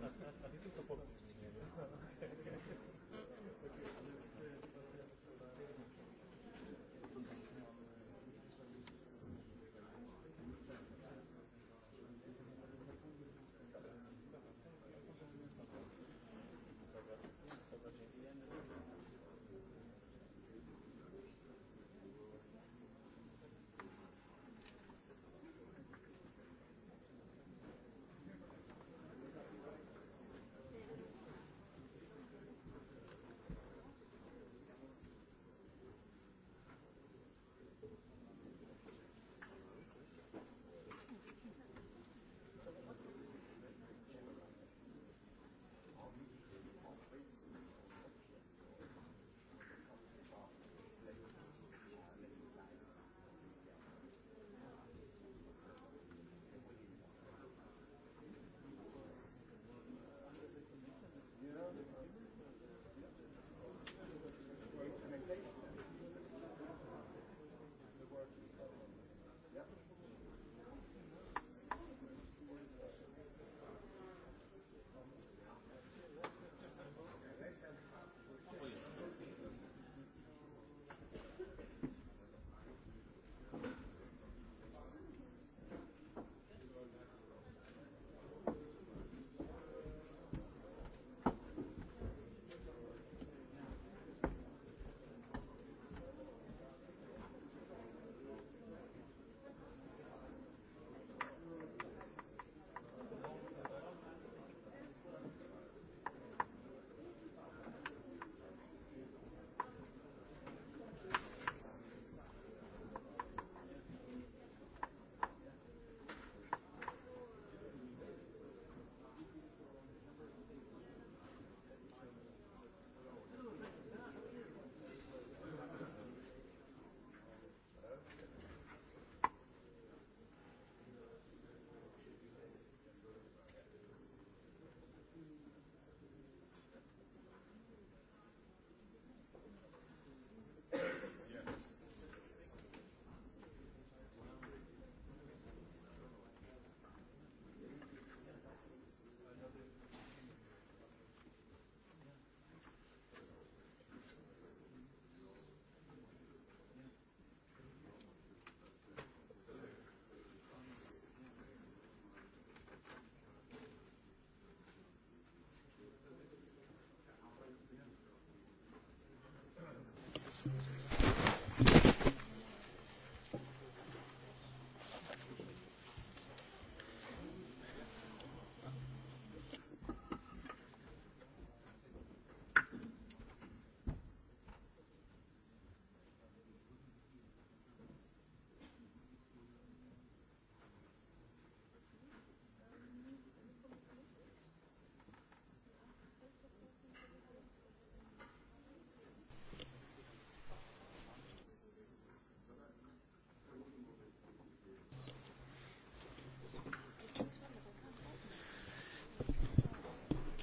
little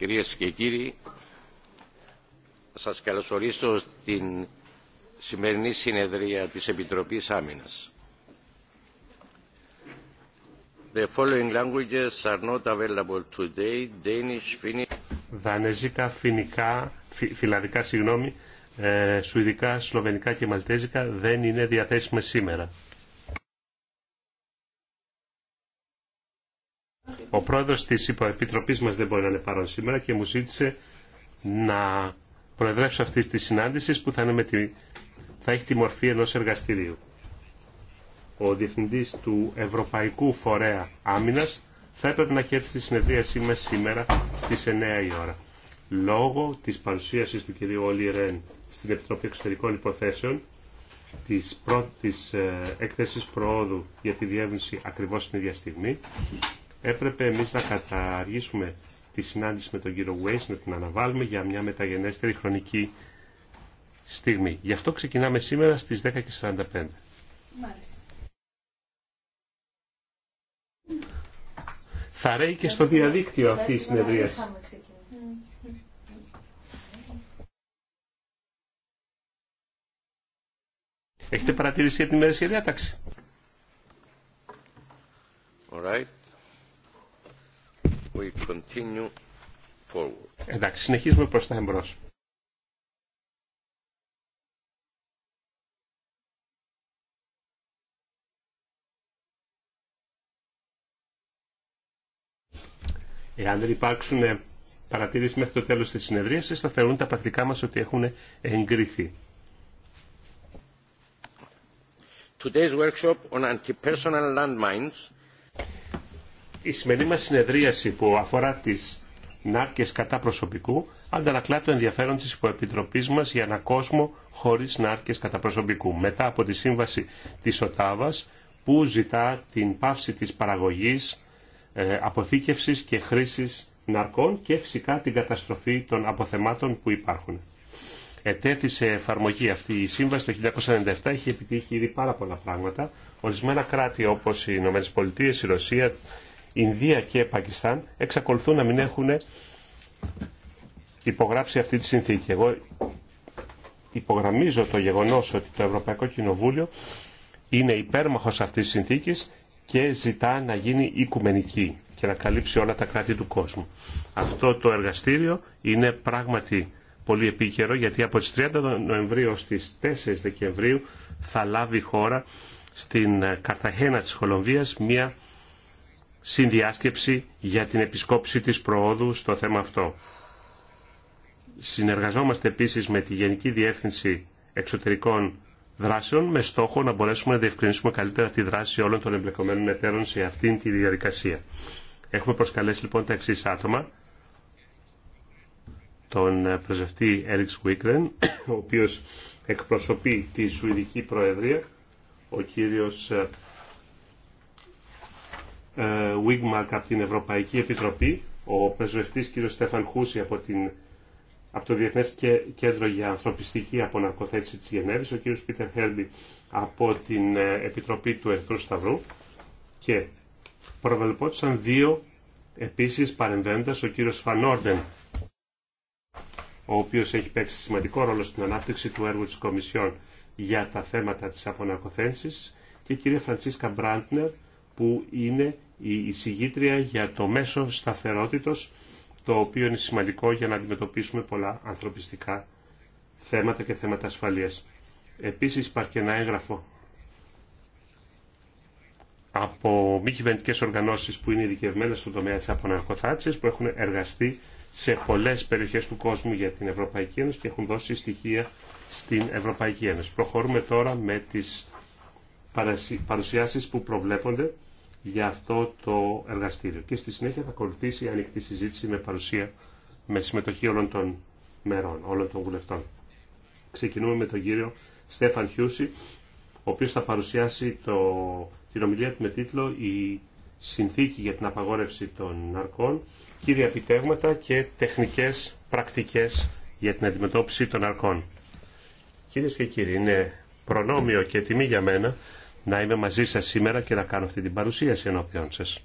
Κυρίες και κύριοι, σας καλωσορίσω στην σημερινή συνεδρία της Επιτροπής Άμυνας. The following languages are not available today. Danish, Finnish... Δανεζικά, φινικά, φι, φιλαδικά, συγγνώμη, ε, σουηδικά, σλοβενικά και μαλτέζικα δεν είναι διαθέσιμα σήμερα. πρόεδρος της υποεπιτροπής μας δεν μπορεί να είναι παρόν σήμερα και μου ζήτησε να προεδρεύσω αυτή τη συνάντηση που θα, είναι με τη... θα έχει τη μορφή ενό εργαστηρίου. Ο Διευθυντής του Ευρωπαϊκού Φορέα Άμυνα, θα έπρεπε να έχει έρθει στη συνεδρίασή μας σήμερα στις 9 η ώρα. Λόγω της παρουσίαση του κυρίου Όλι Ρεν στην Επιτροπή Εξωτερικών Υποθέσεων της πρώτης ε, έκθεσης προόδου για τη διεύνηση ακριβώς την ίδια στιγμή έπρεπε εμείς να καταργήσουμε τη συνάντηση με τον κύριο Waze, να την αναβάλουμε για μια μεταγενέστερη χρονική στιγμή. Γι' αυτό ξεκινάμε σήμερα στις 10.45. Θα ρέει και στο διαδίκτυο αυτή η συνεδρία. Έχετε παρατηρήσει για την ημερήσια διάταξη. All We continue forward. Εντάξει, συνεχίζουμε προς τα εμπρός. Εάν δεν υπάρξουν παρατηρήσεις μέχρι το τέλος της συνεδρίασης, θα θεωρούν τα πρακτικά μας ότι έχουν εγκρίθει. Today's workshop on anti-personal landmines η σημερινή μα συνεδρίαση που αφορά τι νάρκες κατά προσωπικού αντανακλά το ενδιαφέρον τη υποεπιτροπή μα για ένα κόσμο χωρί νάρκες κατά προσωπικού. Μετά από τη σύμβαση τη ΟΤΑΒΑΣ που ζητά την πάυση της παραγωγής, ε, αποθήκευση και χρήση ναρκών και φυσικά την καταστροφή των αποθεμάτων που υπάρχουν. Ετέθησε εφαρμογή αυτή η σύμβαση το 1997, έχει επιτύχει ήδη πάρα πολλά πράγματα. Ορισμένα κράτη όπως οι ΗΠΑ, η Ρωσία, Ινδία και Πακιστάν εξακολουθούν να μην έχουν υπογράψει αυτή τη συνθήκη. Εγώ υπογραμμίζω το γεγονός ότι το Ευρωπαϊκό Κοινοβούλιο είναι υπέρμαχος αυτής της συνθήκης και ζητά να γίνει οικουμενική και να καλύψει όλα τα κράτη του κόσμου. Αυτό το εργαστήριο είναι πράγματι πολύ επίκαιρο γιατί από τις 30 Νοεμβρίου στις 4 Δεκεμβρίου θα λάβει η χώρα στην Καρταχένα της Κολομβίας μια συνδιάσκεψη για την επισκόπηση της προόδου στο θέμα αυτό. Συνεργαζόμαστε επίσης με τη Γενική Διεύθυνση Εξωτερικών Δράσεων με στόχο να μπορέσουμε να διευκρινίσουμε καλύτερα τη δράση όλων των εμπλεκομένων εταίρων σε αυτήν τη διαδικασία. Έχουμε προσκαλέσει λοιπόν τα εξή άτομα. Τον ε, πρεσβευτή Έριξ Βίκρεν, ο οποίος εκπροσωπεί τη Σουηδική Προεδρία, ο κύριος ε, ε, Wigmark από την Ευρωπαϊκή Επιτροπή, ο πρεσβευτής κ. Στέφαν Χούση από, την, από το Διεθνές Κέντρο για Ανθρωπιστική Αποναρκοθέτηση της Γενέβης, ο κ. Πίτερ Χέρμπι από την ε, Επιτροπή του Ερθρού Σταυρού και προβελπότησαν δύο επίσης παρεμβαίνοντας ο κ. Φανόρντεν, ο οποίος έχει παίξει σημαντικό ρόλο στην ανάπτυξη του έργου της Κομισιόν για τα θέματα της αποναρκοθένσης και η κυρία Φραντσίσκα Μπράντνερ, που είναι η εισηγήτρια για το μέσο σταθερότητος, το οποίο είναι σημαντικό για να αντιμετωπίσουμε πολλά ανθρωπιστικά θέματα και θέματα ασφαλείας. Επίσης υπάρχει και ένα έγγραφο από μη κυβερνητικέ οργανώσεις που είναι ειδικευμένες στον τομέα της αποναρκοθάτσης, που έχουν εργαστεί σε πολλές περιοχές του κόσμου για την Ευρωπαϊκή Ένωση και έχουν δώσει στοιχεία στην Ευρωπαϊκή Ένωση. Προχωρούμε τώρα με τις παρουσιάσεις που προβλέπονται για αυτό το εργαστήριο. Και στη συνέχεια θα ακολουθήσει η ανοιχτή συζήτηση με παρουσία, με συμμετοχή όλων των μερών, όλων των βουλευτών. Ξεκινούμε με τον κύριο Στέφαν Χιούση, ο οποίος θα παρουσιάσει το, την ομιλία του με τίτλο «Η συνθήκη για την απαγόρευση των ναρκών, κύρια επιτέγματα και τεχνικές πρακτικές για την αντιμετώπιση των ναρκών». Κυρίε και κύριοι, είναι προνόμιο και τιμή για μένα να είμαι μαζί σας σήμερα και να κάνω αυτή την παρουσίαση ενώπιον σας.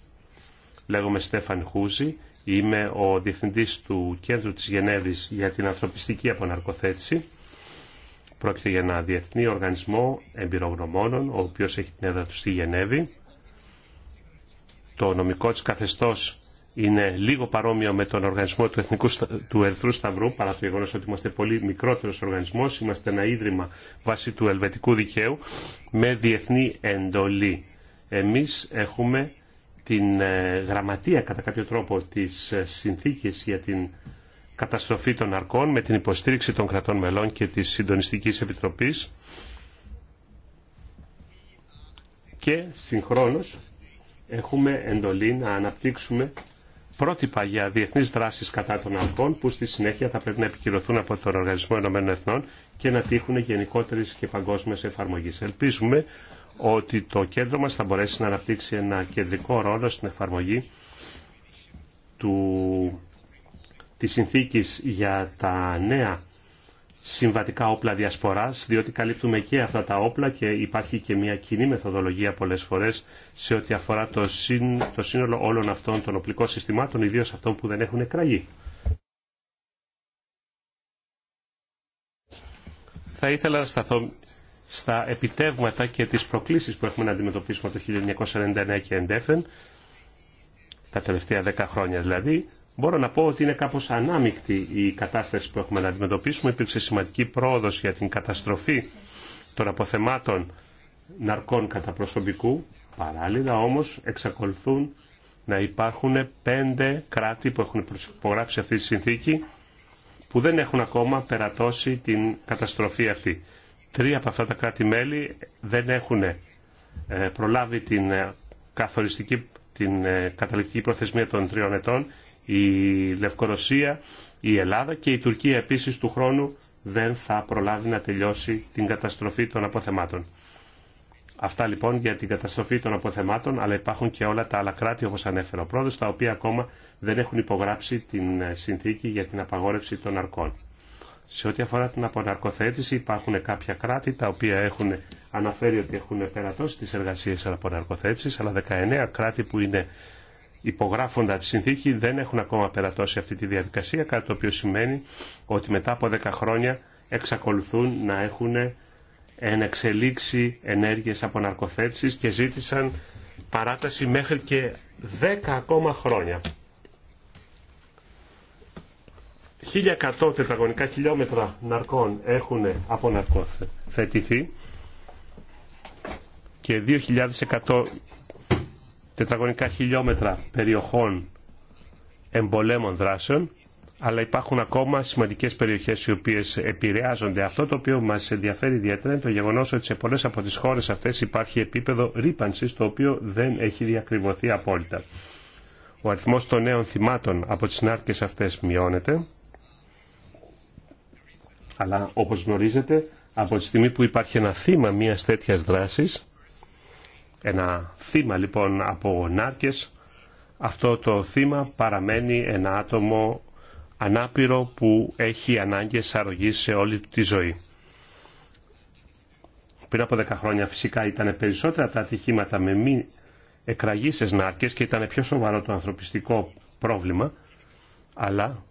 Λέγομαι Στέφαν Χούζη, είμαι ο Διευθυντής του Κέντρου της Γενέβης για την Ανθρωπιστική Αποναρκοθέτηση. Πρόκειται για ένα διεθνή οργανισμό εμπειρογνωμόνων, ο οποίος έχει την έδρα του στη Γενέβη. Το νομικό της καθεστώς είναι λίγο παρόμοιο με τον οργανισμό του, Εθνικού, του Ερθρού Σταυρού, παρά το γεγονό ότι είμαστε πολύ μικρότερο οργανισμό. Είμαστε ένα ίδρυμα βάσει του ελβετικού δικαίου με διεθνή εντολή. Εμεί έχουμε την ε, γραμματεία κατά κάποιο τρόπο της ε, συνθήκης για την καταστροφή των αρκών με την υποστήριξη των κρατών μελών και της Συντονιστικής Επιτροπής και συγχρόνως έχουμε εντολή να αναπτύξουμε πρότυπα για διεθνεί δράσεις κατά των αρχών που στη συνέχεια θα πρέπει να επικυρωθούν από τον Οργανισμό Ενωμένων Εθνών και να τύχουν γενικότερη και παγκόσμια εφαρμογή. Ελπίζουμε ότι το κέντρο μα θα μπορέσει να αναπτύξει ένα κεντρικό ρόλο στην εφαρμογή του, της συνθήκης για τα νέα συμβατικά όπλα διασποράς, διότι καλύπτουμε και αυτά τα όπλα και υπάρχει και μια κοινή μεθοδολογία πολλές φορές σε ό,τι αφορά το, το σύνολο όλων αυτών των οπλικών συστημάτων, ιδίως αυτών που δεν έχουν εκραγεί. Θα ήθελα να σταθώ στα επιτεύγματα και τις προκλήσεις που έχουμε να αντιμετωπίσουμε το 1999 και εντέφεν, τα τελευταία 10 χρόνια δηλαδή, Μπορώ να πω ότι είναι κάπως ανάμεικτη η κατάσταση που έχουμε να αντιμετωπίσουμε. Υπήρξε σημαντική πρόοδο για την καταστροφή των αποθεμάτων ναρκών κατά προσωπικού. Παράλληλα όμως εξακολουθούν να υπάρχουν πέντε κράτη που έχουν υπογράψει αυτή τη συνθήκη που δεν έχουν ακόμα περατώσει την καταστροφή αυτή. Τρία από αυτά τα κράτη-μέλη δεν έχουν ε, προλάβει την ε, την ε, καταληκτική προθεσμία των τριών ετών η Λευκορωσία, η Ελλάδα και η Τουρκία επίσης του χρόνου δεν θα προλάβει να τελειώσει την καταστροφή των αποθεμάτων. Αυτά λοιπόν για την καταστροφή των αποθεμάτων, αλλά υπάρχουν και όλα τα άλλα κράτη όπως ανέφερα ο πρόεδρος, τα οποία ακόμα δεν έχουν υπογράψει την ε, συνθήκη για την απαγόρευση των αρκών. Σε ό,τι αφορά την αποναρκοθέτηση υπάρχουν κάποια κράτη τα οποία έχουν αναφέρει ότι έχουν περατώσει τις εργασίες αποναρκοθέτησης, αλλά 19 κράτη που είναι υπογράφοντα τη συνθήκη δεν έχουν ακόμα περατώσει αυτή τη διαδικασία, κάτι το οποίο σημαίνει ότι μετά από 10 χρόνια εξακολουθούν να έχουν ενεξελίξει ενέργειες ναρκοθέτησης και ζήτησαν παράταση μέχρι και 10 ακόμα χρόνια. 1100 τετραγωνικά χιλιόμετρα ναρκών έχουν αποναρκοθετηθεί και 2.100 τετραγωνικά χιλιόμετρα περιοχών εμπολέμων δράσεων, αλλά υπάρχουν ακόμα σημαντικέ περιοχέ οι οποίε επηρεάζονται. Αυτό το οποίο μα ενδιαφέρει ιδιαίτερα είναι το γεγονό ότι σε πολλέ από τι χώρε αυτέ υπάρχει επίπεδο ρήπανση το οποίο δεν έχει διακριβωθεί απόλυτα. Ο αριθμό των νέων θυμάτων από τι συνάρκε αυτέ μειώνεται, αλλά όπω γνωρίζετε, από τη στιγμή που υπάρχει ένα θύμα μια τέτοια δράση, ένα θύμα λοιπόν από νάρκες, αυτό το θύμα παραμένει ένα άτομο ανάπηρο που έχει ανάγκες αρρωγής σε όλη του τη ζωή. Πριν από δέκα χρόνια φυσικά ήταν περισσότερα τα ατυχήματα με μη εκραγήσεις νάρκες και ήταν πιο σοβαρό το ανθρωπιστικό πρόβλημα, αλλά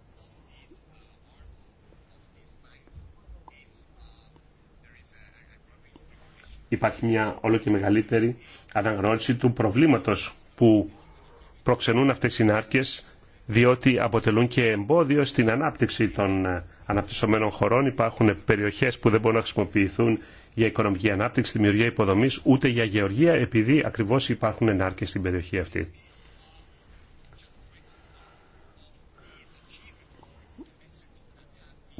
υπάρχει μια όλο και μεγαλύτερη αναγνώριση του προβλήματος που προξενούν αυτές οι νάρκες διότι αποτελούν και εμπόδιο στην ανάπτυξη των ε, αναπτυσσομένων χωρών. Υπάρχουν περιοχές που δεν μπορούν να χρησιμοποιηθούν για οικονομική ανάπτυξη, δημιουργία υποδομής, ούτε για γεωργία, επειδή ακριβώς υπάρχουν ενάρκειες στην περιοχή αυτή.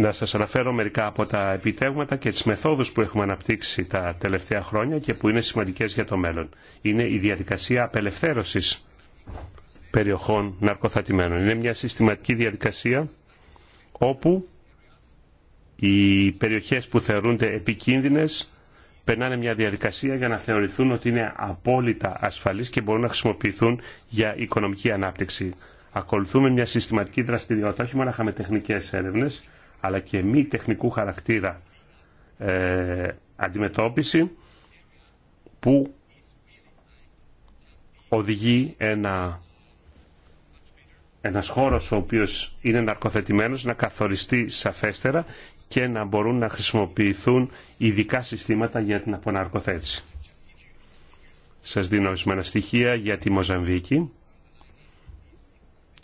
να σας αναφέρω μερικά από τα επιτεύγματα και τις μεθόδους που έχουμε αναπτύξει τα τελευταία χρόνια και που είναι σημαντικές για το μέλλον. Είναι η διαδικασία απελευθέρωσης περιοχών ναρκοθατημένων. Είναι μια συστηματική διαδικασία όπου οι περιοχές που θεωρούνται επικίνδυνες περνάνε μια διαδικασία για να θεωρηθούν ότι είναι απόλυτα ασφαλείς και μπορούν να χρησιμοποιηθούν για οικονομική ανάπτυξη. Ακολουθούμε μια συστηματική δραστηριότητα, όχι μόνο είχαμε τεχνικές έρευνες, αλλά και μη τεχνικού χαρακτήρα ε, αντιμετώπιση που οδηγεί ένα, ένας χώρος ο οποίος είναι ναρκοθετημένος να καθοριστεί σαφέστερα και να μπορούν να χρησιμοποιηθούν ειδικά συστήματα για την αποναρκοθέτηση. Σας δίνω ορισμένα στοιχεία για τη Μοζαμβίκη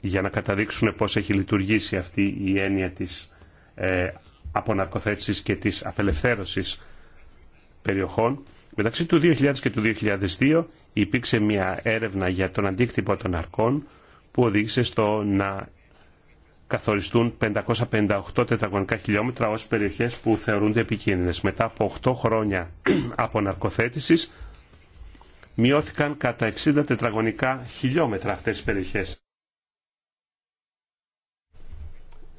για να καταδείξουν πώς έχει λειτουργήσει αυτή η έννοια της ε, αποναρκοθέτησης και της απελευθέρωσης περιοχών. Μεταξύ του 2000 και του 2002 υπήρξε μια έρευνα για τον αντίκτυπο των αρκών που οδήγησε στο να καθοριστούν 558 τετραγωνικά χιλιόμετρα ως περιοχές που θεωρούνται επικίνδυνες. Μετά από 8 χρόνια από ναρκοθέτησης, μειώθηκαν κατά 60 τετραγωνικά χιλιόμετρα αυτές τις περιοχές.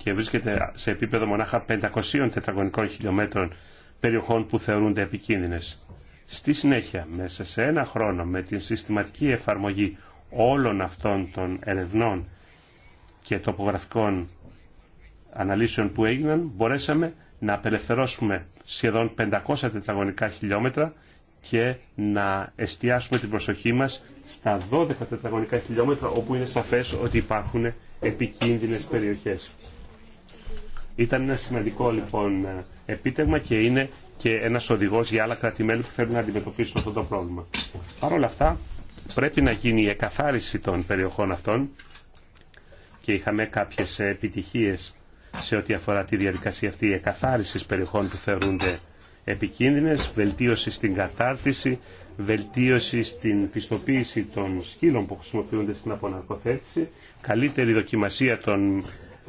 και βρίσκεται σε επίπεδο μονάχα 500 τετραγωνικών χιλιόμετρων περιοχών που θεωρούνται επικίνδυνες. Στη συνέχεια, μέσα σε ένα χρόνο, με την συστηματική εφαρμογή όλων αυτών των ερευνών και τοπογραφικών αναλύσεων που έγιναν, μπορέσαμε να απελευθερώσουμε σχεδόν 500 τετραγωνικά χιλιόμετρα και να εστιάσουμε την προσοχή μας στα 12 τετραγωνικά χιλιόμετρα όπου είναι σαφές ότι υπάρχουν επικίνδυνες περιοχές. Ήταν ένα σημαντικό λοιπόν επίτευγμα και είναι και ένα οδηγό για άλλα που θέλουν να αντιμετωπίσουν αυτό το πρόβλημα. Παρ' όλα αυτά, πρέπει να γίνει η εκαθάριση των περιοχών αυτών και είχαμε κάποιε επιτυχίε σε ό,τι αφορά τη διαδικασία αυτή η εκαθάριση περιοχών που θεωρούνται επικίνδυνε, βελτίωση στην κατάρτιση, βελτίωση στην πιστοποίηση των σκύλων που χρησιμοποιούνται στην αποναρκοθέτηση, καλύτερη δοκιμασία των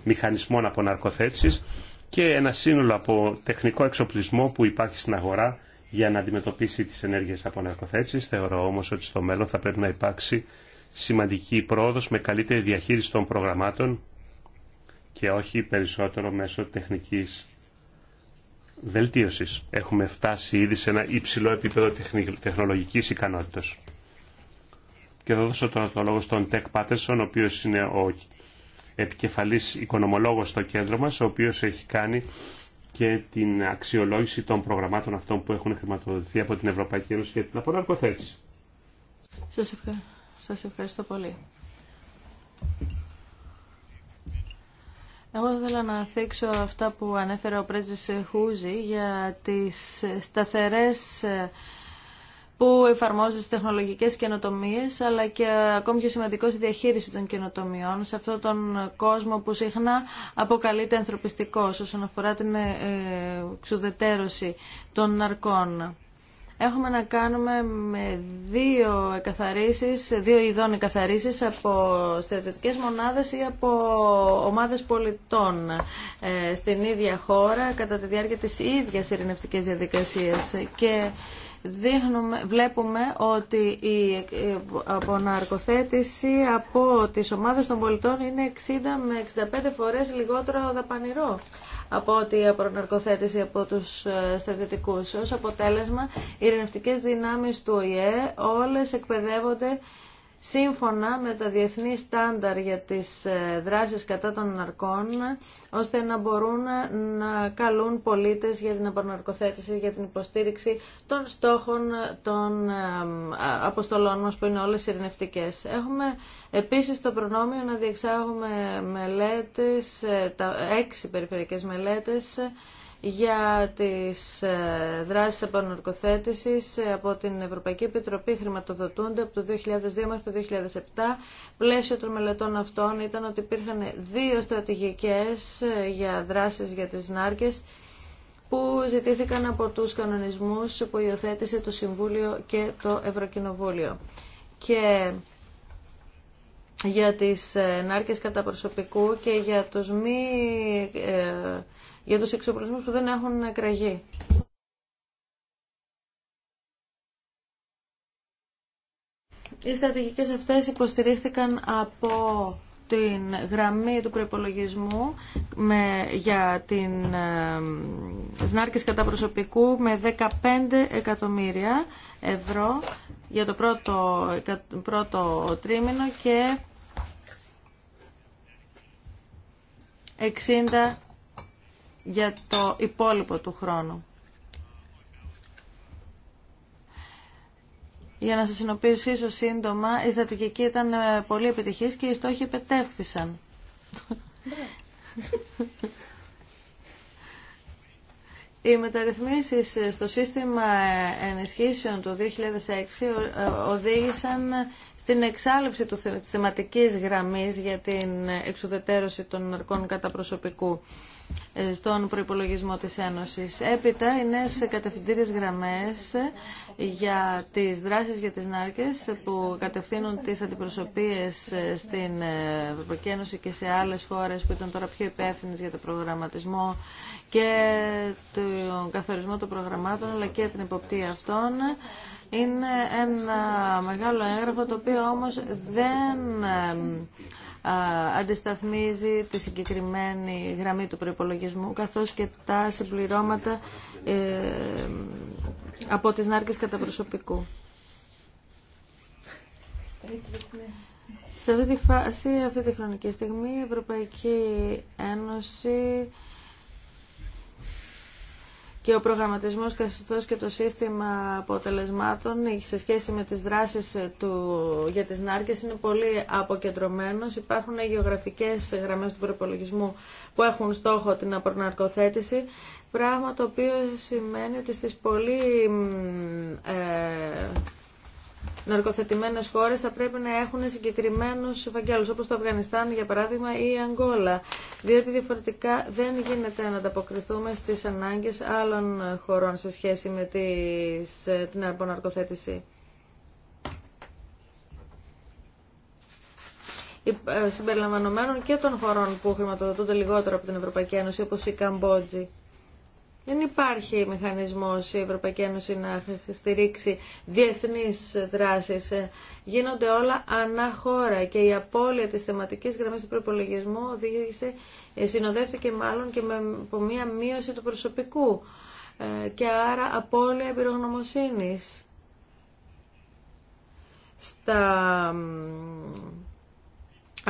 μηχανισμών αποναρκοθέτησης και ένα σύνολο από τεχνικό εξοπλισμό που υπάρχει στην αγορά για να αντιμετωπίσει τις ενέργειες αποναρκοθέτησης. Θεωρώ όμως ότι στο μέλλον θα πρέπει να υπάρξει σημαντική πρόοδος με καλύτερη διαχείριση των προγραμμάτων και όχι περισσότερο μέσω τεχνικής βελτίωσης. Έχουμε φτάσει ήδη σε ένα υψηλό επίπεδο τεχνολογικής ικανότητας. Και θα δώσω τώρα το λόγο στον Τεκ Πάτερσον, ο οποίος είναι ο επικεφαλής οικονομολόγος στο κέντρο μας, ο οποίος έχει κάνει και την αξιολόγηση των προγραμμάτων αυτών που έχουν χρηματοδοτηθεί από την Ευρωπαϊκή Ένωση για την αποναρκοθέτηση. Σας, Σας ευχαριστώ πολύ. Εγώ θα ήθελα να θίξω αυτά που ανέφερε ο πρέσβης Χούζη για τις σταθερές ε, που εφαρμόζει τι τεχνολογικές καινοτομίες αλλά και ακόμη πιο σημαντικό στη διαχείριση των καινοτομιών σε αυτόν τον κόσμο που συχνά αποκαλείται ανθρωπιστικό όσον αφορά την ε, εξουδετέρωση των ναρκών. Έχουμε να κάνουμε με δύο εκαθαρίσεις, δύο ειδών εκαθαρίσεις από στρατιωτικές μονάδες ή από ομάδες πολιτών ε, στην ίδια χώρα κατά τη διάρκεια της ίδιας ειρηνευτικής διαδικασίας. Και δείχνουμε, βλέπουμε ότι η αποναρκοθέτηση από τις ομάδες των πολιτών είναι 60 με 65 φορές λιγότερο δαπανηρό από ότι η αποναρκοθέτηση από τους ε, στρατιωτικούς. Ως αποτέλεσμα, οι ειρηνευτικές δυνάμεις του ΟΗΕ όλες εκπαιδεύονται σύμφωνα με τα διεθνή στάνταρ για τις ε, δράσεις κατά των ναρκών, ώστε να μπορούν να καλούν πολίτες για την επαναρκοθέτηση, για την υποστήριξη των στόχων των ε, αποστολών μας, που είναι όλες ειρηνευτικές. Έχουμε επίσης το προνόμιο να διεξάγουμε μελέτες, ε, τα έξι περιφερειακές μελέτες, για τις ε, δράσεις επανορκοθέτησης ε, από την Ευρωπαϊκή Επιτροπή χρηματοδοτούνται από το 2002 μέχρι το 2007. Πλαίσιο των μελετών αυτών ήταν ότι υπήρχαν δύο στρατηγικές ε, για δράσεις για τις νάρκες που ζητήθηκαν από τους κανονισμούς που υιοθέτησε το Συμβούλιο και το Ευρωκοινοβούλιο. Και για τις νάρκες κατά προσωπικού και για τους μη για τους εξοπλισμούς που δεν έχουν εκραγεί. Οι στρατηγικές αυτές υποστηρίχθηκαν από την γραμμή του προϋπολογισμού με, για την ε, σνάρκης κατά προσωπικού με 15 εκατομμύρια ευρώ για το πρώτο, πρώτο τρίμηνο και 60 για το υπόλοιπο του χρόνου. Για να σας συνοποιήσω σύντομα, η στρατηγική ήταν ε, πολύ επιτυχής και οι στόχοι επετεύχθησαν. Οι μεταρρυθμίσεις ε, στο σύστημα ε, ενισχύσεων του 2006 οδήγησαν στην εξάλληψη του θεματικής γραμμής για την εξουδετέρωση των αρκών κατά προσωπικού. Ε, στον προϋπολογισμό της Ένωσης. Έπειτα, οι νέες κατευθυντήριες γραμμές για τις δράσεις για τις νάρκες που κατευθύνουν τις αντιπροσωπείες ε, στην ε, Ευρωπαϊκή Ένωση και σε άλλες χώρες που ήταν τώρα πιο υπεύθυνε για το προγραμματισμό και τον καθορισμό των προγραμμάτων αλλά και την υποπτία αυτών είναι ένα μεγάλο έγγραφο το οποίο όμως δεν αντισταθμίζει τη συγκεκριμένη γραμμή του προϋπολογισμού καθώς και τα συμπληρώματα ε, από τις νάρκες κατά προσωπικού. Σε αυτή τη φάση, αυτή τη χρονική στιγμή, η Ευρωπαϊκή Ένωση και ο προγραμματισμός καθώς και το σύστημα αποτελεσμάτων σε σχέση με τις δράσεις ε, του, για τις νάρκες είναι πολύ αποκεντρωμένος. Υπάρχουν γεωγραφικές γραμμές του προπολογισμού που έχουν στόχο την αποναρκοθέτηση, πράγμα το οποίο σημαίνει ότι στις πολύ ε, ναρκοθετημένες χώρες θα πρέπει να έχουν συγκεκριμένους φαγγέλους, όπως το Αφγανιστάν για παράδειγμα ή η Αγγόλα, διότι διαφορετικά δεν γίνεται να ανταποκριθούμε στις ανάγκες άλλων χωρών σε σχέση με την αρποναρκοθέτηση. Ε, συμπεριλαμβανομένων και των χωρών που χρηματοδοτούνται λιγότερο από την Ευρωπαϊκή Ένωση, όπως η Καμπότζη. Δεν υπάρχει μηχανισμός η Ευρωπαϊκή Ένωση να στηρίξει διεθνείς δράσεις. Γίνονται όλα ανά χώρα και η απώλεια της θεματικής γραμμής του προπολογισμού οδήγησε, ε, συνοδεύτηκε μάλλον και με, από μία μείωση του προσωπικού ε, και άρα απώλεια εμπειρογνωμοσύνης στα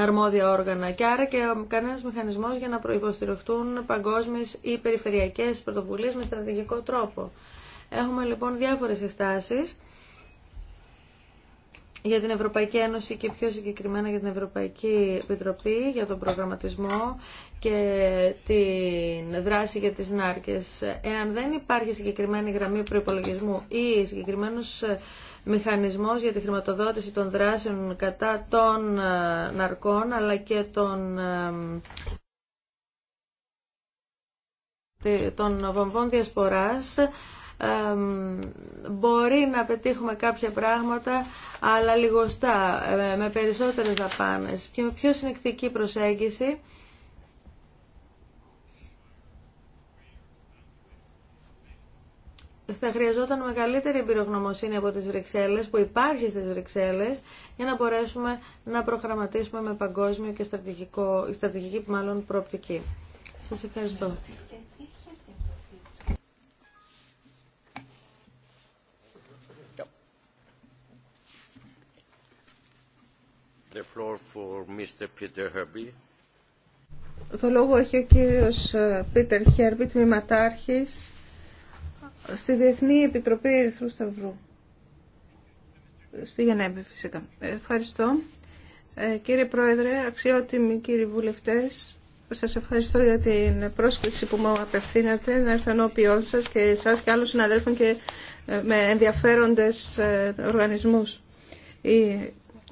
αρμόδια όργανα και άρα και κανένας μηχανισμός για να προϋποστηριχτούν παγκόσμιες ή περιφερειακές πρωτοβουλίες με στρατηγικό τρόπο. Έχουμε λοιπόν διάφορες συστάσεις για την Ευρωπαϊκή Ένωση και πιο συγκεκριμένα για την Ευρωπαϊκή Επιτροπή για τον προγραμματισμό και την δράση για τις νάρκες. Εάν δεν υπάρχει συγκεκριμένη γραμμή προϋπολογισμού ή συγκεκριμένους... Ε, μηχανισμός για τη χρηματοδότηση των δράσεων κατά των ε, ναρκών αλλά και των ε, των βομβών διασποράς ε, μπορεί να πετύχουμε κάποια πράγματα αλλά λιγοστά με περισσότερες δαπάνες και με πιο συνεκτική προσέγγιση θα χρειαζόταν μεγαλύτερη εμπειρογνωμοσύνη από τις Βρυξέλλες, που υπάρχει στις Βρυξέλλες, για να μπορέσουμε να προγραμματίσουμε με παγκόσμιο και στρατηγικό, στρατηγική μάλλον προοπτική. Σας ευχαριστώ. The floor for Mr. Peter Herby. Το λόγο έχει ο κύριος Πίτερ ε, στη Διεθνή Επιτροπή Ερυθρού Σταυρού. Στη Γενέβη φυσικά. Ευχαριστώ. Ε, κύριε Πρόεδρε, αξιότιμοι κύριοι βουλευτές, σας ευχαριστώ για την πρόσκληση που μου απευθύνατε να έρθω ενώπιόν σας και εσάς και άλλους συναδέλφων και ε, με ενδιαφέροντες ε, οργανισμούς. Η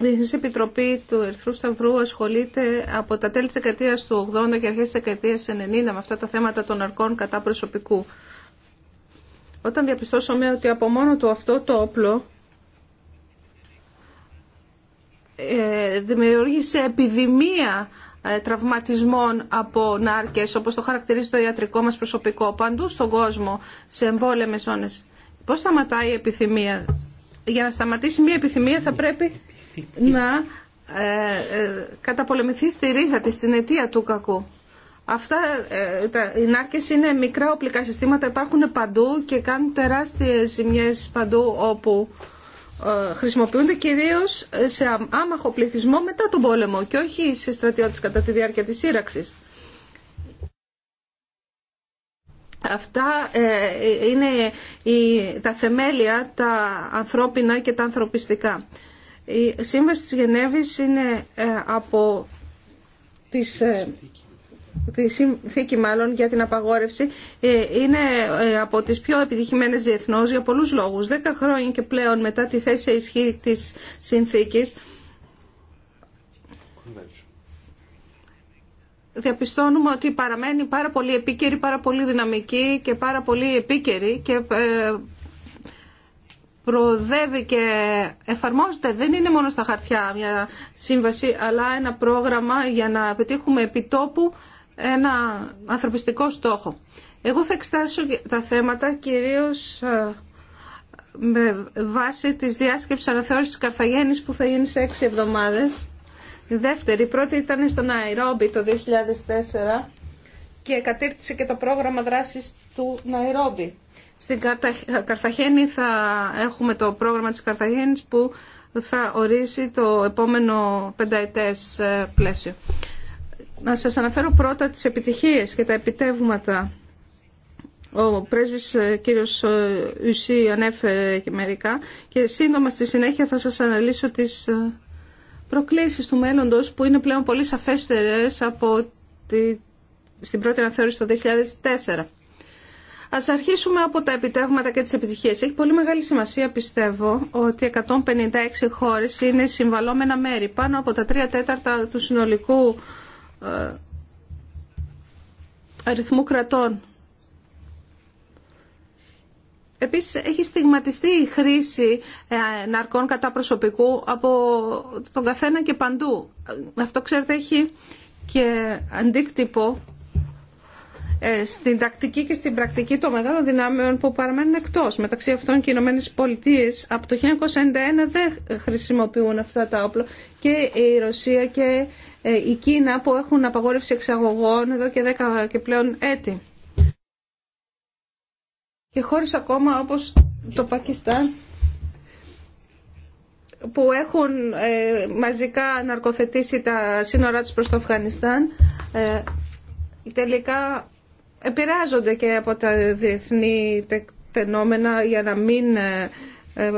Διεθνής Επιτροπή του Ερθρού Σταυρού ασχολείται από τα τέλη της δεκαετίας του 80 και αρχές της δεκαετίας 90 με αυτά τα θέματα των αρκών κατά προσωπικού. Όταν διαπιστώσαμε ότι από μόνο του αυτό το όπλο ε, δημιούργησε επιδημία ε, τραυματισμών από νάρκες, όπως το χαρακτηρίζει το ιατρικό μας προσωπικό, παντού στον κόσμο, σε εμπόλεμες ζώνες. Πώς σταματάει η επιθυμία. Για να σταματήσει μια επιθυμία θα πρέπει να ε, καταπολεμηθεί στη ρίζα της, στην αιτία του κακού. Αυτά οι ε, νάρκες είναι μικρά οπλικά συστήματα, υπάρχουν παντού και κάνουν τεράστιες ζημιές παντού όπου ε, χρησιμοποιούνται κυρίως σε άμαχο πληθυσμό μετά τον πόλεμο και όχι σε στρατιώτες κατά τη διάρκεια της σύραξης. Αυτά ε, είναι η, τα θεμέλια, τα ανθρώπινα και τα ανθρωπιστικά. Η Σύμβαση της Γενέβης είναι από τις τη συνθήκη μάλλον για την απαγόρευση ε, είναι ε, από τις πιο επιτυχημένες διεθνώς για πολλούς λόγους. Δέκα χρόνια και πλέον μετά τη θέση ισχύ της συνθήκης διαπιστώνουμε ότι παραμένει πάρα πολύ επίκαιρη, πάρα πολύ δυναμική και πάρα πολύ επίκαιρη και ε, προοδεύει και εφαρμόζεται. Δεν είναι μόνο στα χαρτιά μια σύμβαση, αλλά ένα πρόγραμμα για να πετύχουμε επιτόπου ένα ανθρωπιστικό στόχο. Εγώ θα εξτάσω τα θέματα κυρίως ε, με βάση της διάσκεψης αναθεώρησης της Καρθαγένης που θα γίνει σε έξι εβδομάδες. Η δεύτερη, η πρώτη ήταν στο Ναϊρόμπι το 2004 και κατήρτισε και το πρόγραμμα δράσης του Ναϊρόμπι. Στην Καρθαγένη θα έχουμε το πρόγραμμα της Καρθαγένης που θα ορίσει το επόμενο πενταετές ε, πλαίσιο. Να σας αναφέρω πρώτα τις επιτυχίες και τα επιτεύγματα. Ο πρέσβης ε, κύριος Ιουσί ε, ανέφερε και μερικά και σύντομα στη συνέχεια θα σας αναλύσω τις ε, προκλήσεις του μέλλοντος που είναι πλέον πολύ σαφέστερες από τη... στην πρώτη αναθεώρηση το 2004. Ας αρχίσουμε από τα επιτεύγματα και τις επιτυχίες. Έχει πολύ μεγάλη σημασία, πιστεύω, ότι 156 χώρες είναι συμβαλόμενα μέρη, πάνω από τα 3 τέταρτα του συνολικού ε, αριθμού κρατών. Επίσης έχει στιγματιστεί η χρήση ε, ναρκών κατά προσωπικού από τον καθένα και παντού. Αυτό ξέρετε έχει και αντίκτυπο ε, στην τακτική και στην πρακτική των μεγάλων δυνάμεων που παραμένουν εκτός. Μεταξύ αυτών και οι Ηνωμένες Πολιτείες από το 1991 δεν χρησιμοποιούν αυτά τα όπλα και η Ρωσία και ε, η Κίνα που έχουν απαγόρευση εξαγωγών εδώ και 10 και πλέον έτη. Και χώρες ακόμα όπως το Πακιστάν που έχουν ε, μαζικά ναρκοθετήσει τα σύνορά τους προς το Αφγανιστάν ε, τελικά επηρεάζονται και από τα διεθνή τεκτενόμενα για να μην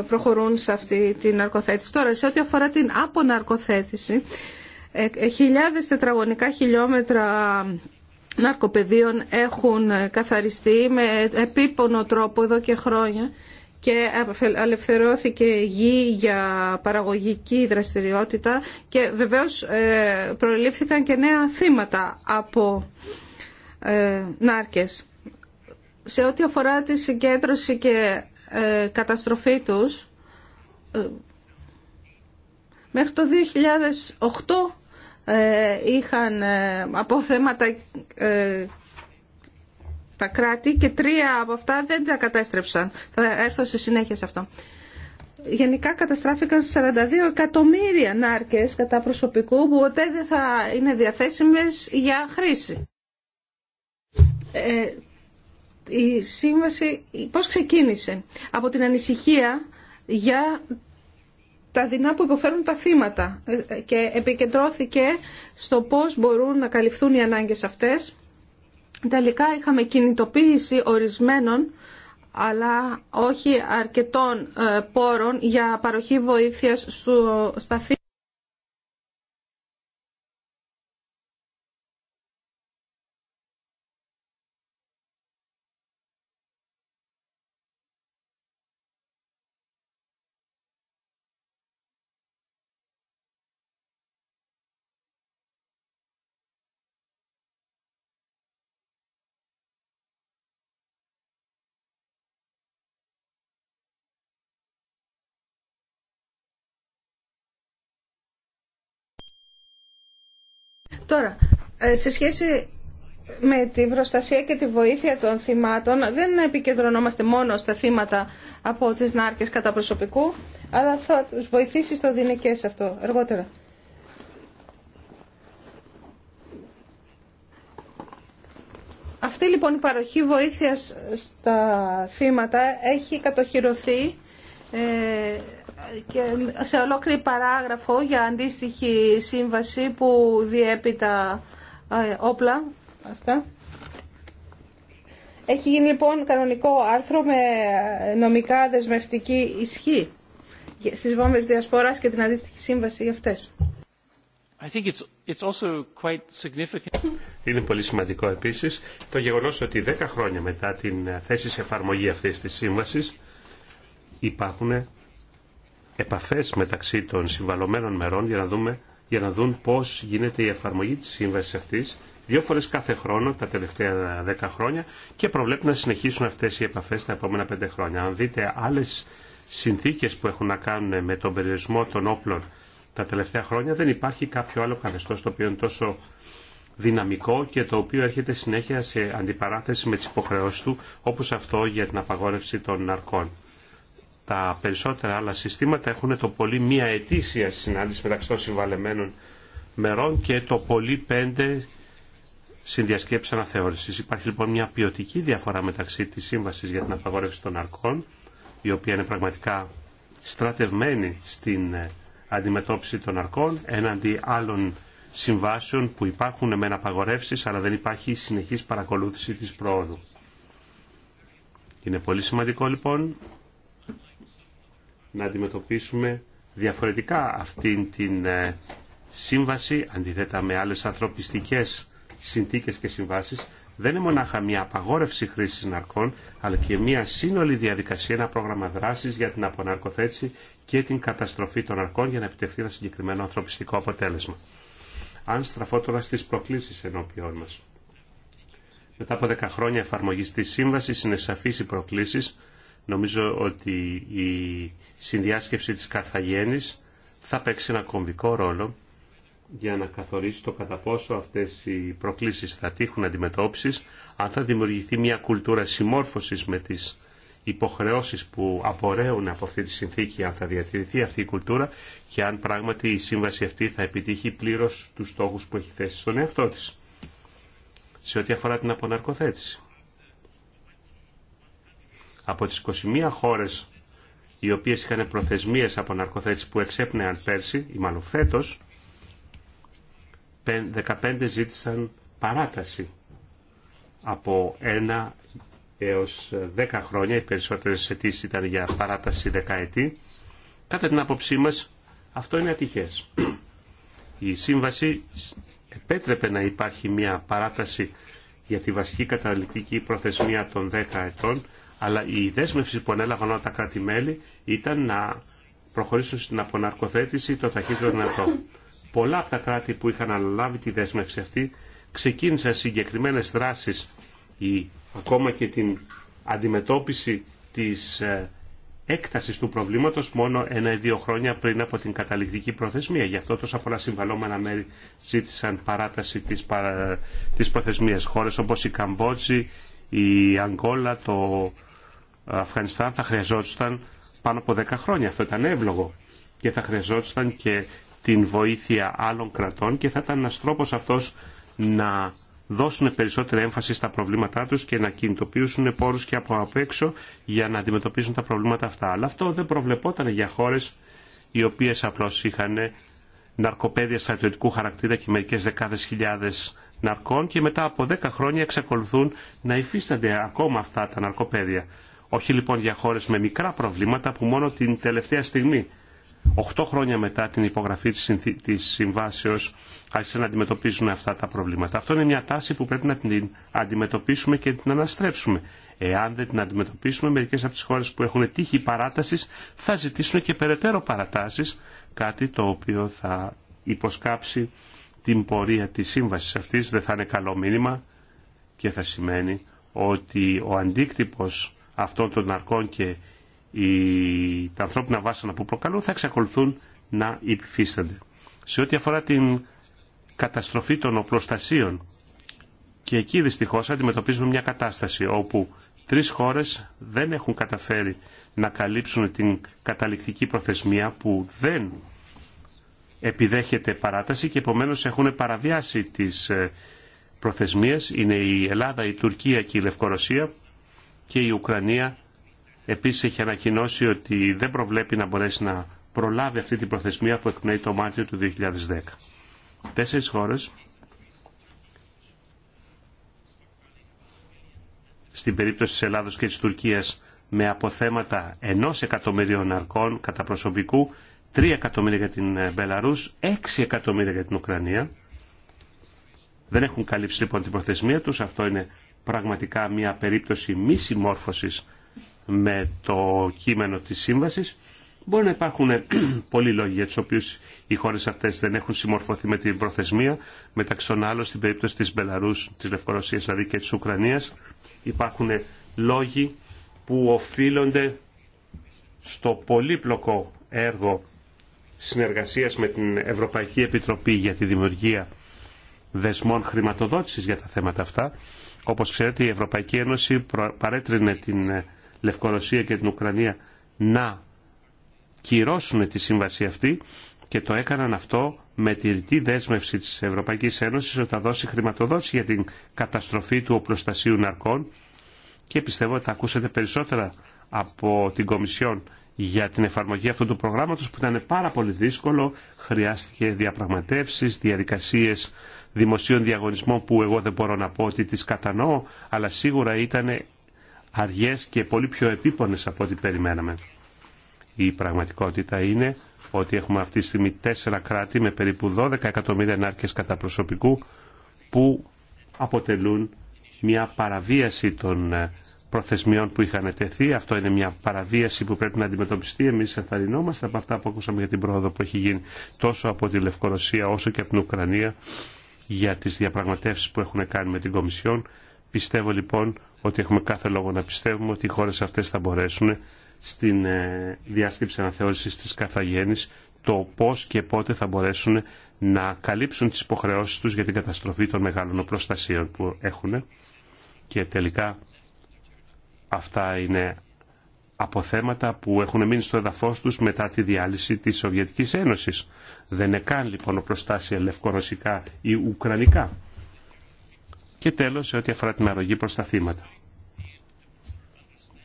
προχωρούν σε αυτή την ναρκοθέτηση. Τώρα, σε ό,τι αφορά την αποναρκοθέτηση, ε, ε, χιλιάδες τετραγωνικά χιλιόμετρα ναρκοπεδίων έχουν καθαριστεί με επίπονο τρόπο εδώ και χρόνια και αλευθερώθηκε γη για παραγωγική δραστηριότητα και βεβαίως ε, προελήφθηκαν και νέα θύματα από νάρκες. Σε ό,τι αφορά τη συγκέντρωση και καταστροφή τους, μέχρι το 2008 ε, είχαν από ε, αποθέματα ε, τα κράτη και τρία από αυτά δεν τα κατέστρεψαν. Θα έρθω σε συνέχεια σε αυτό. Γενικά καταστράφηκαν 42 εκατομμύρια νάρκες κατά προσωπικού που ποτέ δεν θα είναι διαθέσιμες για χρήση. Ε, η σύμβαση πώς ξεκίνησε. Από την ανησυχία για τα δεινά που υποφέρουν τα θύματα ε, ε, και επικεντρώθηκε στο πώς μπορούν να καλυφθούν οι ανάγκες αυτές. Τελικά είχαμε κινητοποίηση ορισμένων αλλά όχι αρκετών ε, πόρων για παροχή βοήθειας στα θύματα. Τώρα, ε, σε σχέση με την προστασία και τη βοήθεια των θυμάτων δεν επικεντρωνόμαστε μόνο στα θύματα από τις νάρκες κατά προσωπικού, αλλά θα τους βοηθήσει στο δινικές αυτό αργότερα. Αυτή λοιπόν η παροχή βοήθειας στα θύματα έχει κατοχυρωθεί ε, και σε ολόκληρη παράγραφο για αντίστοιχη σύμβαση που διέπει τα ε, όπλα αυτά. Έχει γίνει λοιπόν κανονικό άρθρο με ε, νομικά δεσμευτική ισχύ στις βόμβες διασποράς και την αντίστοιχη σύμβαση για αυτές. I think it's, it's also quite significant. Είναι πολύ σημαντικό επίσης το γεγονός ότι 10 χρόνια μετά την θέση σε εφαρμογή αυτής της σύμβασης υπάρχουν επαφές μεταξύ των συμβαλωμένων μερών για να, δούμε, για να δουν πώς γίνεται η εφαρμογή της σύμβασης αυτής δύο φορές κάθε χρόνο τα τελευταία δέκα χρόνια και προβλέπουν να συνεχίσουν αυτές οι επαφές τα επόμενα πέντε χρόνια. Αν δείτε άλλες συνθήκες που έχουν να κάνουν με τον περιορισμό των όπλων τα τελευταία χρόνια δεν υπάρχει κάποιο άλλο καθεστώς το οποίο είναι τόσο δυναμικό και το οποίο έρχεται συνέχεια σε αντιπαράθεση με τις υποχρεώσεις του όπως αυτό για την απαγόρευση των ναρκών. Τα περισσότερα άλλα συστήματα έχουν το πολύ μία ετήσια συνάντηση μεταξύ των συμβαλεμένων μερών και το πολύ πέντε συνδιασκέψεις αναθεώρησης. Υπάρχει λοιπόν μια ποιοτική διαφορά μεταξύ της Σύμβασης για την Απαγόρευση των Αρκών, η οποία είναι πραγματικά στρατευμένη στην ε, αντιμετώπιση των αρκών έναντι άλλων συμβάσεων που υπάρχουν με απαγορεύσεις αλλά δεν υπάρχει συνεχής παρακολούθηση της πρόοδου. Είναι πολύ σημαντικό λοιπόν να αντιμετωπίσουμε διαφορετικά αυτήν την ε, σύμβαση, αντίθετα με άλλες ανθρωπιστικές συνθήκες και συμβάσεις, δεν είναι μονάχα μια απαγόρευση χρήσης ναρκών, αλλά και μια σύνολη διαδικασία, ένα πρόγραμμα δράσης για την αποναρκοθέτηση και την καταστροφή των ναρκών για να επιτευχθεί ένα συγκεκριμένο ανθρωπιστικό αποτέλεσμα. Αν στραφώ τώρα στις προκλήσεις ενώπιών μας. Μετά από δέκα χρόνια εφαρμογής της σύμβασης είναι σαφείς οι προκλήσεις Νομίζω ότι η συνδιάσκεψη της Καρθαγένης θα παίξει ένα κομβικό ρόλο για να καθορίσει το κατά πόσο αυτές οι προκλήσεις θα τύχουν αντιμετώπισης, αν θα δημιουργηθεί μια κουλτούρα συμμόρφωσης με τις υποχρεώσεις που απορρέουν από αυτή τη συνθήκη, αν θα διατηρηθεί αυτή η κουλτούρα και αν πράγματι η σύμβαση αυτή θα επιτύχει πλήρως τους στόχους που έχει θέσει στον εαυτό της. Σε ό,τι αφορά την αποναρκοθέτηση. Από τις 21 χώρες οι οποίες είχαν προθεσμίες από ναρκοθέτης που εξέπνεαν πέρσι ή μάλλον φέτος, 15 ζήτησαν παράταση από 1 έως 10 χρόνια, οι περισσότερες αιτήσει ήταν για παράταση δεκαετή. Κατά την άποψή μας αυτό είναι ατυχές. Η σύμβαση επέτρεπε να υπάρχει μια παράταση για τη βασική καταληκτική προθεσμία των 10 ετών, αλλά η δέσμευση που ανέλαβαν όλα τα κράτη-μέλη ήταν να προχωρήσουν στην αποναρκοθέτηση το ταχύτερο δυνατό. Πολλά από τα κράτη που είχαν αναλάβει τη δέσμευση αυτή ξεκίνησαν συγκεκριμένε δράσει ή ακόμα και την αντιμετώπιση της ε, έκταση του προβλήματο μόνο ένα ή δύο χρόνια πριν από μόνο ένα ή δύο χρόνια πριν από την καταληκτική προθεσμία. Γι' αυτό τόσα πολλά συμβαλόμενα μέρη ζήτησαν παράταση τη παρα... της προθεσμίας. Χώρες η Καμπότζη, η Αγκόλα, το Αφγανιστάν θα χρειαζόταν πάνω από 10 χρόνια. Αυτό ήταν εύλογο. Και θα χρειαζόταν και την βοήθεια άλλων κρατών και θα ήταν ένα τρόπο αυτό να δώσουν περισσότερη έμφαση στα προβλήματά τους και να κινητοποιήσουν πόρους και από απ' έξω για να αντιμετωπίσουν τα προβλήματα αυτά. Αλλά αυτό δεν προβλεπόταν για χώρες οι οποίες απλώς είχαν ναρκοπαίδια στρατιωτικού χαρακτήρα και μερικές δεκάδες χιλιάδες ναρκών και μετά από 10 χρόνια εξακολουθούν να υφίστανται ακόμα αυτά τα ναρκοπαίδια. Όχι λοιπόν για χώρες με μικρά προβλήματα που μόνο την τελευταία στιγμή, 8 χρόνια μετά την υπογραφή της συμβάσεως, άρχισαν να αντιμετωπίζουν αυτά τα προβλήματα. Αυτό είναι μια τάση που πρέπει να την αντιμετωπίσουμε και την αναστρέψουμε. Εάν δεν την αντιμετωπίσουμε, μερικές από τις χώρες που έχουν τύχη παράτασης θα ζητήσουν και περαιτέρω παρατάσεις, κάτι το οποίο θα υποσκάψει την πορεία της σύμβασης αυτής, δεν θα είναι καλό μήνυμα και θα σημαίνει ότι ο αντίκτυπος αυτών των ναρκών και τα ανθρώπινα βάσανα που προκαλούν θα εξακολουθούν να υφίστανται. Σε ό,τι αφορά την καταστροφή των οπλοστασίων και εκεί δυστυχώς αντιμετωπίζουμε μια κατάσταση όπου τρεις χώρες δεν έχουν καταφέρει να καλύψουν την καταληκτική προθεσμία που δεν επιδέχεται παράταση και επομένως έχουν παραβιάσει τις ε, προθεσμίες. Είναι η Ελλάδα, η Τουρκία και η Λευκορωσία και η Ουκρανία επίσης έχει ανακοινώσει ότι δεν προβλέπει να μπορέσει να προλάβει αυτή την προθεσμία που εκπνέει το Μάρτιο του 2010. Τέσσερις χώρες στην περίπτωση της Ελλάδος και της Τουρκίας με αποθέματα ενός εκατομμυρίων ναρκών κατά προσωπικού, 3 εκατομμύρια για την ε, Μπελαρούς, 6 εκατομμύρια για την Ουκρανία. Δεν έχουν καλύψει λοιπόν την προθεσμία τους, αυτό είναι πραγματικά μια περίπτωση μη συμμόρφωσης με το κείμενο της σύμβασης. Μπορεί να υπάρχουν πολλοί λόγοι για του οποίου οι χώρε αυτέ δεν έχουν συμμορφωθεί με την προθεσμία. Μεταξύ των άλλων, στην περίπτωση τη Μπελαρού, τη Λευκορωσία δηλαδή και τη Ουκρανία, υπάρχουν λόγοι που οφείλονται στο πολύπλοκο έργο συνεργασίας με την Ευρωπαϊκή Επιτροπή για τη δημιουργία δεσμών χρηματοδότησης για τα θέματα αυτά όπως ξέρετε η Ευρωπαϊκή Ένωση παρέτρινε την ε, Λευκορωσία και την Ουκρανία να κυρώσουν τη σύμβαση αυτή και το έκαναν αυτό με τη ρητή δέσμευση της Ευρωπαϊκής Ένωσης ότι θα δώσει χρηματοδότηση για την καταστροφή του οπλοστασίου ναρκών και πιστεύω ότι θα ακούσετε περισσότερα από την Κομισιόν για την εφαρμογή αυτού του προγράμματος που ήταν πάρα πολύ δύσκολο, χρειάστηκε διαπραγματεύσεις, διαδικασίες δημοσίων διαγωνισμών που εγώ δεν μπορώ να πω ότι τις κατανοώ, αλλά σίγουρα ήταν αργές και πολύ πιο επίπονες από ό,τι περιμέναμε. Η πραγματικότητα είναι ότι έχουμε αυτή τη στιγμή τέσσερα κράτη με περίπου 12 εκατομμύρια ενάρκειες κατά προσωπικού που αποτελούν μια παραβίαση των ε, προθεσμιών που είχαν τεθεί. Αυτό είναι μια παραβίαση που πρέπει να αντιμετωπιστεί. Εμείς ενθαρρυνόμαστε από αυτά που ακούσαμε για την πρόοδο που έχει γίνει τόσο από τη Λευκορωσία όσο και από την Ουκρανία για τις διαπραγματεύσεις που έχουν κάνει με την Κομισιόν. Πιστεύω λοιπόν ότι έχουμε κάθε λόγο να πιστεύουμε ότι οι χώρες αυτές θα μπορέσουν στην ε, διάσκεψη αναθεώρησης της Καρθαγένης το πώς και πότε θα μπορέσουν να καλύψουν τις υποχρεώσεις τους για την καταστροφή των μεγάλων προστασίων που έχουν και τελικά αυτά είναι θέματα που έχουν μείνει στο εδαφός τους μετά τη διάλυση της Σοβιετικής Ένωσης. Δεν είναι καν λοιπόν οπλοστάσια λευκορωσικά ή ουκρανικά. Και τέλος, σε ό,τι αφορά την αρρωγή προς τα θύματα.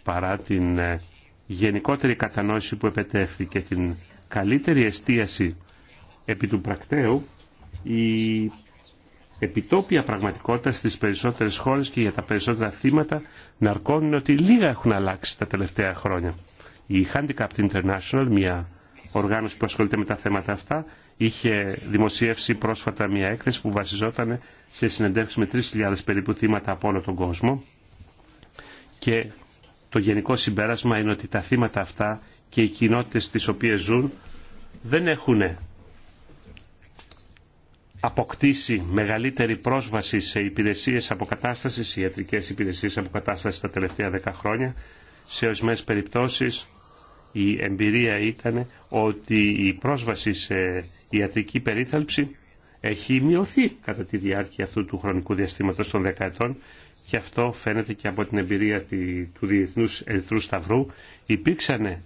Παρά την ε, γενικότερη κατανόηση που επετεύχθη και την καλύτερη εστίαση επί του πρακτέου, η επιτόπια πραγματικότητα στις περισσότερες χώρες και για τα περισσότερα θύματα ναρκώνουν ότι λίγα έχουν αλλάξει τα τελευταία χρόνια. Η Handicap International, μια οργάνωση που ασχολείται με τα θέματα αυτά είχε δημοσιεύσει πρόσφατα μια έκθεση που βασιζόταν σε συνεντεύξεις με 3.000 περίπου θύματα από όλο τον κόσμο και το γενικό συμπέρασμα είναι ότι τα θύματα αυτά και οι κοινότητες τις οποίες ζουν δεν έχουν αποκτήσει μεγαλύτερη πρόσβαση σε υπηρεσίες αποκατάστασης, ιατρικές υπηρεσίες αποκατάστασης τα τελευταία 10 χρόνια. Σε ορισμένε περιπτώσεις η εμπειρία ήταν ότι η πρόσβαση σε ιατρική περίθαλψη έχει μειωθεί κατά τη διάρκεια αυτού του χρονικού διαστήματος των δεκαετών και αυτό φαίνεται και από την εμπειρία του Διεθνούς Ερυθρού Σταυρού. Υπήρξαν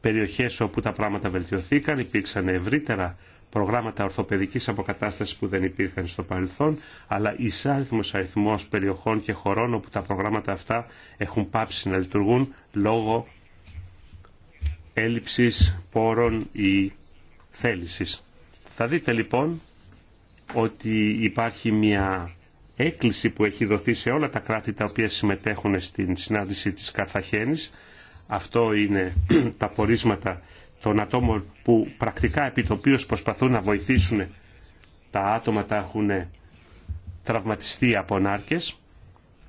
περιοχές όπου τα πράγματα βελτιωθήκαν, υπήρξαν ευρύτερα προγράμματα ορθοπαιδικής αποκατάστασης που δεν υπήρχαν στο παρελθόν, αλλά εισάριθμος αριθμός περιοχών και χωρών όπου τα προγράμματα αυτά έχουν πάψει να λειτουργούν λόγω έλλειψης πόρων ή θέλησης. Θα δείτε λοιπόν ότι υπάρχει μια έκκληση που έχει δοθεί σε όλα τα κράτη τα οποία συμμετέχουν στην συνάντηση της Καρθαχένης. Αυτό είναι τα πορίσματα των ατόμων που πρακτικά επί το οποίο προσπαθούν να βοηθήσουν τα άτομα τα έχουν τραυματιστεί από νάρκες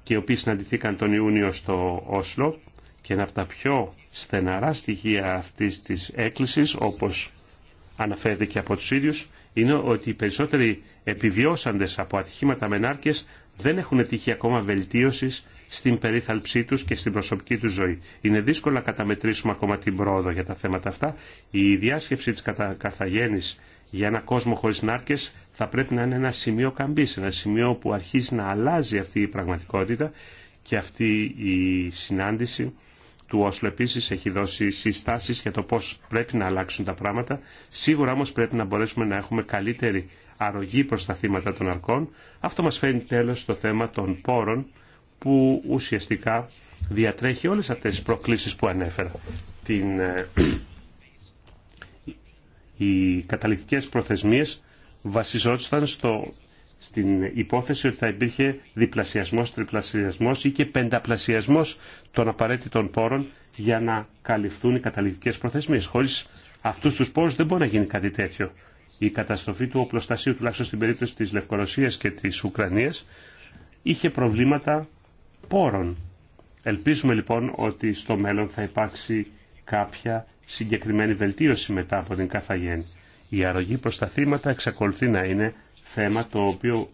και οι οποίοι συναντηθήκαν τον Ιούνιο στο Όσλο και ένα από τα πιο στεναρά στοιχεία αυτής της έκκλησης, όπως αναφέρεται και από τους ίδιους, είναι ότι οι περισσότεροι επιβιώσαντες από ατυχήματα μενάρκες δεν έχουν τύχει ακόμα βελτίωσης στην περίθαλψή τους και στην προσωπική τους ζωή. Είναι δύσκολο να καταμετρήσουμε ακόμα την πρόοδο για τα θέματα αυτά. Η διάσκεψη της Καρθαγένης για ένα κόσμο χωρίς νάρκες θα πρέπει να είναι ένα σημείο καμπής, ένα σημείο που αρχίζει να αλλάζει αυτή η πραγματικότητα και αυτή η συνάντηση του Όσλο επίση έχει δώσει συστάσει για το πώ πρέπει να αλλάξουν τα πράγματα. Σίγουρα όμω πρέπει να μπορέσουμε να έχουμε καλύτερη αρρωγή προ τα θύματα των αρκών. Αυτό μα φέρνει τέλο στο θέμα των πόρων που ουσιαστικά διατρέχει όλες αυτές τις προκλήσεις που ανέφερα. Την, ε, οι καταληκτικές προθεσμίες βασιζόντουσαν στο στην υπόθεση ότι θα υπήρχε διπλασιασμός, τριπλασιασμός ή και πενταπλασιασμός των απαραίτητων πόρων για να καλυφθούν οι καταληκτικές προθεσμίες. Χωρίς αυτούς τους πόρους δεν μπορεί να γίνει κάτι τέτοιο. Η καταστροφή του οπλοστασίου, τουλάχιστον στην περίπτωση της Λευκορωσίας και της Ουκρανίας, είχε προβλήματα πόρων. Ελπίζουμε λοιπόν ότι στο μέλλον θα υπάρξει κάποια συγκεκριμένη βελτίωση μετά από την καθαγέννη. Η αρρωγή προς τα θύματα εξακολουθεί να είναι θέμα το οποίο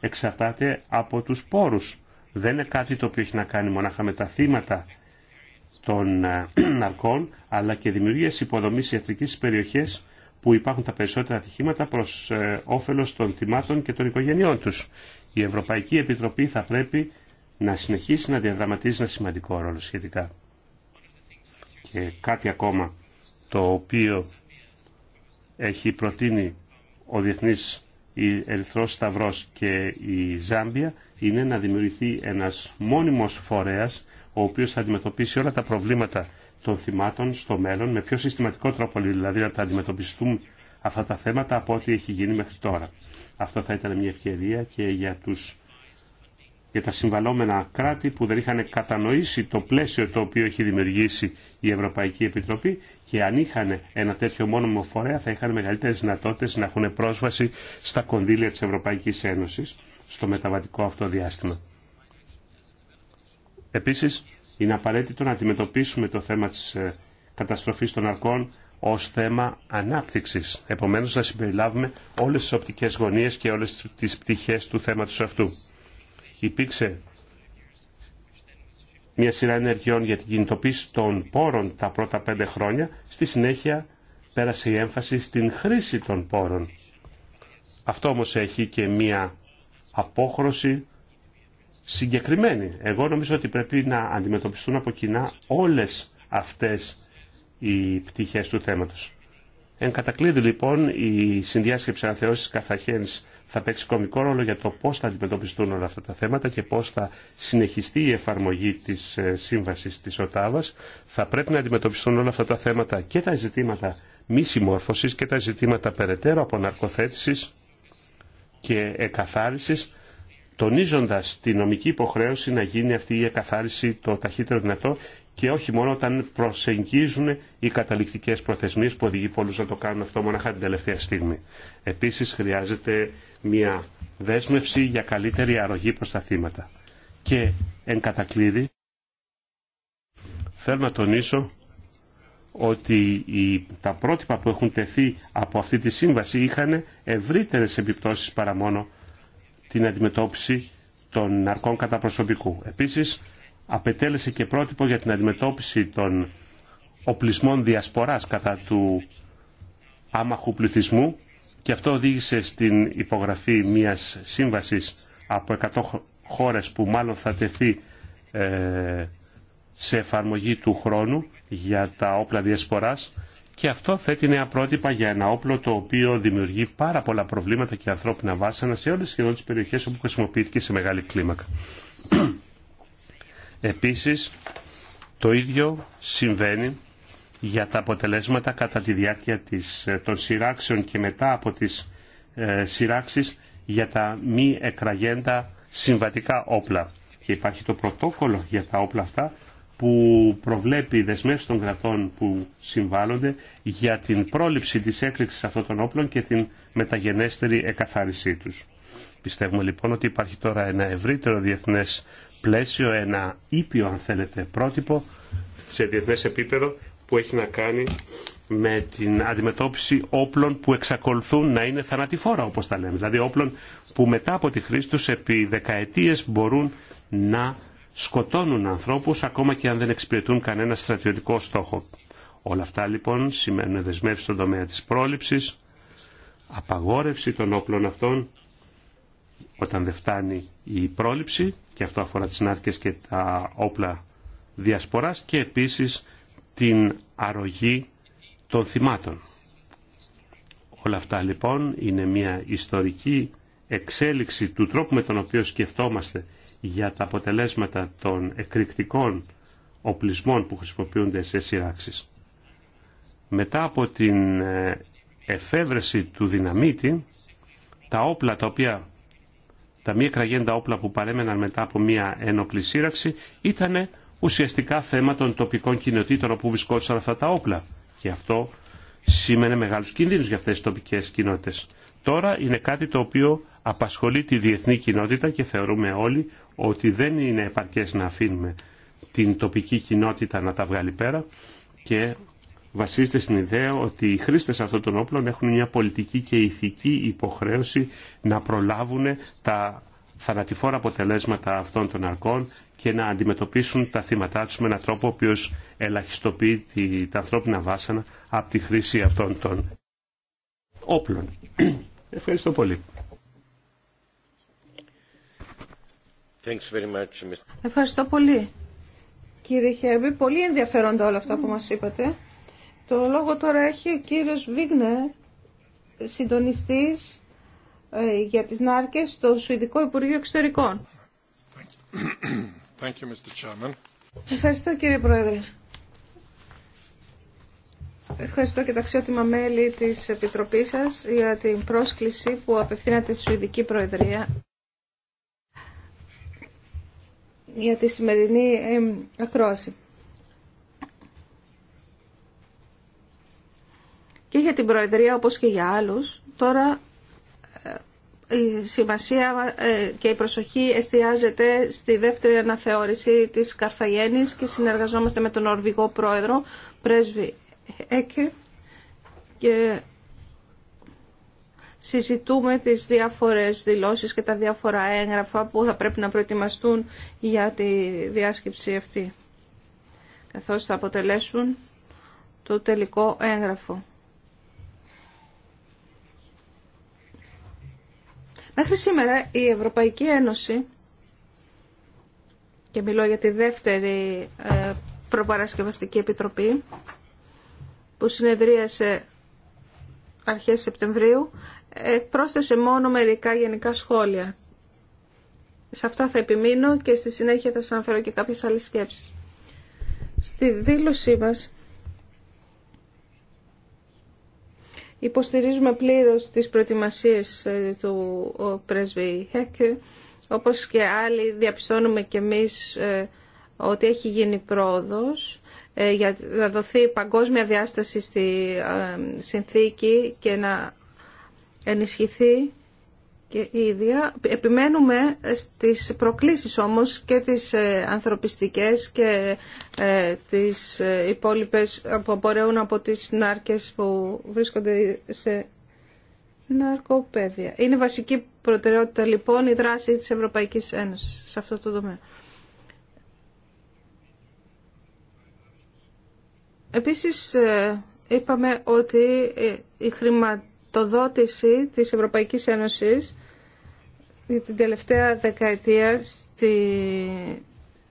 εξαρτάται από τους πόρους. Δεν είναι κάτι το οποίο έχει να κάνει μονάχα με τα θύματα των ε, ναρκών, αλλά και δημιουργίας υποδομής ιατρικής περιοχής περιοχές που υπάρχουν τα περισσότερα ατυχήματα προς ε, όφελος των θυμάτων και των οικογενειών τους. Η Ευρωπαϊκή Επιτροπή θα πρέπει να συνεχίσει να διαδραματίζει ένα σημαντικό ρόλο σχετικά. Και κάτι ακόμα το οποίο έχει προτείνει ο Διεθνής η Ερυθρός Σταυρός και η Ζάμπια είναι να δημιουργηθεί ένας μόνιμος φορέας ο οποίος θα αντιμετωπίσει όλα τα προβλήματα των θυμάτων στο μέλλον με πιο συστηματικό τρόπο δηλαδή να τα αντιμετωπιστούν αυτά τα θέματα από ό,τι έχει γίνει μέχρι τώρα. Αυτό θα ήταν μια ευκαιρία και για, τους, για τα συμβαλόμενα κράτη που δεν είχαν κατανοήσει το πλαίσιο το οποίο έχει δημιουργήσει η Ευρωπαϊκή Επιτροπή και αν είχαν ένα τέτοιο μόνο φορέα θα είχαν μεγαλύτερε δυνατότητε να έχουν πρόσβαση στα κονδύλια τη Ευρωπαϊκή Ένωση στο μεταβατικό αυτό διάστημα. Επίση, είναι απαραίτητο να αντιμετωπίσουμε το θέμα τη ε, καταστροφή των αρκών ω θέμα ανάπτυξη. Επομένω, να συμπεριλάβουμε όλε τι οπτικέ γωνίε και όλε τι πτυχέ του θέματο αυτού μια σειρά ενεργειών για την κινητοποίηση των πόρων τα πρώτα πέντε χρόνια. Στη συνέχεια πέρασε η έμφαση στην χρήση των πόρων. Αυτό όμως έχει και μια απόχρωση συγκεκριμένη. Εγώ νομίζω ότι πρέπει να αντιμετωπιστούν από κοινά όλες αυτές οι πτυχές του θέματος. Εν κατακλείδη λοιπόν η συνδιάσκεψη αναθεώσεις καθαχένης θα παίξει κομικό ρόλο για το πώς θα αντιμετωπιστούν όλα αυτά τα θέματα και πώς θα συνεχιστεί η εφαρμογή της ε, σύμβασης της ΟΤΑΒΑς. Θα πρέπει να αντιμετωπιστούν όλα αυτά τα θέματα και τα ζητήματα μη συμμόρφωσης και τα ζητήματα περαιτέρω από ναρκοθέτησης και εκαθάρισης τονίζοντας τη νομική υποχρέωση να γίνει αυτή η εκαθάριση το ταχύτερο δυνατό και όχι μόνο όταν προσεγγίζουν οι καταληκτικές προθεσμίες που οδηγεί πολλού να το κάνουν αυτό μοναχά την τελευταία στιγμή. Επίσης χρειάζεται μια δέσμευση για καλύτερη αρρωγή προς τα θύματα. Και εν κατακλείδη θέλω να τονίσω ότι οι, τα πρότυπα που έχουν τεθεί από αυτή τη σύμβαση είχαν ευρύτερες επιπτώσεις παρά μόνο την αντιμετώπιση των ναρκών κατά προσωπικού. Επίσης, απετέλεσε και πρότυπο για την αντιμετώπιση των οπλισμών διασποράς κατά του άμαχου πληθυσμού και αυτό οδήγησε στην υπογραφή μιας σύμβασης από 100 χώρες που μάλλον θα τεθεί ε, σε εφαρμογή του χρόνου για τα όπλα διασποράς και αυτό θέτει νέα πρότυπα για ένα όπλο το οποίο δημιουργεί πάρα πολλά προβλήματα και ανθρώπινα βάσανα σε όλες σχεδόν τις περιοχές όπου χρησιμοποιήθηκε σε μεγάλη κλίμακα. Επίσης, το ίδιο συμβαίνει για τα αποτελέσματα κατά τη διάρκεια της, ε, των σειράξεων και μετά από τις ε, σειράξεις για τα μη εκραγέντα συμβατικά όπλα. Και υπάρχει το πρωτόκολλο για τα όπλα αυτά που προβλέπει δεσμεύσει των κρατών που συμβάλλονται για την πρόληψη της έκρηξης αυτών των όπλων και την μεταγενέστερη εκαθάρισή τους. Πιστεύουμε λοιπόν ότι υπάρχει τώρα ένα ευρύτερο διεθνές πλαίσιο, ένα ήπιο αν θέλετε πρότυπο σε διεθνές επίπεδο που έχει να κάνει με την αντιμετώπιση όπλων που εξακολουθούν να είναι θανατηφόρα όπως τα λέμε. Δηλαδή όπλων που μετά από τη χρήση τους επί δεκαετίες μπορούν να σκοτώνουν ανθρώπους ακόμα και αν δεν εξυπηρετούν κανένα στρατιωτικό στόχο. Όλα αυτά λοιπόν σημαίνουν δεσμεύσει στον τομέα της πρόληψης, απαγόρευση των όπλων αυτών όταν δεν φτάνει η πρόληψη και αυτό αφορά τις νάρκες και τα όπλα διασποράς και επίσης την αρρωγή των θυμάτων. Όλα αυτά λοιπόν είναι μια ιστορική εξέλιξη του τρόπου με τον οποίο σκεφτόμαστε για τα αποτελέσματα των εκρηκτικών οπλισμών που χρησιμοποιούνται σε σειράξεις. Μετά από την ε, εφεύρεση του δυναμίτη, τα όπλα τα οποία τα μη εκραγέντα όπλα που παρέμεναν μετά από μια ένοπλη σύραξη ήταν ουσιαστικά θέμα των τοπικών κοινοτήτων όπου βρισκόντουσαν αυτά τα όπλα. Και αυτό σήμαινε μεγάλους κινδύνους για αυτές τις τοπικές κοινότητες. Τώρα είναι κάτι το οποίο απασχολεί τη διεθνή κοινότητα και θεωρούμε όλοι ότι δεν είναι επαρκές να αφήνουμε την τοπική κοινότητα να τα βγάλει πέρα και βασίζεται στην ιδέα ότι οι χρήστες αυτών των όπλων έχουν μια πολιτική και ηθική υποχρέωση να προλάβουν τα θανατηφόρα αποτελέσματα αυτών των αρκών και να αντιμετωπίσουν τα θύματά τους με έναν τρόπο ο οποίος ελαχιστοποιεί τα ανθρώπινα βάσανα από τη χρήση αυτών των όπλων. Ευχαριστώ πολύ. Ευχαριστώ πολύ. Κύριε Χέρμπι, πολύ ενδιαφέροντα όλα αυτά που μας είπατε. Το λόγο τώρα έχει ο κύριος Βίγνερ, συντονιστής ε, για τις Νάρκες στο Σουηδικό Υπουργείο Εξωτερικών. Ευχαριστώ κύριε Πρόεδρε. Ευχαριστώ και τα αξιότιμα μέλη της Επιτροπής σας για την πρόσκληση που απευθύνατε στη Σουηδική Προεδρία για τη σημερινή ακρόαση. Και για την Προεδρία όπως και για άλλους, τώρα η σημασία ε, και η προσοχή εστιάζεται στη δεύτερη αναθεώρηση της Καρθαγένης και συνεργαζόμαστε με τον Ορβηγό Πρόεδρο, πρέσβη Έκε και συζητούμε τις διάφορες δηλώσεις και τα διάφορα έγγραφα που θα πρέπει να προετοιμαστούν για τη διάσκεψη αυτή καθώς θα αποτελέσουν το τελικό έγγραφο. Μέχρι σήμερα η Ευρωπαϊκή Ένωση, και μιλώ για τη δεύτερη ε, προπαρασκευαστική επιτροπή, που συνεδρίασε αρχές Σεπτεμβρίου, πρόσθεσε μόνο μερικά γενικά σχόλια. Σε αυτά θα επιμείνω και στη συνέχεια θα σας αναφέρω και κάποιες άλλες σκέψεις. Στη δήλωσή μας Υποστηρίζουμε πλήρως τις προετοιμασίες ε, του πρέσβη Χέκ, όπως και άλλοι διαπιστώνουμε και εμείς ε, ότι έχει γίνει πρόοδος ε, για να δοθεί παγκόσμια διάσταση στη συνθήκη και να ενισχυθεί και ίδια. Επιμένουμε στις προκλήσεις όμως και τις ε, ανθρωπιστικές και ε, τις ε, υπόλοιπες που απορρέουν από τις νάρκες που βρίσκονται σε ναρκοπαίδια. Είναι βασική προτεραιότητα λοιπόν η δράση της Ευρωπαϊκής Ένωσης σε αυτό το τομέα. Επίσης είπαμε ότι η χρηματοδότηση της Ευρωπαϊκής Ένωσης την τελευταία δεκαετία στη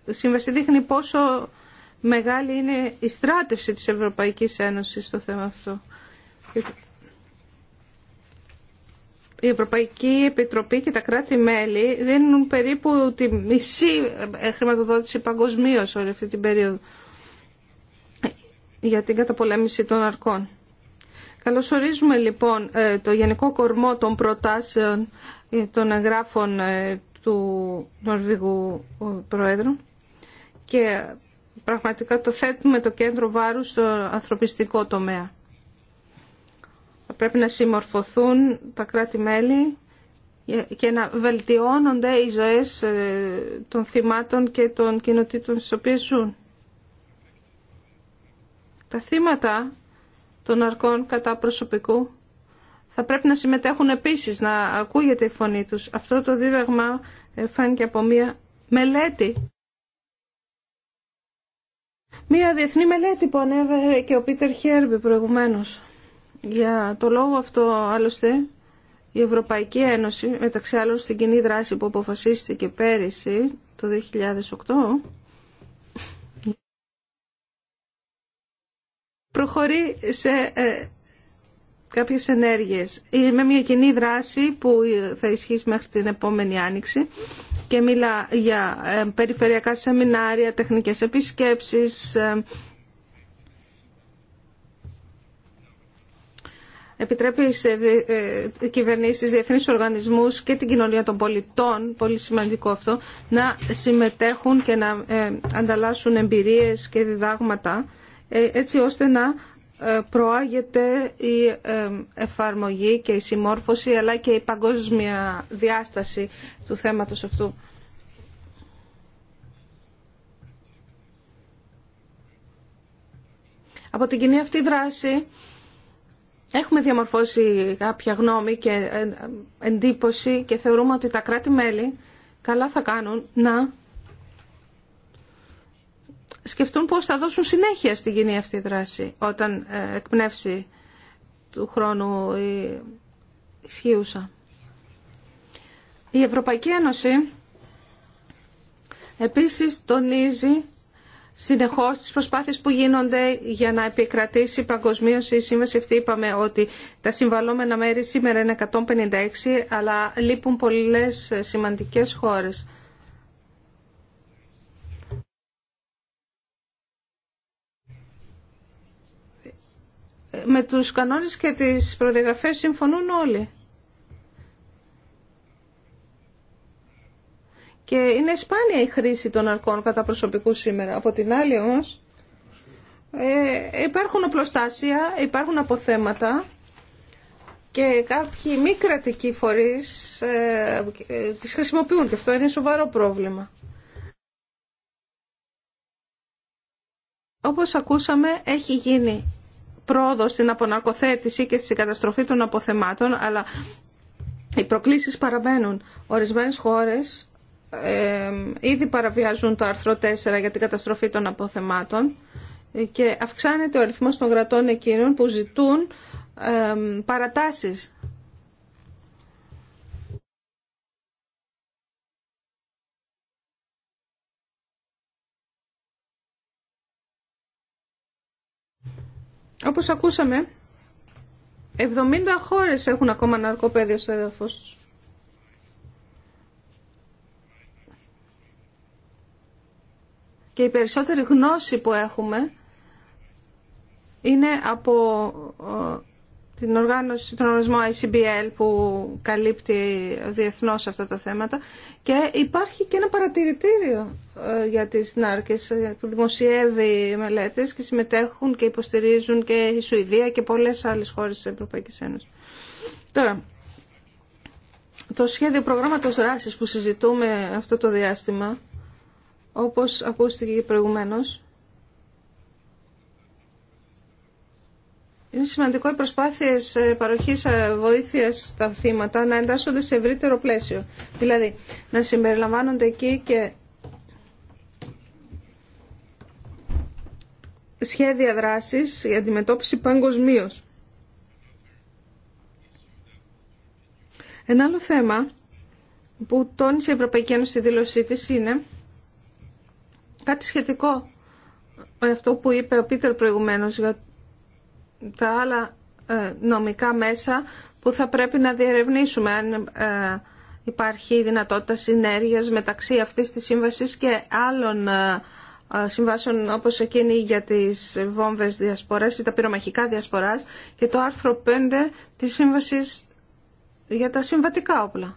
σύμβαση δείχνει πόσο μεγάλη είναι η στράτευση της Ευρωπαϊκής Ένωσης στο θέμα αυτό. Η Ευρωπαϊκή Επιτροπή και τα κράτη-μέλη δίνουν περίπου τη μισή χρηματοδότηση παγκοσμίω όλη αυτή την περίοδο για την καταπολέμηση των αρκών. Καλωσορίζουμε λοιπόν ε, το γενικό κορμό των προτάσεων ε, των εγγράφων ε, του Νορβηγού Προέδρου και πραγματικά το θέτουμε το κέντρο βάρου στο ανθρωπιστικό τομέα. Θα πρέπει να συμμορφωθούν τα κράτη-μέλη και να βελτιώνονται οι ζωές ε, των θυμάτων και των κοινοτήτων στις οποίες ζουν. Τα θύματα των αρκών κατά προσωπικού θα πρέπει να συμμετέχουν επίσης, να ακούγεται η φωνή τους. Αυτό το δίδαγμα ε, φάνηκε από μία μελέτη. Μία διεθνή μελέτη που ανέβαινε και ο Πίτερ Χέρμπι προηγουμένως. Για το λόγο αυτό άλλωστε η Ευρωπαϊκή Ένωση, μεταξύ άλλων στην κοινή δράση που αποφασίστηκε πέρυσι το 2008, προχωρεί σε ε, κάποιες ενέργειες. Είναι μια κοινή δράση που θα ισχύσει μέχρι την επόμενη άνοιξη και μιλά για ε, περιφερειακά σεμινάρια, τεχνικές επισκέψεις, ε, επιτρέπει σε ε, κυβερνήσεις, διεθνείς οργανισμούς και την κοινωνία των πολιτών, πολύ σημαντικό αυτό, να συμμετέχουν και να ανταλλάσσουν εμπειρίες και διδάγματα έτσι ώστε να ε, προάγεται η ε, εφαρμογή και η συμμόρφωση αλλά και η παγκόσμια διάσταση του θέματος αυτού. Από την κοινή αυτή δράση έχουμε διαμορφώσει κάποια γνώμη και ε, εντύπωση και θεωρούμε ότι τα κράτη-μέλη καλά θα κάνουν να σκεφτούν πώς θα δώσουν συνέχεια στην κοινή αυτή δράση όταν ε, εκπνεύσει του χρόνου η ισχύουσα. Η Ευρωπαϊκή Ένωση επίσης τονίζει συνεχώς τις προσπάθειες που γίνονται για να επικρατήσει παγκοσμίω η σύμβαση αυτή. Είπαμε ότι τα συμβαλώμενα μέρη σήμερα είναι 156, αλλά λείπουν πολλές ε, σημαντικές χώρες. με τους κανόνες και τις προδιαγραφές συμφωνούν όλοι. Και είναι σπάνια η χρήση των αρκών κατά προσωπικού σήμερα. Από την άλλη όμως ε, υπάρχουν οπλοστάσια, υπάρχουν αποθέματα και κάποιοι μη κρατικοί φορείς ε, ε, τις χρησιμοποιούν και αυτό είναι σοβαρό πρόβλημα. Όπως ακούσαμε έχει γίνει πρόοδο στην αποναρκοθέτηση και στην καταστροφή των αποθεμάτων, αλλά οι προκλήσεις παραμένουν. Ορισμένες χώρες ε, ήδη παραβιάζουν το άρθρο 4 για την καταστροφή των αποθεμάτων και αυξάνεται ο αριθμός των κρατών εκείνων που ζητούν ε, παρατάσεις Όπως ακούσαμε, 70 χώρες έχουν ακόμα ναρκοπαίδιο στο έδαφος Και η περισσότερη γνώση που έχουμε είναι από ε, την οργάνωση, τον οργανισμό ICBL που καλύπτει διεθνώς αυτά τα θέματα και υπάρχει και ένα παρατηρητήριο ε, για τις νάρκες ε, που δημοσιεύει μελέτες και συμμετέχουν και υποστηρίζουν και η Σουηδία και πολλές άλλες χώρες της Ευρωπαϊκής Ένωσης. Τώρα, το σχέδιο προγράμματος δράσης που συζητούμε αυτό το διάστημα, όπως ακούστηκε προηγουμένως, Είναι σημαντικό οι προσπάθειε ε, παροχή ε, βοήθειας στα θύματα να εντάσσονται σε ευρύτερο πλαίσιο. Δηλαδή, να συμπεριλαμβάνονται εκεί και σχέδια δράσης για αντιμετώπιση παγκοσμίω. Ένα άλλο θέμα που τόνισε η Ευρωπαϊκή Ένωση στη δήλωσή της είναι κάτι σχετικό με αυτό που είπε ο Πίτερ προηγουμένως για τα άλλα ε, νομικά μέσα που θα πρέπει να διερευνήσουμε αν ε, υπάρχει δυνατότητα συνέργειας μεταξύ αυτής της σύμβασης και άλλων ε, συμβάσεων όπως εκείνη για τις βόμβες διασποράς ή τα πυρομαχικά διασποράς και το άρθρο 5 της σύμβασης για τα συμβατικά όπλα.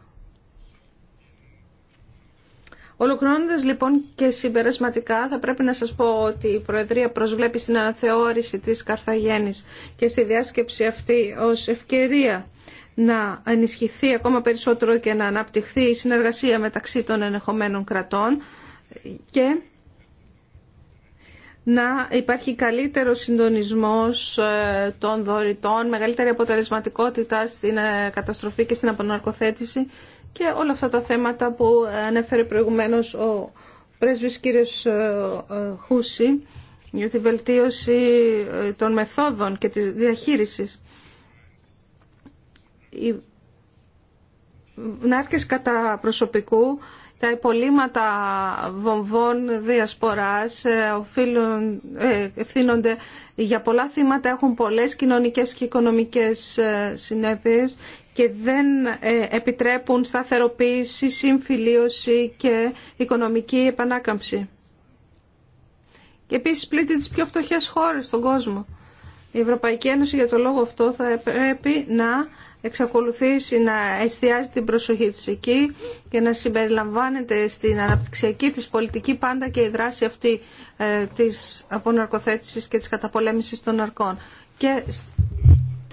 Ολοκληρώνοντα λοιπόν και συμπερασματικά θα πρέπει να σας πω ότι η Προεδρία προσβλέπει στην αναθεώρηση της Καρθαγένης και στη διάσκεψη αυτή ως ευκαιρία να ενισχυθεί ακόμα περισσότερο και να αναπτυχθεί η συνεργασία μεταξύ των ενεχομένων κρατών και να υπάρχει καλύτερο συντονισμός ε, των δωρητών, μεγαλύτερη αποτελεσματικότητα στην ε, καταστροφή και στην αποναρκοθέτηση και όλα αυτά τα θέματα που ανέφερε προηγουμένως ο πρέσβης κύριος ε, ε, Χούση για τη βελτίωση ε, των μεθόδων και της διαχείρισης. Οι νάρκες κατά προσωπικού, τα υπολείμματα βομβών διασποράς οφείλουν, ευθύνονται για πολλά θύματα, έχουν πολλές κοινωνικές και οικονομικές συνέπειες και δεν ε, επιτρέπουν σταθεροποίηση, συμφιλίωση και οικονομική επανάκαμψη. Και επίσης πλήττει τις πιο φτωχές χώρες στον κόσμο. Η Ευρωπαϊκή Ένωση για το λόγο αυτό θα πρέπει να εξακολουθήσει να εστιάζει την προσοχή της εκεί και να συμπεριλαμβάνεται στην αναπτυξιακή της πολιτική πάντα και η δράση αυτή ε, της αποναρκοθέτησης και της καταπολέμησης των αρκών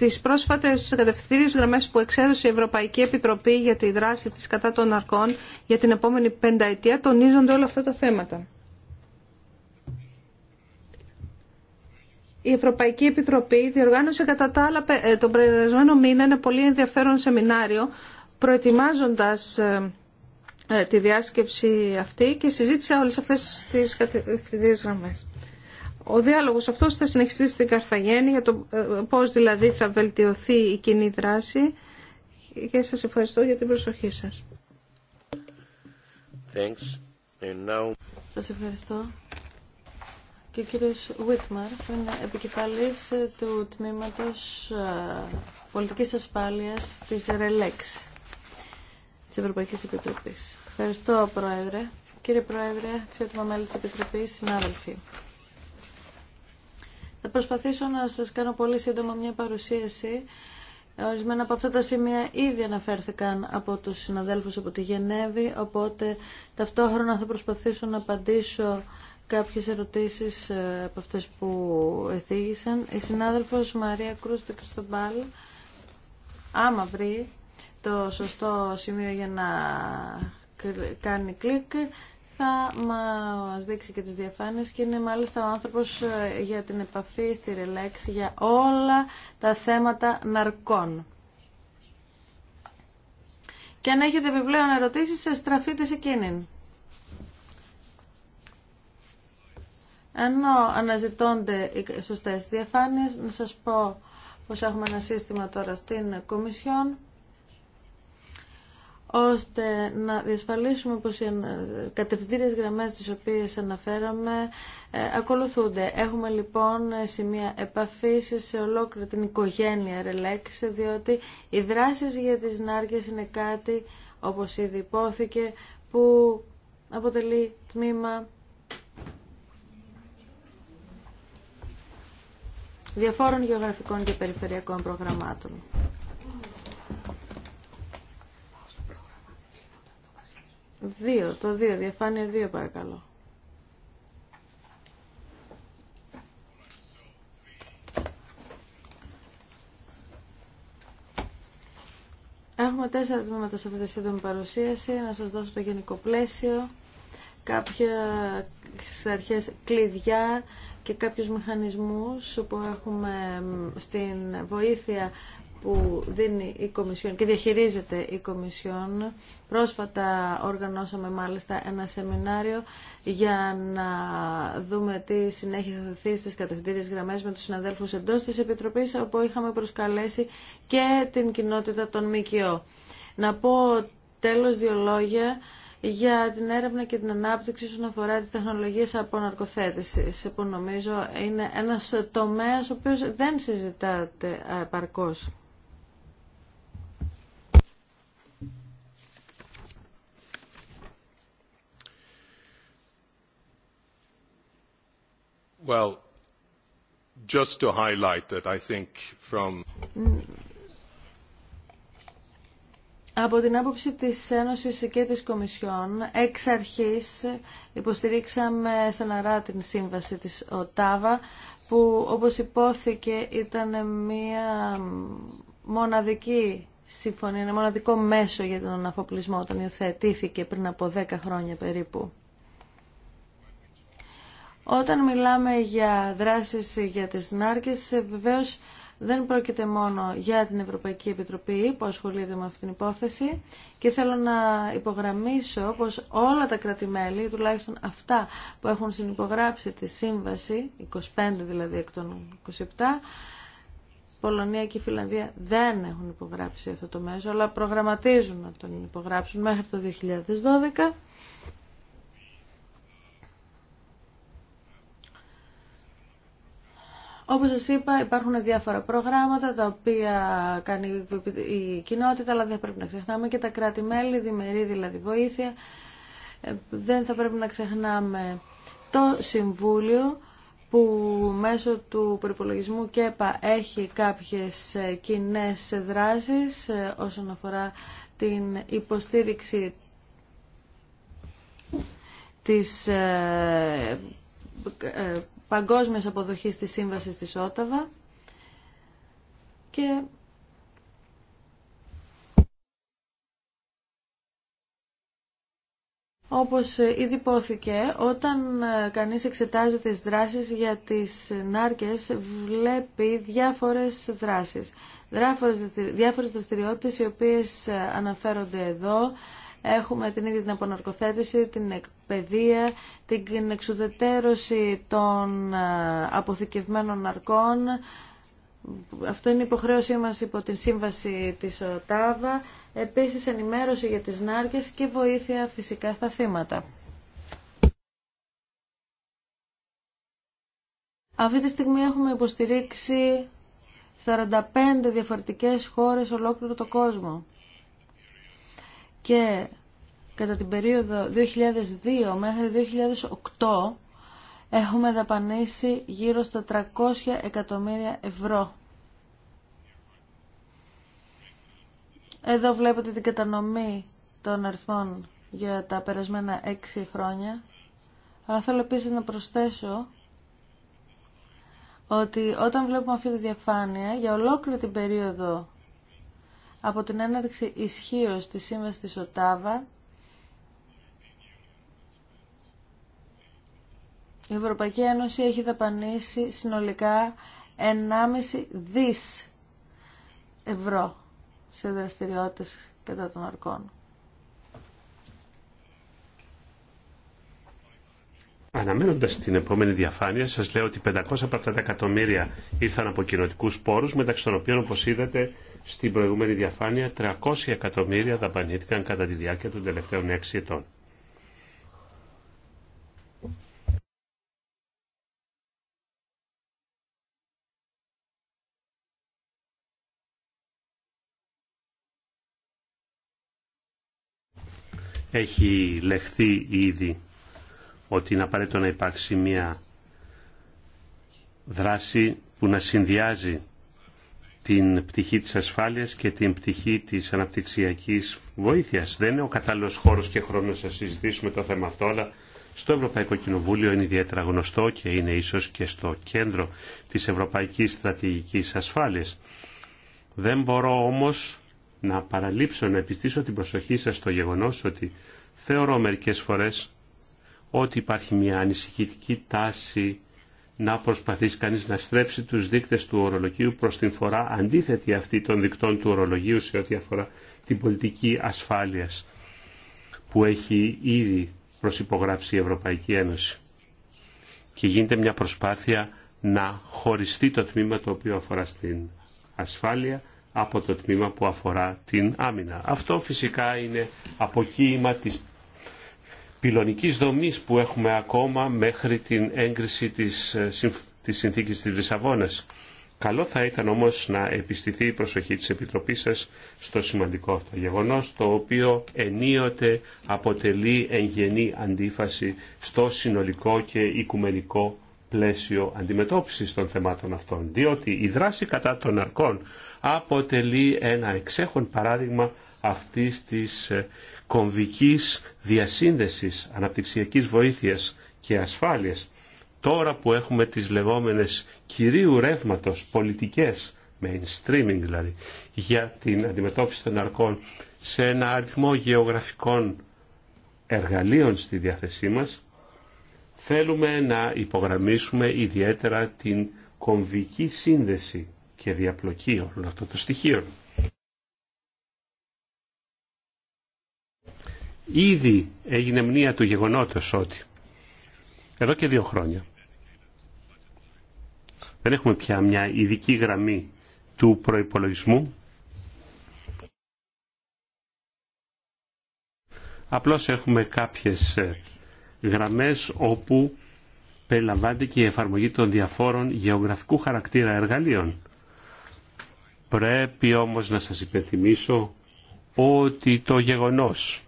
τις πρόσφατες κατευθυντήριες γραμμές που εξέδωσε η Ευρωπαϊκή Επιτροπή για τη δράση της κατά των ναρκών για την επόμενη πενταετία τονίζονται όλα αυτά τα θέματα. Η Ευρωπαϊκή Επιτροπή διοργάνωσε κατά τα άλλα ε, τον προηγούμενο μήνα ένα πολύ ενδιαφέρον σεμινάριο προετοιμάζοντας ε, ε, τη διάσκεψη αυτή και συζήτησε όλες αυτές τις κατευθυντήριες γραμμές. Ο διάλογος αυτός θα συνεχιστεί στην Καρθαγένη για το ε, πώς δηλαδή θα βελτιωθεί η κοινή δράση και σας ευχαριστώ για την προσοχή σας. Thanks. And now... Σας ευχαριστώ. Και ο κύριος Βίτμαρ που είναι επικεφαλής ε, του Τμήματος ε, Πολιτικής Ασφάλειας της ΡΕΛΕΞ της Ευρωπαϊκής Επιτροπής. Ευχαριστώ, Πρόεδρε. Κύριε Πρόεδρε, αξιότιμα μέλη της Επιτροπής, συνάδελφοι. Θα προσπαθήσω να σας κάνω πολύ σύντομα μια παρουσίαση. Ορισμένα από αυτά τα σημεία ήδη αναφέρθηκαν από τους συναδέλφους από τη Γενέβη, οπότε ταυτόχρονα θα προσπαθήσω να απαντήσω κάποιες ερωτήσεις ε, από αυτές που εθίγησαν. Η συνάδελφος Μαρία Κρούστη Κριστομπάλ, άμα βρει το σωστό σημείο για να κάνει κλικ, θα μας δείξει και τις διαφάνειες και είναι μάλιστα ο άνθρωπος ε, για την επαφή στη Ρελέξ για όλα τα θέματα ναρκών. Και αν έχετε επιπλέον ερωτήσεις, στραφείτε σε εκείνην. Ενώ αναζητώνται οι σωστές διαφάνειες, να σας πω πως έχουμε ένα σύστημα τώρα στην Κομισιόν ώστε να διασφαλίσουμε πως οι κατευθυντήριες γραμμές τις οποίες αναφέραμε ε, ακολουθούνται. Έχουμε λοιπόν σημεία επαφής σε ολόκληρη την οικογένεια ρελέξ, διότι οι δράσεις για τις νάρκες είναι κάτι, όπως ήδη υπόθηκε, που αποτελεί τμήμα διαφόρων γεωγραφικών και περιφερειακών προγραμμάτων. δύο το δύο διαφάνεια δύο παρακαλώ. Έχουμε τέσσερα τμήματα σε αυτή τη σύντομη παρουσίαση. Να σας δώσω το γενικό πλαίσιο, Κάποια αρχέ κλειδιά και κάποιους μηχανισμούς που έχουμε στην βοήθεια που δίνει η Κομισιόν και διαχειρίζεται η Κομισιόν. Πρόσφατα οργανώσαμε μάλιστα ένα σεμινάριο για να δούμε τι συνέχεια θα δοθεί στις κατευθύνες γραμμές με τους συναδέλφους εντός της Επιτροπής, όπου είχαμε προσκαλέσει και την κοινότητα των ΜΚΟ. Να πω τέλος δύο λόγια για την έρευνα και την ανάπτυξη όσον αφορά τις τεχνολογίες αποναρκοθέτησης, που νομίζω είναι ένας τομέας ο οποίος δεν συζητάται επαρκώς. Well, just to highlight that I think from... Από την άποψη της Ένωσης και της Κομισιόν, εξ αρχής υποστηρίξαμε στεναρά την σύμβαση της ΟΤΑΒΑ, που όπως υπόθηκε ήταν μια μοναδική συμφωνία, ένα μοναδικό μέσο για τον αφοπλισμό όταν υιοθετήθηκε πριν από 10 χρόνια περίπου. Όταν μιλάμε για δράσεις για τις συνάρκες, βεβαίως δεν πρόκειται μόνο για την Ευρωπαϊκή Επιτροπή που ασχολείται με αυτήν την υπόθεση και θέλω να υπογραμμίσω πως όλα τα κρατημέλη, τουλάχιστον αυτά που έχουν συνυπογράψει τη σύμβαση, 25 δηλαδή εκ των 27, Πολωνία και Φιλανδία δεν έχουν υπογράψει αυτό το μέσο, αλλά προγραμματίζουν να τον υπογράψουν μέχρι το 2012. Όπω σα είπα υπάρχουν διάφορα προγράμματα τα οποία κάνει η κοινότητα αλλά δεν πρέπει να ξεχνάμε και τα κράτη-μέλη, διμερή δηλαδή βοήθεια. Ε, δεν θα πρέπει να ξεχνάμε το Συμβούλιο που μέσω του προπολογισμού ΚΕΠΑ έχει κάποιες ε, κοινέ δράσεις ε, όσον αφορά την υποστήριξη της παγκόσμιας αποδοχής της Σύμβασης της Όταβα και Όπως ε, ήδη υπόθηκε, όταν ε, κανείς εξετάζει τις δράσεις για τις νάρκες, βλέπει διάφορες δράσεις. Διάφορες δραστηριότητες οι οποίες ε, αναφέρονται εδώ, έχουμε την ίδια την αποναρκοθέτηση, την εκπαιδεία, την εξουδετέρωση των ε, αποθηκευμένων ναρκών. Αυτό είναι υποχρέωσή μας υπό την σύμβαση της ΟΤΑΒΑ. Επίσης ενημέρωση για τις νάρκες και βοήθεια φυσικά στα θύματα. Αυτή τη στιγμή έχουμε υποστηρίξει 45 διαφορετικές χώρες ολόκληρο το κόσμο και κατά την περίοδο 2002 μέχρι 2008 έχουμε δαπανίσει γύρω στα 300 εκατομμύρια ευρώ. Εδώ βλέπετε την κατανομή των αριθμών για τα περασμένα 6 χρόνια. Αλλά θέλω επίσης να προσθέσω ότι όταν βλέπουμε αυτή τη διαφάνεια, για ολόκληρη την περίοδο από την έναρξη ισχύω της σύμβασης της ΟΤΑΒΑ η Ευρωπαϊκή Ένωση έχει δαπανίσει συνολικά 1,5 δις ευρώ σε δραστηριότητες κατά των αρκών. Αναμένοντα την επόμενη διαφάνεια, σα λέω ότι 500 από αυτά τα εκατομμύρια ήρθαν από κοινοτικού πόρου, μεταξύ των οποίων, όπω είδατε στην προηγούμενη διαφάνεια, 300 εκατομμύρια δαπανήθηκαν κατά τη διάρκεια των τελευταίων 6 ετών. Έχει λεχθεί ήδη ότι είναι απαραίτητο να υπάρξει μια δράση που να συνδυάζει την πτυχή της ασφάλειας και την πτυχή της αναπτυξιακής βοήθειας. Δεν είναι ο κατάλληλος χώρος και χρόνος να συζητήσουμε το θέμα αυτό, αλλά στο Ευρωπαϊκό Κοινοβούλιο είναι ιδιαίτερα γνωστό και είναι ίσως και στο κέντρο της Ευρωπαϊκής Στρατηγικής Ασφάλειας. Δεν μπορώ όμως να παραλείψω να επιστήσω την προσοχή σας στο γεγονός ότι θεωρώ μερικές φορές ότι υπάρχει μια ανησυχητική τάση να προσπαθήσει κανείς να στρέψει τους δείκτες του ορολογίου προς την φορά αντίθετη αυτή των δικτών του ορολογίου σε ό,τι αφορά την πολιτική ασφάλειας που έχει ήδη προσυπογράψει η Ευρωπαϊκή Ένωση. Και γίνεται μια προσπάθεια να χωριστεί το τμήμα το οποίο αφορά στην ασφάλεια από το τμήμα που αφορά την άμυνα. Αυτό φυσικά είναι αποκοίημα της πυλωνικής δομής που έχουμε ακόμα μέχρι την έγκριση της, ε, της συνθήκης της Λισαβόνας. Καλό θα ήταν όμως να επιστηθεί η προσοχή της Επιτροπής σας στο σημαντικό αυτό γεγονός, το οποίο ενίοτε αποτελεί εγγενή αντίφαση στο συνολικό και οικουμενικό πλαίσιο αντιμετώπισης των θεμάτων αυτών, διότι η δράση κατά των αρκών αποτελεί ένα εξέχον παράδειγμα αυτής της ε, κομβικής διασύνδεσης αναπτυξιακής βοήθειας και ασφάλειας, τώρα που έχουμε τις λεγόμενες κυρίου ρεύματο πολιτικές, mainstreaming δηλαδή, για την αντιμετώπιση των αρκών σε ένα αριθμό γεωγραφικών εργαλείων στη διάθεσή μας, θέλουμε να υπογραμμίσουμε ιδιαίτερα την κομβική σύνδεση και διαπλοκή όλων αυτών των στοιχείων. Ήδη έγινε μνήα του γεγονότος ότι εδώ και δύο χρόνια δεν έχουμε πια μια ειδική γραμμή του προϋπολογισμού. Απλώς έχουμε κάποιες ε, γραμμές όπου περιλαμβάνεται και η εφαρμογή των διαφόρων γεωγραφικού χαρακτήρα εργαλείων. Πρέπει όμως να σας υπενθυμίσω ότι το γεγονός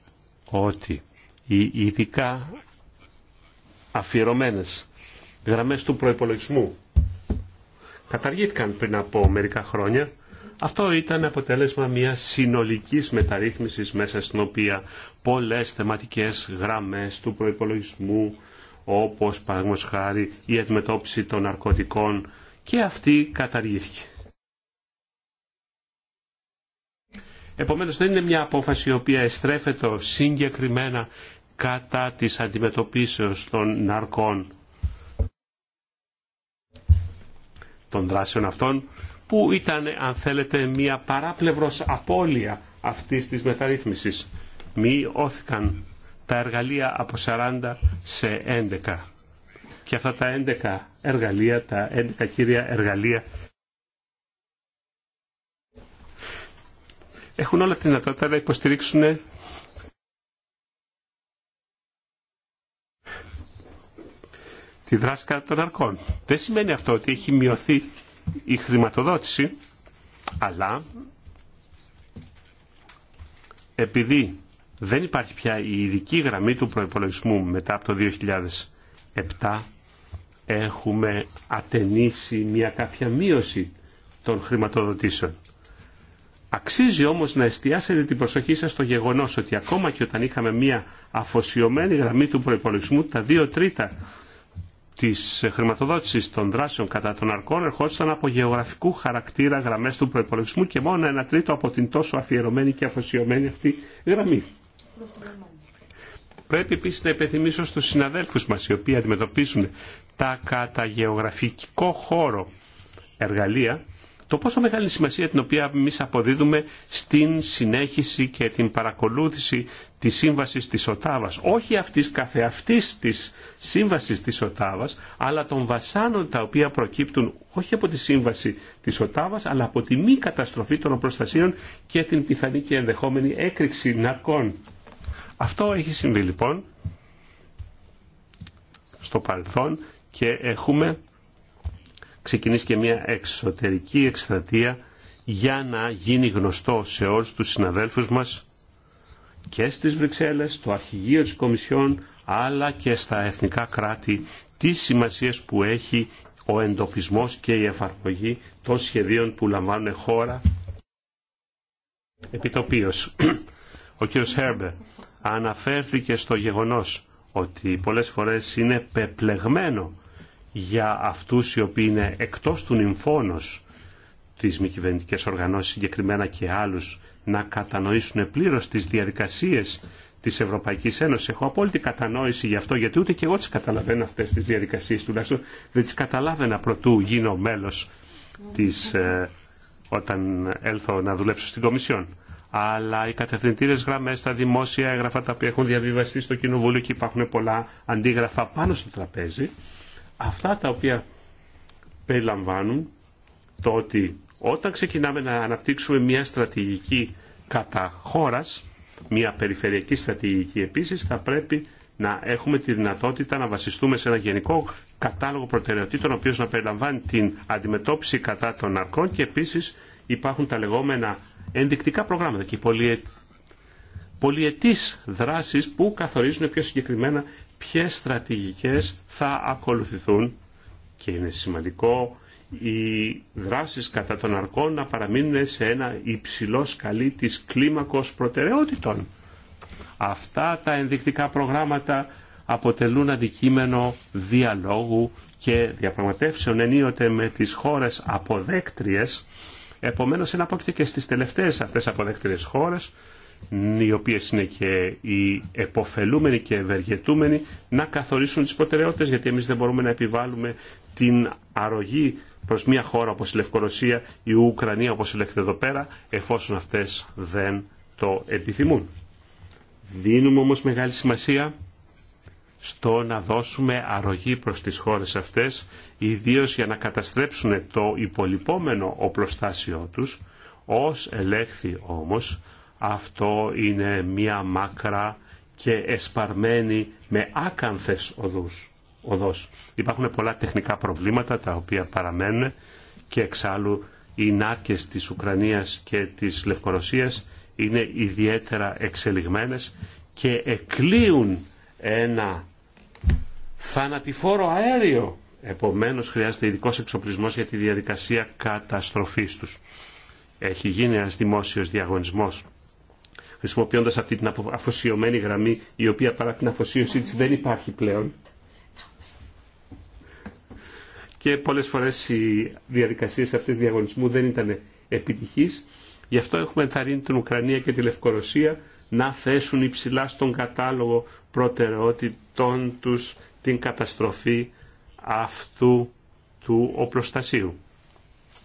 ότι οι ειδικά αφιερωμένες γραμμές του προϋπολογισμού καταργήθηκαν πριν από μερικά χρόνια. Αυτό ήταν αποτέλεσμα μιας συνολικής μεταρρύθμισης μέσα στην οποία πολλές θεματικές γραμμές του προϋπολογισμού όπως παραδείγματος χάρη η αντιμετώπιση των ναρκωτικών και αυτή καταργήθηκε. Επομένως δεν είναι μια απόφαση η οποία εστρέφεται συγκεκριμένα κατά της αντιμετωπίσεως των ναρκών των δράσεων αυτών που ήταν αν θέλετε μια παράπλευρος απώλεια αυτής της μεταρρύθμισης. Μειώθηκαν τα εργαλεία από 40 σε 11 και αυτά τα 11 εργαλεία, τα 11 κύρια εργαλεία έχουν όλα τη δυνατότητα να υποστηρίξουν τη δράση κατά των αρκών. Δεν σημαίνει αυτό ότι έχει μειωθεί η χρηματοδότηση, αλλά επειδή δεν υπάρχει πια η ειδική γραμμή του προϋπολογισμού μετά από το 2007, έχουμε ατενίσει μια κάποια μείωση των χρηματοδοτήσεων. Αξίζει όμως να εστιάσετε την προσοχή σας στο γεγονός ότι ακόμα και όταν είχαμε μια αφοσιωμένη γραμμή του προϋπολογισμού, τα δύο τρίτα της χρηματοδότησης των δράσεων κατά των αρκών ερχόντουσαν από γεωγραφικού χαρακτήρα γραμμές του προϋπολογισμού και μόνο ένα τρίτο από την τόσο αφιερωμένη και αφοσιωμένη αυτή γραμμή. Πρέπει επίση να υπενθυμίσω στους συναδέλφους μας οι οποίοι αντιμετωπίζουν τα κατά γεωγραφικό χώρο εργαλεία το πόσο μεγάλη σημασία την οποία εμεί αποδίδουμε στην συνέχιση και την παρακολούθηση τη σύμβαση τη Οτάβα. Όχι αυτή καθεαυτή τη σύμβαση τη Οτάβα, αλλά των βασάνων τα οποία προκύπτουν όχι από τη σύμβαση τη Οτάβα, αλλά από τη μη καταστροφή των προστασίων και την πιθανή και ενδεχόμενη έκρηξη ναρκών. Αυτό έχει συμβεί λοιπόν στο παρελθόν και έχουμε ξεκινήσει και μια εξωτερική εκστρατεία για να γίνει γνωστό σε όλους τους συναδέλφους μας και στις Βρυξέλλες, στο αρχηγείο της Κομισιόν, αλλά και στα εθνικά κράτη, τις σημασίες που έχει ο εντοπισμός και η εφαρμογή των σχεδίων που λαμβάνουν χώρα Επιτοπίω, Ο κ. Χέρμπε αναφέρθηκε στο γεγονός ότι πολλές φορές είναι πεπλεγμένο για αυτούς οι οποίοι είναι εκτός του νυμφώνος τις μη κυβερνητικέ οργανώσεις συγκεκριμένα και άλλους να κατανοήσουν πλήρως τις διαδικασίες της Ευρωπαϊκής Ένωσης. Έχω απόλυτη κατανόηση γι' αυτό γιατί ούτε και εγώ τις καταλαβαίνω αυτές τις διαδικασίες τουλάχιστον δεν τις καταλάβαινα προτού γίνω μέλος της, ε, όταν έλθω να δουλέψω στην Κομισιόν. Αλλά οι κατευθυντήρε γραμμέ, τα δημόσια έγγραφα τα οποία έχουν διαβιβαστεί στο Κοινοβούλιο και υπάρχουν πολλά αντίγραφα πάνω στο τραπέζι, αυτά τα οποία περιλαμβάνουν το ότι όταν ξεκινάμε να αναπτύξουμε μια στρατηγική κατά χώρας, μια περιφερειακή στρατηγική επίσης, θα πρέπει να έχουμε τη δυνατότητα να βασιστούμε σε ένα γενικό κατάλογο προτεραιοτήτων, ο οποίος να περιλαμβάνει την αντιμετώπιση κατά των αρκών και επίσης υπάρχουν τα λεγόμενα ενδεικτικά προγράμματα και πολυετής δράσεις που καθορίζουν πιο συγκεκριμένα ποιες στρατηγικές θα ακολουθηθούν και είναι σημαντικό οι δράσεις κατά των αρκών να παραμείνουν σε ένα υψηλό σκαλί της κλίμακος προτεραιότητων. Αυτά τα ενδεικτικά προγράμματα αποτελούν αντικείμενο διαλόγου και διαπραγματεύσεων ενίοτε με τις χώρες αποδέκτριες. Επομένως, εναπόκειται και στις τελευταίες αυτές αποδέκτριες χώρες οι οποίες είναι και οι εποφελούμενοι και ευεργετούμενοι να καθορίσουν τις προτεραιότητες γιατί εμείς δεν μπορούμε να επιβάλλουμε την αρρωγή προς μια χώρα όπως η Λευκορωσία ή η Ουκρανία όπως εδώ εδώ πέρα εφόσον αυτές δεν το επιθυμούν. Δίνουμε όμως μεγάλη σημασία στο να δώσουμε αρρωγή προς τις χώρες αυτές, ιδίως για να καταστρέψουν το υπολοιπόμενο οπλοστάσιο τους, ως ελέγχθη όμως αυτό είναι μία μάκρα και εσπαρμένη με άκανθες οδούς. Οδός. Υπάρχουν πολλά τεχνικά προβλήματα τα οποία παραμένουν και εξάλλου οι νάρκες της Ουκρανίας και της Λευκορωσίας είναι ιδιαίτερα εξελιγμένες και εκλείουν ένα θανατηφόρο αέριο. Επομένως χρειάζεται ειδικό εξοπλισμός για τη διαδικασία καταστροφής τους. Έχει γίνει ένας δημόσιος διαγωνισμός Χρησιμοποιώντα αυτή την αφοσιωμένη γραμμή η οποία παρά την αφοσίωσή τη δεν υπάρχει πλέον. Και πολλές φορές οι διαδικασίες αυτές διαγωνισμού δεν ήταν επιτυχής. Γι' αυτό έχουμε ενθαρρύνει την Ουκρανία και τη Λευκορωσία να θέσουν υψηλά στον κατάλογο προτεραιότητών τους την καταστροφή αυτού του οπλοστασίου.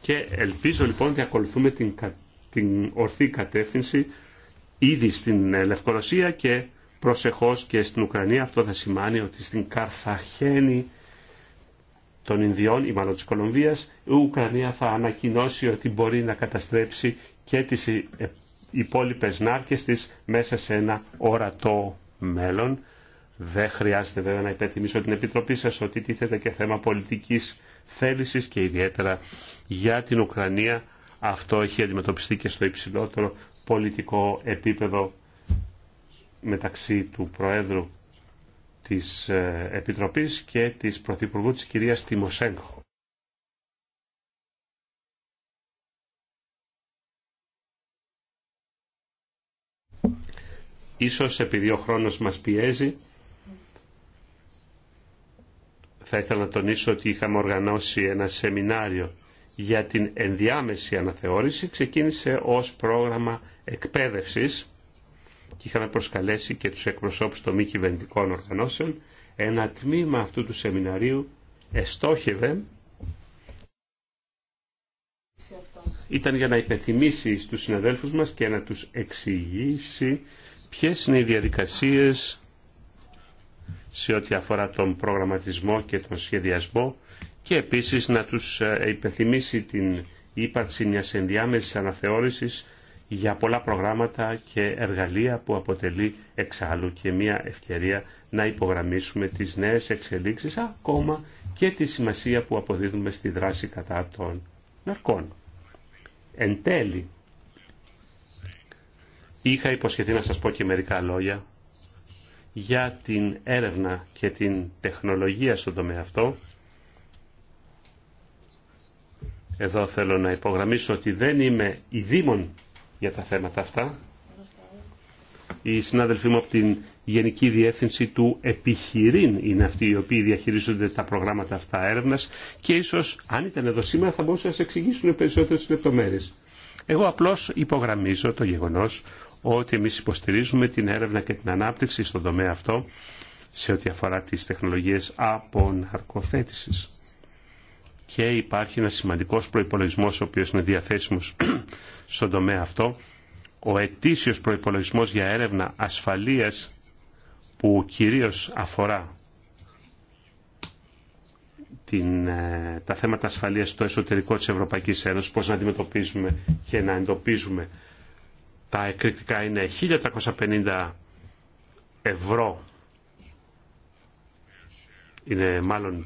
Και ελπίζω λοιπόν ότι ακολουθούμε την, την ορθή κατεύθυνση ήδη στην ε, Λευκορωσία και προσεχώς και στην Ουκρανία. Αυτό θα σημαίνει ότι στην Καρθαχένη των Ινδιών ή μάλλον της Κολομβίας η Ουκρανία θα ανακοινώσει ότι μπορεί να καταστρέψει και τις ε, υπόλοιπες νάρκες της μέσα σε ένα ορατό μέλλον. Δεν χρειάζεται βέβαια να υπενθυμίσω την Επιτροπή σας ότι τίθεται και θέμα πολιτικής θέλησης και ιδιαίτερα για την Ουκρανία αυτό έχει αντιμετωπιστεί και στο υψηλότερο πολιτικό επίπεδο μεταξύ του Προέδρου της ε, Επιτροπής και της Πρωθυπουργού της κυρίας Τιμοσέγκο. Ίσως επειδή ο χρόνος μας πιέζει, θα ήθελα να τονίσω ότι είχαμε οργανώσει ένα σεμινάριο για την ενδιάμεση αναθεώρηση. Ξεκίνησε ως πρόγραμμα εκπαίδευσης και είχαμε προσκαλέσει και τους εκπροσώπους των μη κυβερνητικών οργανώσεων, ένα τμήμα αυτού του σεμιναρίου εστόχευε ήταν για να υπενθυμίσει στους συναδέλφους μας και να τους εξηγήσει ποιες είναι οι διαδικασίες σε ό,τι αφορά τον προγραμματισμό και τον σχεδιασμό και επίσης να τους ε, υπενθυμίσει την ύπαρξη μιας ενδιάμεσης αναθεώρησης για πολλά προγράμματα και εργαλεία που αποτελεί εξάλλου και μια ευκαιρία να υπογραμμίσουμε τις νέες εξελίξεις ακόμα και τη σημασία που αποδίδουμε στη δράση κατά των ναρκών. Εν τέλει, είχα υποσχεθεί να σας πω και μερικά λόγια για την έρευνα και την τεχνολογία στον τομέα αυτό. Εδώ θέλω να υπογραμμίσω ότι δεν είμαι η για τα θέματα αυτά. Οι συνάδελφοί μου από την Γενική Διεύθυνση του Επιχειρήν είναι αυτοί οι οποίοι διαχειρίζονται τα προγράμματα αυτά έρευνας και ίσως αν ήταν εδώ σήμερα θα μπορούσαν να σας εξηγήσουν περισσότερες λεπτομέρειες. Εγώ απλώς υπογραμμίζω το γεγονός ότι εμείς υποστηρίζουμε την έρευνα και την ανάπτυξη στον τομέα αυτό σε ό,τι αφορά τις τεχνολογίες ναρκοθέτησης και υπάρχει ένα σημαντικός προϋπολογισμός ο οποίος είναι διαθέσιμος στον τομέα αυτό. Ο ετήσιος προϋπολογισμός για έρευνα ασφαλείας που κυρίως αφορά την, ε, τα θέματα ασφαλείας στο εσωτερικό της Ευρωπαϊκής Ένωσης, πώς να αντιμετωπίζουμε και να εντοπίζουμε τα εκρηκτικά είναι 1350 ευρώ είναι μάλλον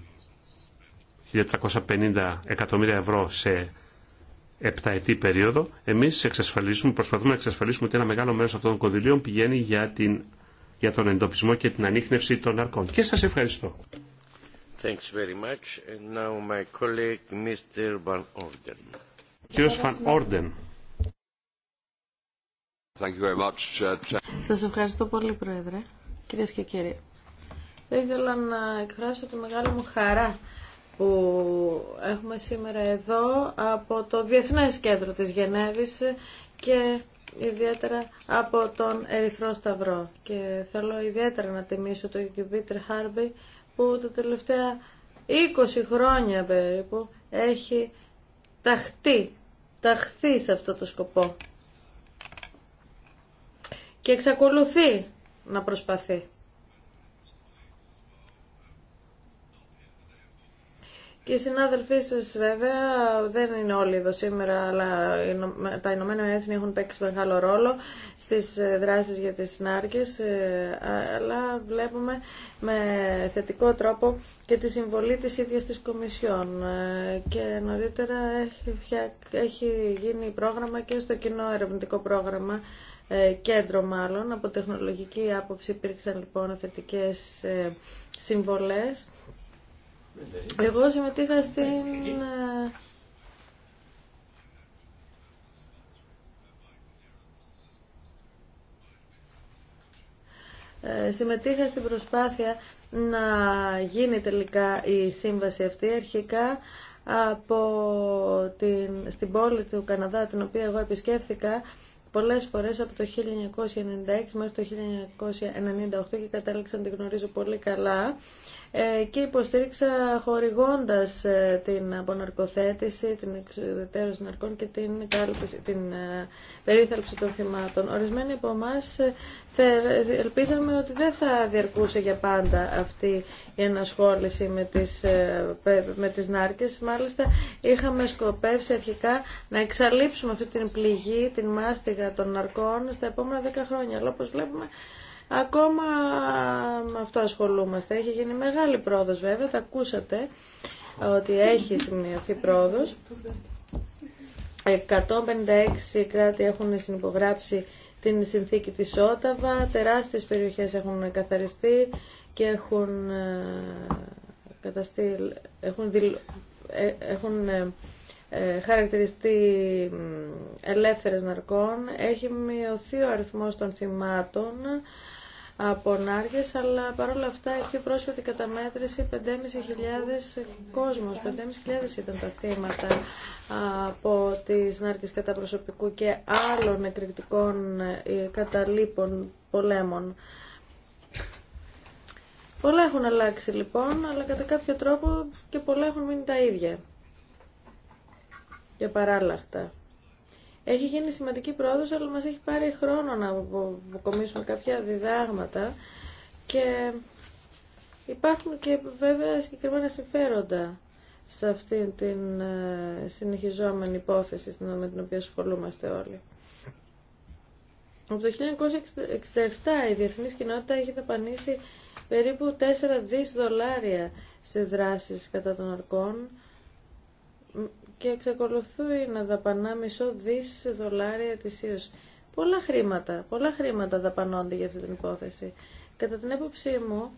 350 εκατομμύρια ευρώ σε επταετή περίοδο, εμείς εξασφαλίσουμε, προσπαθούμε να εξασφαλίσουμε ότι ένα μεγάλο μέρος αυτών των κονδυλίων πηγαίνει για, την, για τον εντοπισμό και την ανείχνευση των αρκών. Και σας ευχαριστώ. Thanks very much. And now my colleague, Mr. Van Orden. Uh, σας ευχαριστώ πολύ, Πρόεδρε. Κυρίες και κύριοι. Θα ήθελα να εκφράσω τη μεγάλη μου χαρά που έχουμε σήμερα εδώ από το Διεθνές Κέντρο της Γενέβης και ιδιαίτερα από τον Ερυθρό Σταυρό. Και θέλω ιδιαίτερα να τιμήσω τον Πίτερ Χάρμπι που τα τελευταία 20 χρόνια περίπου έχει ταχθεί, ταχθεί σε αυτό το σκοπό και εξακολουθεί να προσπαθεί. Και οι συνάδελφοί σα βέβαια δεν είναι όλοι εδώ σήμερα, αλλά τα Ηνωμένα Έθνη έχουν παίξει μεγάλο ρόλο στι ε, δράσεις για τι συνάρκε, ε, αλλά βλέπουμε με θετικό τρόπο και τη συμβολή της ίδια της Κομισιόν. Ε, και νωρίτερα έχει, έχει γίνει πρόγραμμα και στο κοινό ερευνητικό πρόγραμμα κέντρο μάλλον. Από τεχνολογική άποψη υπήρξαν λοιπόν θετικές συμβολές εγώ συμμετείχα στην ε, ε, συμμετείχα στην προσπάθεια να γίνει τελικά η σύμβαση αυτή αρχικά από την, στην πόλη του Καναδά την οποία εγώ επισκέφθηκα πολλές φορές από το 1996 μέχρι το 1998 και κατάληξα να την γνωρίζω πολύ καλά ε, και υποστήριξα χορηγώντας ε, την αποναρκοθέτηση, την εξουδετέρωση ναρκών και την, κάλυψη, την ε, περίθαλψη των θυμάτων. Ορισμένοι από εμά ελπίζαμε ότι δεν θα διαρκούσε για πάντα αυτή η ενασχόληση με τις, με τις νάρκες. Μάλιστα είχαμε σκοπεύσει αρχικά να εξαλείψουμε αυτή την πληγή, την μάστιγα των ναρκών στα επόμενα δέκα χρόνια. Αλλά όπως βλέπουμε Ακόμα με αυτό ασχολούμαστε. Έχει γίνει μεγάλη πρόοδος βέβαια, τα ακούσατε ότι έχει σημειωθεί πρόοδος. 156 κράτη έχουν συνυπογράψει την συνθήκη της Όταβα, τεράστιες περιοχές έχουν καθαριστεί και έχουν, ε, καταστεί, έχουν, ε, έχουν ε, χαρακτηριστεί ελεύθερες ναρκών, έχει μειωθεί ο αριθμός των θυμάτων, από Νάρκε, αλλά παρόλα αυτά έχει πρόσφατη καταμέτρηση 5.500 κόσμος, 5.500 ήταν τα θύματα από τι νάρκε κατά προσωπικού και άλλων εκρηκτικών ε, καταλήπων πολέμων. Πολλά έχουν αλλάξει λοιπόν, αλλά κατά κάποιο τρόπο και πολλά έχουν μείνει τα ίδια και παράλλαχτα. Έχει γίνει σημαντική πρόοδος, αλλά μας έχει πάρει χρόνο να αποκομίσουμε κάποια διδάγματα και υπάρχουν και βέβαια συγκεκριμένα συμφέροντα σε αυτήν την ε, συνεχιζόμενη υπόθεση με την οποία ασχολούμαστε όλοι. Από το 1967 η διεθνή κοινότητα έχει δαπανίσει περίπου 4 δις δολάρια σε δράσεις κατά των αρκών και εξακολουθεί να δαπανά μισό δις δολάρια ετησίως. Πολλά χρήματα, πολλά χρήματα δαπανώνται για αυτή την υπόθεση. Κατά την έποψή μου,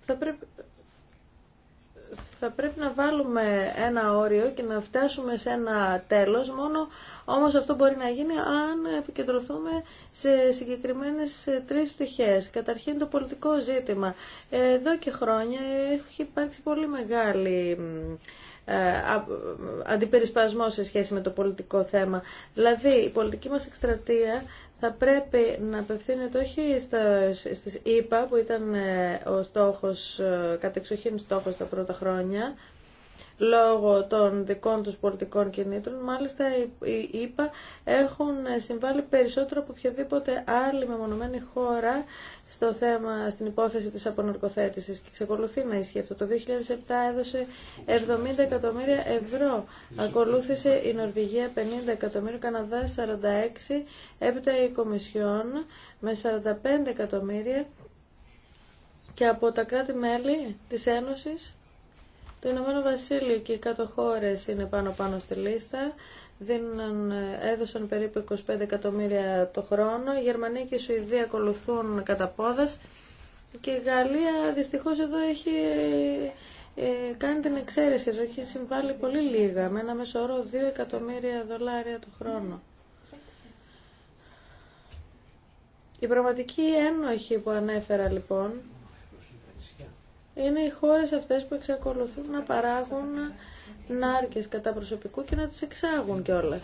θα πρέπει, θα πρέπει να βάλουμε ένα όριο και να φτάσουμε σε ένα τέλος μόνο όμως αυτό μπορεί να γίνει αν επικεντρωθούμε σε συγκεκριμένες ε, τρεις πτυχές. Καταρχήν το πολιτικό ζήτημα. Εδώ και χρόνια έχει υπάρξει πολύ μεγάλη ε, αντιπερισπασμό σε σχέση με το πολιτικό θέμα. Δηλαδή, η πολιτική μας εκστρατεία θα πρέπει να απευθύνεται όχι στα, στις ΙΠΑ, που ήταν ε, ο στόχος, κατεξοχήν στόχος τα πρώτα χρόνια, λόγω των δικών τους πολιτικών κινήτρων. Μάλιστα, οι ΗΠΑ έχουν συμβάλει περισσότερο από οποιαδήποτε άλλη μεμονωμένη χώρα στο θέμα, στην υπόθεση της απονορκοθέτησης και εξακολουθεί να ισχύει αυτό. Το 2007 έδωσε 70 εκατομμύρια ευρώ. Ακολούθησε η Νορβηγία 50 εκατομμύρια, Καναδά 46, έπειτα η Κομισιόν με 45 εκατομμύρια και από τα κράτη-μέλη της Ένωσης το Ηνωμένο Βασίλειο και οι κάτω χώρε είναι πάνω-πάνω στη λίστα. Δίνουν, έδωσαν περίπου 25 εκατομμύρια το χρόνο. Η Γερμανία και η Σουηδία ακολουθούν κατά πόδας. Και η Γαλλία δυστυχώς εδώ έχει ε, κάνει την εξαίρεση. Εδώ έχει συμβάλει πολύ λίγα, με ένα μέσο όρο 2 εκατομμύρια δολάρια το χρόνο. Η πραγματική ένοχη που ανέφερα λοιπόν είναι οι χώρες αυτές που εξακολουθούν να παράγουν νάρκες κατά προσωπικού και να τις εξάγουν κιόλα.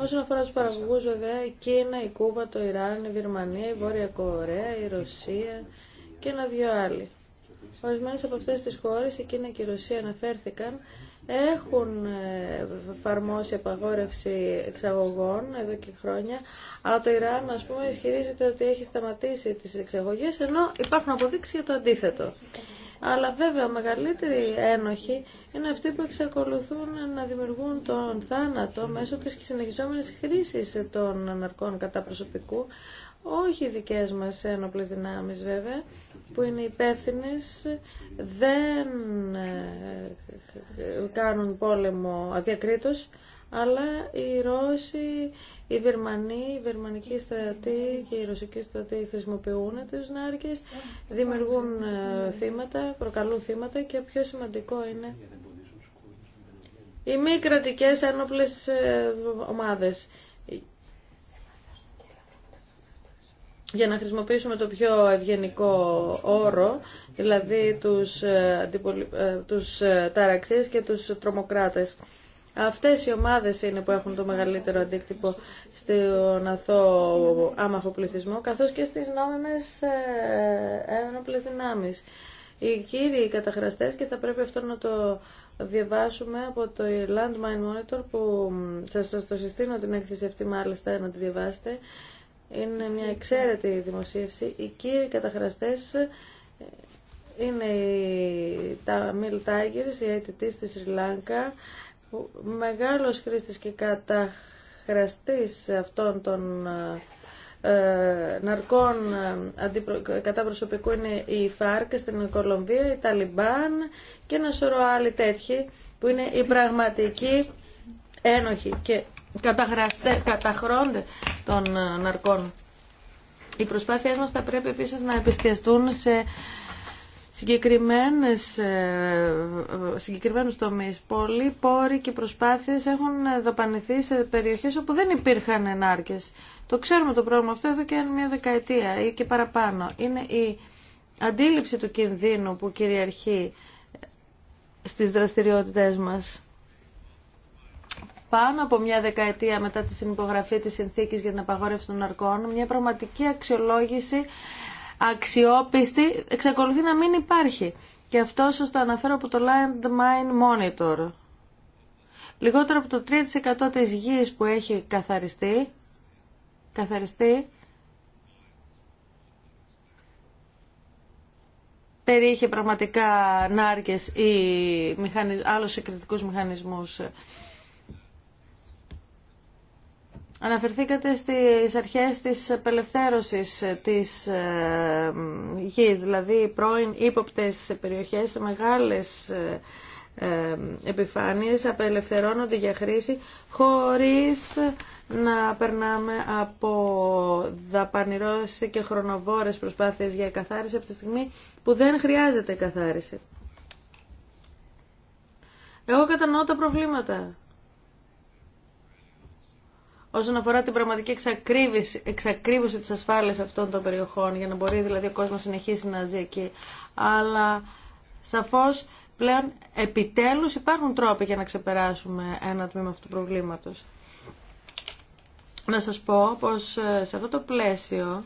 Όσον αφορά τους παραγωγούς βέβαια, η Κίνα, η Κούβα, το Ιράν, η Βυρμανία, η Βόρεια Κορέα, η Ρωσία και ένα δυο άλλοι. Ορισμένες από αυτές τις χώρες, η Κίνα και η Ρωσία αναφέρθηκαν έχουν ε, εφαρμόσει απαγόρευση εξαγωγών εδώ και χρόνια, αλλά το Ιράν, ας πούμε, ισχυρίζεται ότι έχει σταματήσει τις εξαγωγές, ενώ υπάρχουν αποδείξεις για το αντίθετο. Αλλά βέβαια, μεγαλύτερη ένοχη είναι αυτοί που εξακολουθούν να δημιουργούν τον θάνατο μέσω της συνεχιζόμενης χρήσης των αναρκών κατά προσωπικού, όχι οι δικές μας ένοπλες δυνάμεις βέβαια, που είναι υπεύθυνε δεν ε, κάνουν πόλεμο αδιακρίτως, αλλά οι Ρώσοι, οι Βερμανοί, οι Βερμανικοί στρατοί και οι Ρωσικοί στρατοί χρησιμοποιούν τους νάρκες, δημιουργούν ε, θύματα, προκαλούν θύματα και πιο σημαντικό είναι οι μη κρατικέ ένοπλες ε, ομάδες για να χρησιμοποιήσουμε το πιο ευγενικό όρο, δηλαδή τους, ε, ε, τους ε, ταραξίες και τους τρομοκράτες. Αυτές οι ομάδες είναι που έχουν το μεγαλύτερο αντίκτυπο στον αθώο άμαχο πληθυσμό, καθώς και στις νόμιμες ένοπλες δυνάμεις. Οι κύριοι καταχραστές, και θα πρέπει αυτό να το διαβάσουμε από το Landmine Monitor, που σας το συστήνω την έκθεση αυτή μάλιστα να τη διαβάσετε, είναι μια εξαίρετη δημοσίευση. Οι κύριοι καταχραστές είναι η, τα Mill Tigers, η ATT στη Σρι Λάγκα, μεγάλος χρήστης και καταχραστής αυτών των ε, ναρκών ε, αντιπρο, κατά προσωπικού είναι η ΦΑΡΚ στην Κολομβία, η Ταλιμπάν και ένα σωρό άλλοι τέτοιοι που είναι η πραγματική ένοχη και καταχρώνται των ε, ναρκών. Οι προσπάθειές μας θα πρέπει επίσης να επιστιαστούν σε συγκεκριμένες, ε, ε, συγκεκριμένους τομείς. Πολλοί πόροι και προσπάθειες έχουν δαπανηθεί σε περιοχές όπου δεν υπήρχαν ενάρκες. Το ξέρουμε το πρόβλημα αυτό εδώ και μια δεκαετία ή και παραπάνω. Είναι η αντίληψη του κινδύνου που κυριαρχεί στις δραστηριότητές μας πάνω από μια δεκαετία μετά τη συνυπογραφή της συνθήκης για την απαγόρευση των ναρκών, μια πραγματική αξιολόγηση αξιόπιστη εξακολουθεί να μην υπάρχει. Και αυτό σας το αναφέρω από το Landmine Monitor. Λιγότερο από το 3% της γης που έχει καθαριστεί, καθαριστεί περιείχε πραγματικά νάρκες ή άλλους συγκριτικούς μηχανισμούς. Αναφερθήκατε στις αρχές της απελευθέρωσης της ε, γης, δηλαδή πρώην ύποπτες περιοχές σε μεγάλες ε, ε, επιφάνειες απελευθερώνονται για χρήση χωρίς να περνάμε από δαπανηρώσεις και χρονοβόρες προσπάθειες για καθάριση από τη στιγμή που δεν χρειάζεται καθάριση. Εγώ κατανοώ τα προβλήματα όσον αφορά την πραγματική εξακρίβωση, εξακρίβωση της ασφάλειας αυτών των περιοχών, για να μπορεί δηλαδή ο κόσμος συνεχίσει να ζει εκεί. Αλλά σαφώς πλέον επιτέλους υπάρχουν τρόποι για να ξεπεράσουμε ένα τμήμα αυτού του προβλήματος. Να σας πω πως ε, σε αυτό το πλαίσιο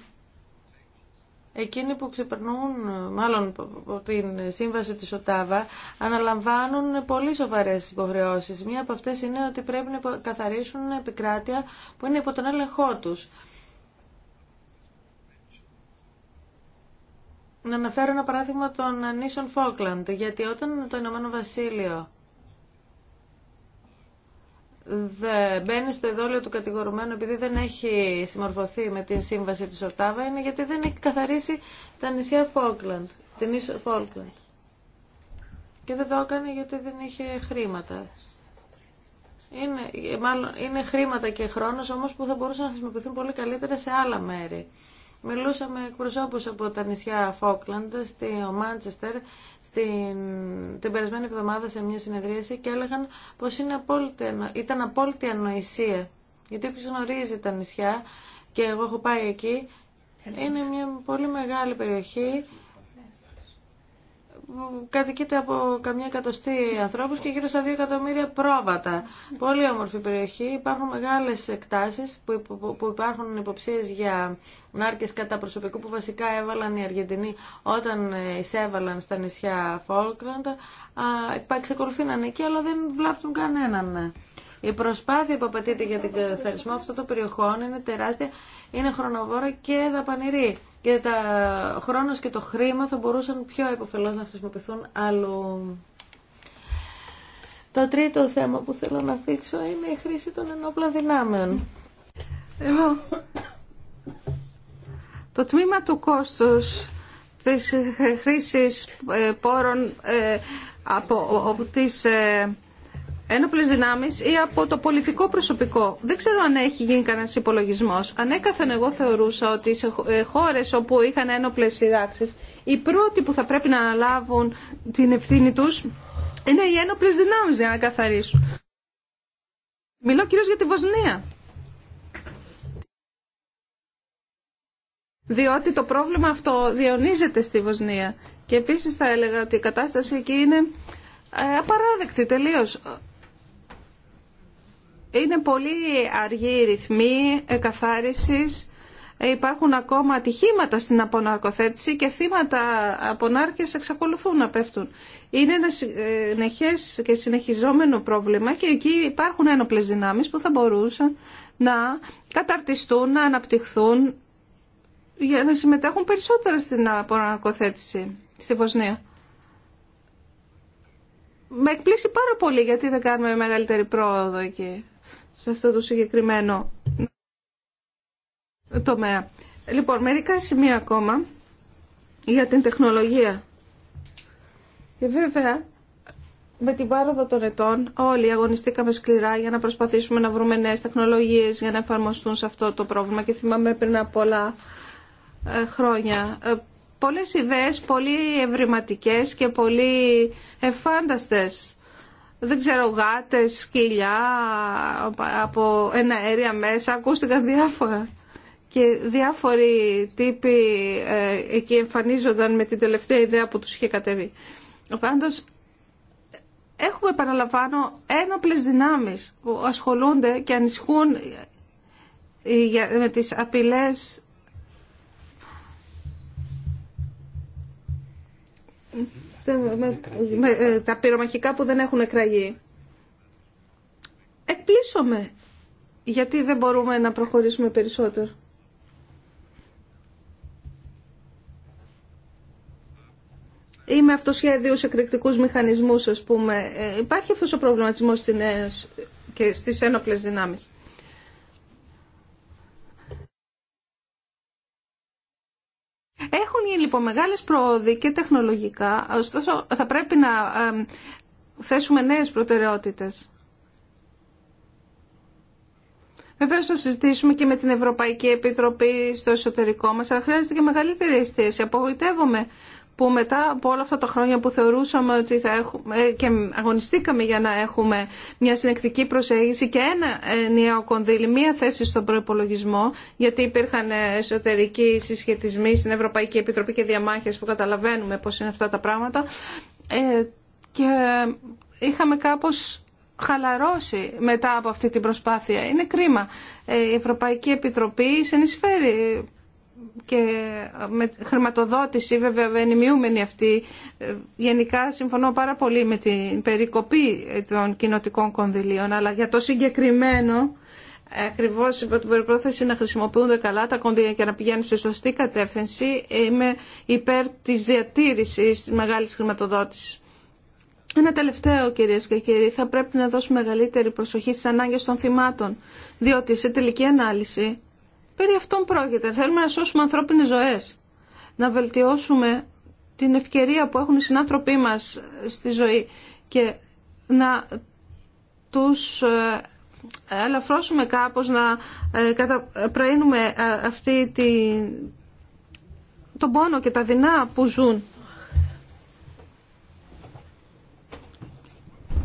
εκείνοι που ξεπερνούν μάλλον από την σύμβαση της ΟΤΑΒΑ αναλαμβάνουν πολύ σοβαρές υποχρεώσεις. Μία από αυτές είναι ότι πρέπει να καθαρίσουν επικράτεια που είναι υπό τον έλεγχό τους. Να αναφέρω ένα παράδειγμα των νήσων Φόκλαντ, γιατί όταν το Ηνωμένο Βασίλειο μπαίνει στο εδόλιο του κατηγορουμένου επειδή δεν έχει συμμορφωθεί με την σύμβαση της Οτάβα είναι γιατί δεν έχει καθαρίσει τα νησιά Φόλκλαντ, την ίσο Φόλκλαντ. Και δεν το έκανε γιατί δεν είχε χρήματα. Είναι, ε, μάλλον, είναι χρήματα και χρόνος όμως που θα μπορούσαν να χρησιμοποιηθούν πολύ καλύτερα σε άλλα μέρη. Μιλούσαμε εκπροσώπους από τα νησιά Φόκλαντ, στο Μάντσεστερ, στην... την περασμένη εβδομάδα σε μια συνεδρίαση και έλεγαν πως είναι απόλυτη... ήταν απόλυτη ανοησία. Γιατί όποιος γνωρίζει τα νησιά και εγώ έχω πάει εκεί, είναι μια πολύ μεγάλη περιοχή κατοικείται από καμιά εκατοστή ανθρώπου και γύρω στα 2 εκατομμύρια πρόβατα. Πολύ όμορφη περιοχή. Υπάρχουν μεγάλε εκτάσει που υπάρχουν υποψίε για νάρκε κατά προσωπικού που βασικά έβαλαν οι Αργεντινοί όταν ε, εισέβαλαν στα νησιά Φόλκλαντ. Εξακολουθεί να είναι εκεί, αλλά δεν βλάπτουν κανέναν. Η προσπάθεια που απαιτείται για την καθαρισμό αυτών των περιοχών είναι τεράστια, είναι χρονοβόρα και δαπανηρή. Και τα χρόνος και το χρήμα θα μπορούσαν πιο επωφελώς να χρησιμοποιηθούν άλλου. Το τρίτο θέμα που θέλω να θίξω είναι η χρήση των ενόπλων δυνάμεων. Το τμήμα του κόστους της χρήσης ε, πόρων ε, από τις ε, ένοπλες δυνάμεις ή από το πολιτικό προσωπικό. Δεν ξέρω αν έχει γίνει κανένας υπολογισμός. Ανέκαθεν εγώ θεωρούσα ότι σε ε, χώρες όπου είχαν ένοπλες σειράξεις, οι πρώτοι που θα πρέπει να αναλάβουν την ευθύνη τους είναι οι ένοπλες δυνάμεις για να καθαρίσουν. Μιλώ κυρίως για τη Βοσνία. Διότι το πρόβλημα αυτό διονύζεται στη Βοσνία. Και επίσης θα έλεγα ότι η κατάσταση εκεί είναι ε, απαράδεκτη τελείως. Είναι πολύ αργοί οι ρυθμοί καθάρισης. Υπάρχουν ακόμα ατυχήματα στην αποναρκοθέτηση και θύματα απονάρκες εξακολουθούν να πέφτουν. Είναι ένα ε, συνεχές και συνεχιζόμενο πρόβλημα και εκεί υπάρχουν ένοπλες δυνάμεις που θα μπορούσαν να καταρτιστούν, να αναπτυχθούν για να συμμετέχουν περισσότερα στην αποναρκοθέτηση στη Βοσνία. Με εκπλήσει πάρα πολύ γιατί δεν κάνουμε μεγαλύτερη πρόοδο εκεί σε αυτό το συγκεκριμένο τομέα. Λοιπόν, μερικά σημεία ακόμα για την τεχνολογία. Και βέβαια, με την πάροδο των ετών, όλοι αγωνιστήκαμε σκληρά για να προσπαθήσουμε να βρούμε νέες τεχνολογίες για να εφαρμοστούν σε αυτό το πρόβλημα. Και θυμάμαι πριν από πολλά ε, χρόνια ε, πολλές ιδέες, πολύ ευρηματικές και πολύ εφάνταστες δεν ξέρω, γάτες, σκυλιά, από ένα αέρια μέσα, ακούστηκαν διάφορα. Και διάφοροι τύποι ε, εκεί εμφανίζονταν με την τελευταία ιδέα που τους είχε κατεβεί. Πάντως, έχουμε, επαναλαμβάνω, ένοπλες δυνάμεις που ασχολούνται και ανισχούν ε, με τις απειλές με, ε, τα πυρομαχικά που δεν έχουν εκραγεί. Εκπλήσωμε. Γιατί δεν μπορούμε να προχωρήσουμε περισσότερο. ή με αυτοσχέδιου εκρηκτικού μηχανισμού, α πούμε. Ε, υπάρχει αυτό ο προβληματισμός στην ε, και στι ένοπλες δυνάμεις. Έχουν λοιπόν μεγάλε προόδοι και τεχνολογικά, ωστόσο θα πρέπει να θέσουμε νέες προτεραιότητες. Βεβαίω θα συζητήσουμε και με την Ευρωπαϊκή Επιτροπή στο εσωτερικό μας, αλλά χρειάζεται και μεγαλύτερη εστίαση. Απογοητεύομαι που μετά από όλα αυτά τα χρόνια που θεωρούσαμε ότι θα έχουμε και αγωνιστήκαμε για να έχουμε μια συνεκτική προσέγγιση και ένα νέο κονδύλι, μια θέση στον προπολογισμό, γιατί υπήρχαν εσωτερικοί συσχετισμοί στην Ευρωπαϊκή Επιτροπή και διαμάχες που καταλαβαίνουμε πώς είναι αυτά τα πράγματα. Ε, και είχαμε κάπως χαλαρώσει μετά από αυτή την προσπάθεια. Είναι κρίμα. Ε, η Ευρωπαϊκή Επιτροπή συνεισφέρει και ε, με χρηματοδότηση βέβαια ενημιούμενη αυτή ε, γενικά συμφωνώ πάρα πολύ με την περικοπή των κοινοτικών κονδυλίων αλλά για το συγκεκριμένο ε, Ακριβώ υπό την προπόθεση να χρησιμοποιούνται καλά τα κονδύλια και να πηγαίνουν σε σωστή κατεύθυνση, είμαι υπέρ τη διατήρηση τη μεγάλη χρηματοδότηση. Ένα τελευταίο, κυρίε και κύριοι, θα πρέπει να δώσουμε μεγαλύτερη προσοχή στι ανάγκε των θυμάτων. Διότι σε τελική ανάλυση Περί αυτών πρόκειται. Θέλουμε να σώσουμε ανθρώπινες ζωές, να βελτιώσουμε την ευκαιρία που έχουν οι συνάνθρωποι μας στη ζωή και να τους ε, ελαφρώσουμε κάπως, να ε, καταπραίνουμε ε, αυτή τη, τον πόνο και τα δεινά που ζουν.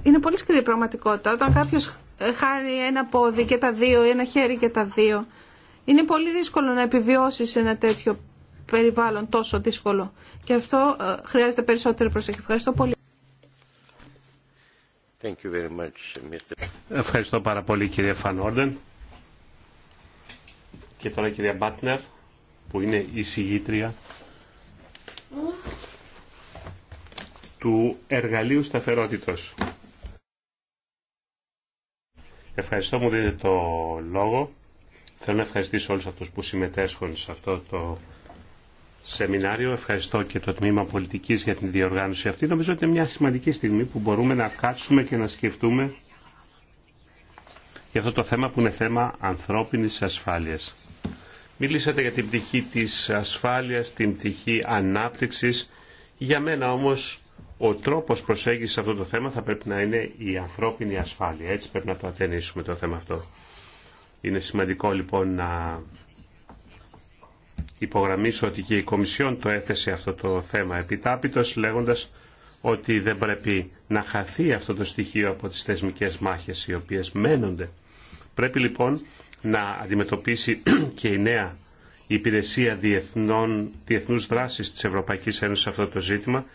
Είναι πολύ σκληρή πραγματικότητα. Όταν κάποιος χάνει ένα πόδι και τα δύο ή ένα χέρι και τα δύο είναι πολύ δύσκολο να επιβιώσεις σε ένα τέτοιο περιβάλλον τόσο δύσκολο. Και αυτό ε, χρειάζεται περισσότερη προσοχή. Ευχαριστώ πολύ. you very much, Mr. Ευχαριστώ πάρα πολύ κύριε Φανόρντεν. Και τώρα κυρία Μπάτνερ που είναι η συγγήτρια του εργαλείου σταθερότητος. Ευχαριστώ μου δίνετε το λόγο. Θέλω να ευχαριστήσω όλους αυτούς που συμμετέσχουν σε αυτό το σεμινάριο. Ευχαριστώ και το Τμήμα Πολιτικής για την διοργάνωση αυτή. Νομίζω ότι είναι μια σημαντική στιγμή που μπορούμε να κάτσουμε και να σκεφτούμε για αυτό το θέμα που είναι θέμα ανθρώπινης ασφάλειας. Μιλήσατε για την πτυχή της ασφάλειας, την πτυχή ανάπτυξης. Για μένα όμως ο τρόπος προσέγγισης σε αυτό το θέμα θα πρέπει να είναι η ανθρώπινη ασφάλεια. Έτσι πρέπει να το ατενίσουμε το θέμα αυτό. Είναι σημαντικό λοιπόν να υπογραμμίσω ότι και η Κομισιόν το έθεσε αυτό το θέμα επιτάπητος λέγοντας ότι δεν πρέπει να χαθεί αυτό το στοιχείο από τις θεσμικές μάχες οι οποίες μένονται. Πρέπει λοιπόν να αντιμετωπίσει και η νέα υπηρεσία διεθνών, διεθνούς δράσης της Ευρωπαϊκής Ένωσης αυτό το ζήτημα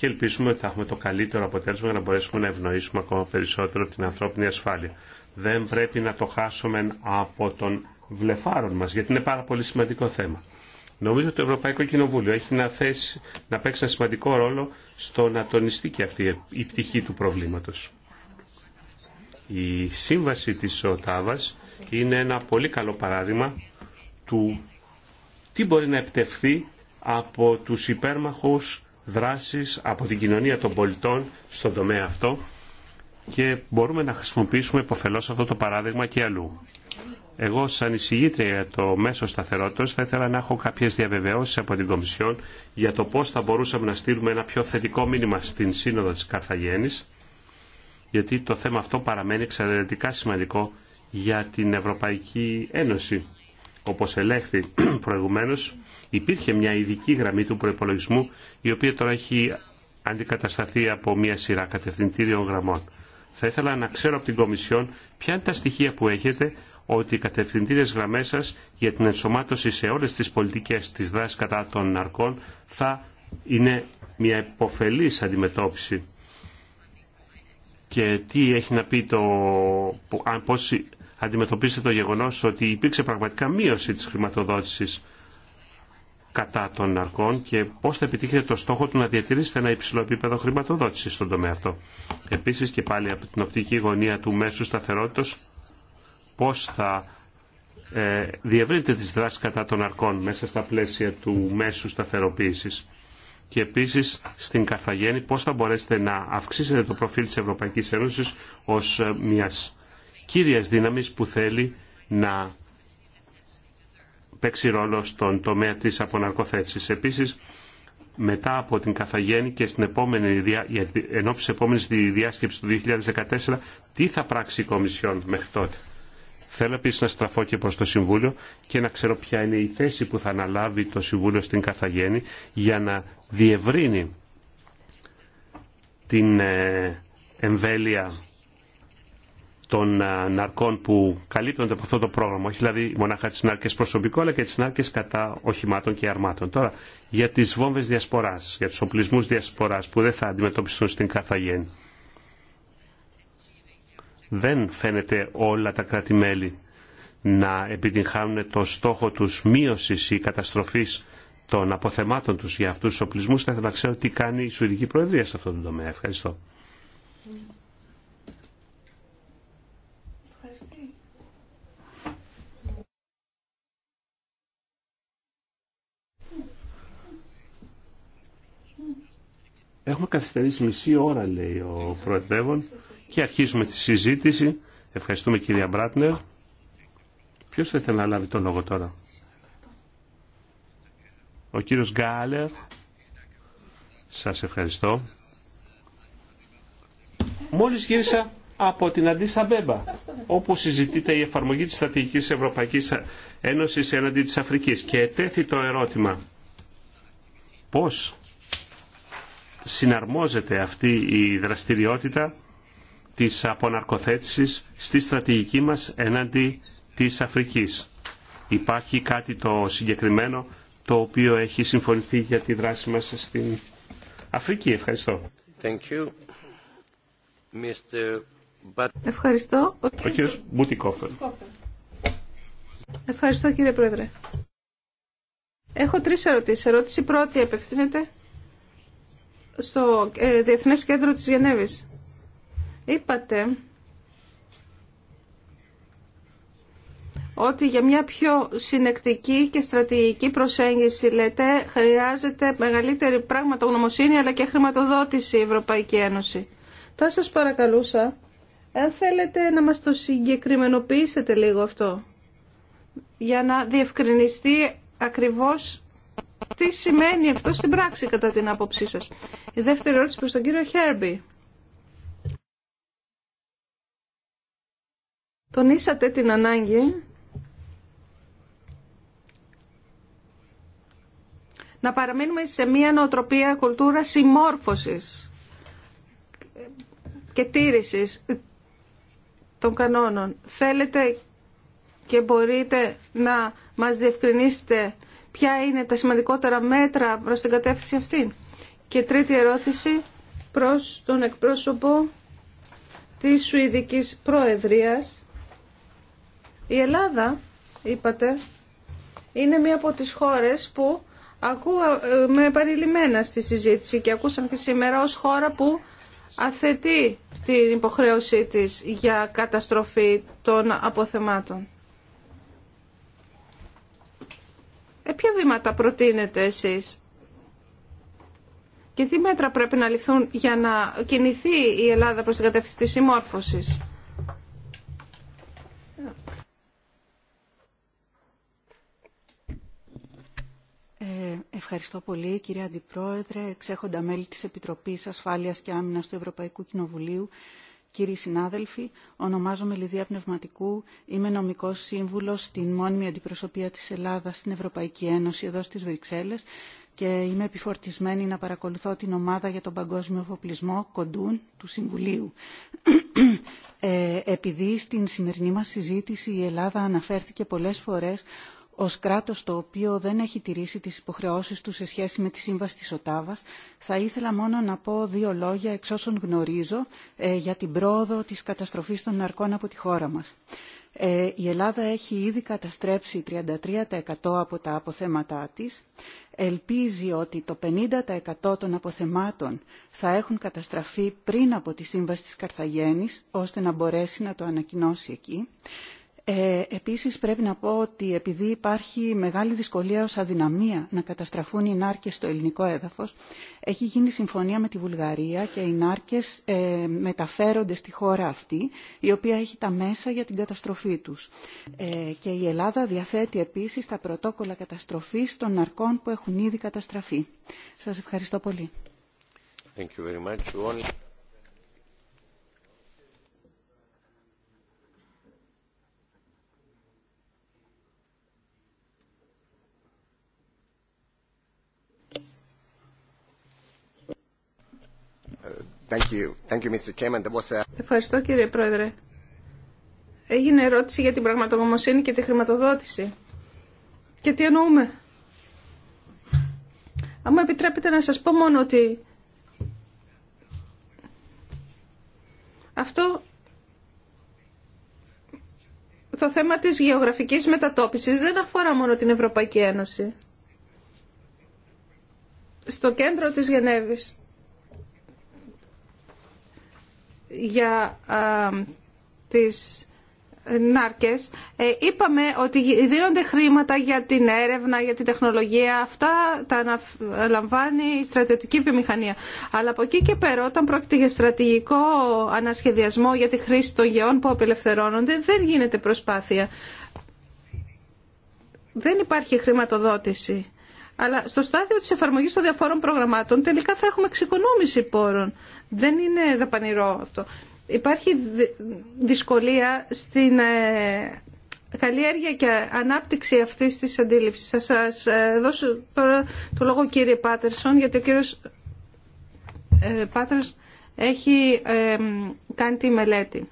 και ελπίζουμε ότι θα έχουμε το καλύτερο αποτέλεσμα για να μπορέσουμε να ευνοήσουμε ακόμα περισσότερο την ανθρώπινη ασφάλεια. Δεν πρέπει να το χάσουμε από τον βλεφάρων μας, γιατί είναι πάρα πολύ σημαντικό θέμα. Νομίζω ότι το Ευρωπαϊκό Κοινοβούλιο έχει να, θέσει, να παίξει ένα σημαντικό ρόλο στο να τονιστεί και αυτή η πτυχή του προβλήματος. Η σύμβαση της ΟΤΑΒΑΣ είναι ένα πολύ καλό παράδειγμα του τι μπορεί να επιτευχθεί από τους υπέρμαχους δράσεις από την κοινωνία των πολιτών στον τομέα αυτό και μπορούμε να χρησιμοποιήσουμε υποφελώς αυτό το παράδειγμα και αλλού. Εγώ, σαν εισηγήτρια για το μέσο σταθερότητα, θα ήθελα να έχω κάποιες διαβεβαιώσεις από την Κομισιόν για το πώς θα μπορούσαμε να στείλουμε ένα πιο θετικό μήνυμα στην Σύνοδο της Καρθαγέννη, γιατί το θέμα αυτό παραμένει εξαιρετικά σημαντικό για την Ευρωπαϊκή Ένωση όπως ελέγχθη προηγουμένως, υπήρχε μια ειδική γραμμή του προϋπολογισμού, η οποία τώρα έχει αντικατασταθεί από μια σειρά κατευθυντήριων γραμμών. Θα ήθελα να ξέρω από την Κομισιόν ποια είναι τα στοιχεία που έχετε ότι οι κατευθυντήριες γραμμέ σα για την ενσωμάτωση σε όλε τι πολιτικέ της δράση κατά των ναρκών θα είναι μια υποφελή αντιμετώπιση. Και τι έχει να πει το αντιμετωπίσετε το γεγονός ότι υπήρξε πραγματικά μείωση της χρηματοδότησης κατά των αρκών και πώς θα επιτύχετε το στόχο του να διατηρήσετε ένα υψηλό επίπεδο χρηματοδότησης στον τομέα αυτό. Επίσης και πάλι από την οπτική γωνία του μέσου σταθερότητος πώς θα ε, διευρύνετε τις δράσεις κατά των αρκών μέσα στα πλαίσια του μέσου σταθεροποίησης. Και επίσης στην Καρφαγέννη πώς θα μπορέσετε να αυξήσετε το προφίλ της Ευρωπαϊκής Ένωσης ως μιας κύριας δύναμης που θέλει να παίξει ρόλο στον τομέα της αποναρκοθέτησης. Επίσης, μετά από την Καθαγέννη και στην επόμενη, εν ώψη της επόμενης διάσκεψης του 2014, τι θα πράξει η Κομισιόν μέχρι τότε. Θέλω επίση να στραφώ και προς το Συμβούλιο και να ξέρω ποια είναι η θέση που θα αναλάβει το Συμβούλιο στην Καθαγέννη για να διευρύνει την ε, εμβέλεια των ε, ναρκών που καλύπτονται από αυτό το πρόγραμμα, όχι δηλαδή μονάχα τι νάρκες προσωπικό, αλλά και τι νάρκες κατά οχημάτων και αρμάτων. Τώρα, για τι βόμβε διασπορά, για του οπλισμού διασπορά που δεν θα αντιμετωπιστούν στην Καρθαγέννη. Δεν φαίνεται όλα τα κράτη-μέλη να επιτυγχάνουν το στόχο τους μείωσης ή καταστροφής των αποθεμάτων τους για αυτούς τους οπλισμούς. Θα ήθελα να ξέρω τι κάνει η Σουηδική Προεδρία σε αυτό το τομέα. Ευχαριστώ. Έχουμε καθυστερήσει μισή ώρα, λέει ο Προεδρεύων, και αρχίζουμε τη συζήτηση. Ευχαριστούμε κυρία Μπράτνερ. Ποιος θα ήθελε να λάβει τον λόγο τώρα. Ο κύριος Γκάλερ. Σας ευχαριστώ. Μόλις γύρισα από την Αντίσα Μπέμπα, όπου συζητείται η εφαρμογή της Στρατηγικής Ευρωπαϊκής Ένωσης έναντι της Αφρικής. Και ετέθη το ερώτημα, πώς συναρμόζεται αυτή η δραστηριότητα της αποναρκοθέτησης στη στρατηγική μας έναντι της Αφρικής. Υπάρχει κάτι το συγκεκριμένο το οποίο έχει συμφωνηθεί για τη δράση μας στην Αφρική. Ευχαριστώ. Thank you. Mr. But... Ευχαριστώ. Ο, κύριος Μπουτικόφερ. Ευχαριστώ κύριε Πρόεδρε. Έχω τρεις ερωτήσεις. Ερώτηση πρώτη απευθύνεται στο ε, Διεθνές Κέντρο της Γενέβης. Είπατε ότι για μια πιο συνεκτική και στρατηγική προσέγγιση, λέτε, χρειάζεται μεγαλύτερη πραγματογνωμοσύνη αλλά και χρηματοδότηση η Ευρωπαϊκή Ένωση. Θα σας παρακαλούσα, αν θέλετε να μας το συγκεκριμενοποιήσετε λίγο αυτό, για να διευκρινιστεί ακριβώς τι σημαίνει αυτό στην πράξη κατά την άποψή σας. Η δεύτερη ερώτηση προς τον κύριο Χέρμπι. Τονίσατε την ανάγκη να παραμείνουμε σε μια νοοτροπία κουλτούρα συμμόρφωσης και τήρησης των κανόνων. Θέλετε και μπορείτε να μας διευκρινίσετε ποια είναι τα σημαντικότερα μέτρα προς την κατεύθυνση αυτή. Και τρίτη ερώτηση προς τον εκπρόσωπο της Σουηδικής Προεδρίας. Η Ελλάδα, είπατε, είναι μία από τις χώρες που με επανειλημμένα στη συζήτηση και ακούσαμε και σήμερα ως χώρα που αθετεί την υποχρέωσή της για καταστροφή των αποθεμάτων. Ε, ποια βήματα προτείνετε εσείς και τι μέτρα πρέπει να ληφθούν για να κινηθεί η Ελλάδα προς την κατεύθυνση της συμμόρφωσης. Ε, ευχαριστώ πολύ, κυρία Αντιπρόεδρε, εξέχοντα μέλη της Επιτροπής Ασφάλειας και Άμυνας του Ευρωπαϊκού Κοινοβουλίου, Κύριοι συνάδελφοι, ονομάζομαι Λιδία Πνευματικού, είμαι νομικός σύμβουλος στην μόνιμη αντιπροσωπεία της Ελλάδας στην Ευρωπαϊκή Ένωση εδώ στις Βρυξέλλες και είμαι επιφορτισμένη να παρακολουθώ την ομάδα για τον παγκόσμιο εφοπλισμό κοντούν του Συμβουλίου. Ε, επειδή στην σημερινή μας συζήτηση η Ελλάδα αναφέρθηκε πολλές φορές ως κράτος το οποίο δεν έχει τηρήσει τις υποχρεώσεις του σε σχέση με τη Σύμβαση της Οτάβας, θα ήθελα μόνο να πω δύο λόγια εξ όσων γνωρίζω ε, για την πρόοδο της καταστροφής των ναρκών από τη χώρα μας. Ε, η Ελλάδα έχει ήδη καταστρέψει 33% από τα αποθέματά της. Ελπίζει ότι το 50% των αποθεμάτων θα έχουν καταστραφεί πριν από τη Σύμβαση της Καρθαγένης, ώστε να μπορέσει να το ανακοινώσει εκεί. Ε, επίσης πρέπει να πω ότι επειδή υπάρχει μεγάλη δυσκολία ως αδυναμία να καταστραφούν οι νάρκες στο ελληνικό έδαφος, έχει γίνει συμφωνία με τη Βουλγαρία και οι νάρκες ε, μεταφέρονται στη χώρα αυτή, η οποία έχει τα μέσα για την καταστροφή τους. Ε, και η Ελλάδα διαθέτει επίσης τα πρωτόκολλα καταστροφής των ναρκών που έχουν ήδη καταστραφεί. Σας ευχαριστώ πολύ. Ευχαριστώ κύριε Πρόεδρε. Έγινε ερώτηση για την πραγματογνωμοσύνη και τη χρηματοδότηση. Και τι εννοούμε. Αν μου επιτρέπετε να σας πω μόνο ότι αυτό το θέμα της γεωγραφικής μετατόπισης δεν αφορά μόνο την Ευρωπαϊκή Ένωση. Στο κέντρο της Γενέβης για τις Νάρκες. Ε, είπαμε ότι δίνονται χρήματα για την έρευνα, για την τεχνολογία. Αυτά τα αναλαμβάνει η στρατιωτική βιομηχανία. Αλλά από εκεί και πέρα, όταν πρόκειται για στρατηγικό ανασχεδιασμό για τη χρήση των γεών που απελευθερώνονται, δεν γίνεται προσπάθεια. Δεν υπάρχει χρηματοδότηση αλλά στο στάδιο της εφαρμογής των διαφόρων προγραμμάτων τελικά θα έχουμε εξοικονόμηση πόρων. Δεν είναι δαπανηρό αυτό. Υπάρχει δυσκολία στην ε, καλλιέργεια και ανάπτυξη αυτής της αντίληψης. Θα σας ε, δώσω τώρα το λόγο κύριε Πάτερσον, γιατί ο κύριος ε, Πάτερσον έχει κάνει τη μελέτη.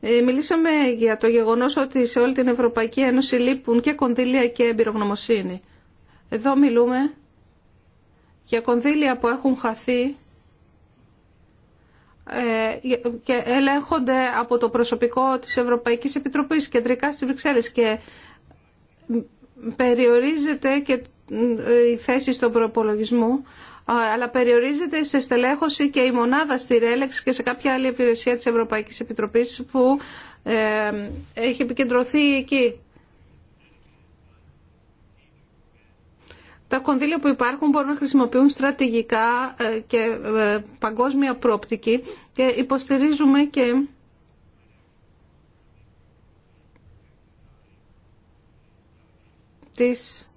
Μιλήσαμε για το γεγονός ότι σε όλη την Ευρωπαϊκή Ένωση λείπουν και κονδύλια και εμπειρογνωμοσύνη. Εδώ μιλούμε για κονδύλια που έχουν χαθεί ε, και ελέγχονται από το προσωπικό της Ευρωπαϊκής Επιτροπής κεντρικά στις Βρυξέλλες και περιορίζεται και ε, η θέση στον προπολογισμό αλλά περιορίζεται σε στελέχωση και η μονάδα στη Ρέλεξ και σε κάποια άλλη υπηρεσία της Ευρωπαϊκής Επιτροπής που ε, έχει επικεντρωθεί εκεί. τα κονδύλια που υπάρχουν μπορούν να χρησιμοποιούν στρατηγικά ε, και ε, παγκόσμια πρόπτικη και υποστηρίζουμε και τις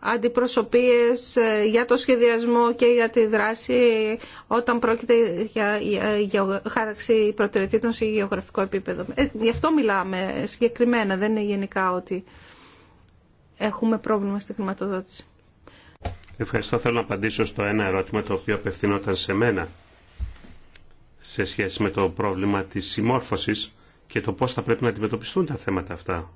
αντιπροσωπείες ε, για το σχεδιασμό και για τη δράση όταν πρόκειται για χάραξη προτεραιτήτων σε γεωγραφικό επίπεδο. Γι' αυτό μιλάμε συγκεκριμένα, δεν είναι γενικά ότι έχουμε πρόβλημα στη χρηματοδότηση. Ευχαριστώ. Θέλω να απαντήσω στο ένα ερώτημα το οποίο απευθυνόταν σε μένα σε σχέση με το πρόβλημα της συμμόρφωσης και το πώς θα πρέπει να αντιμετωπιστούν τα θέματα αυτά.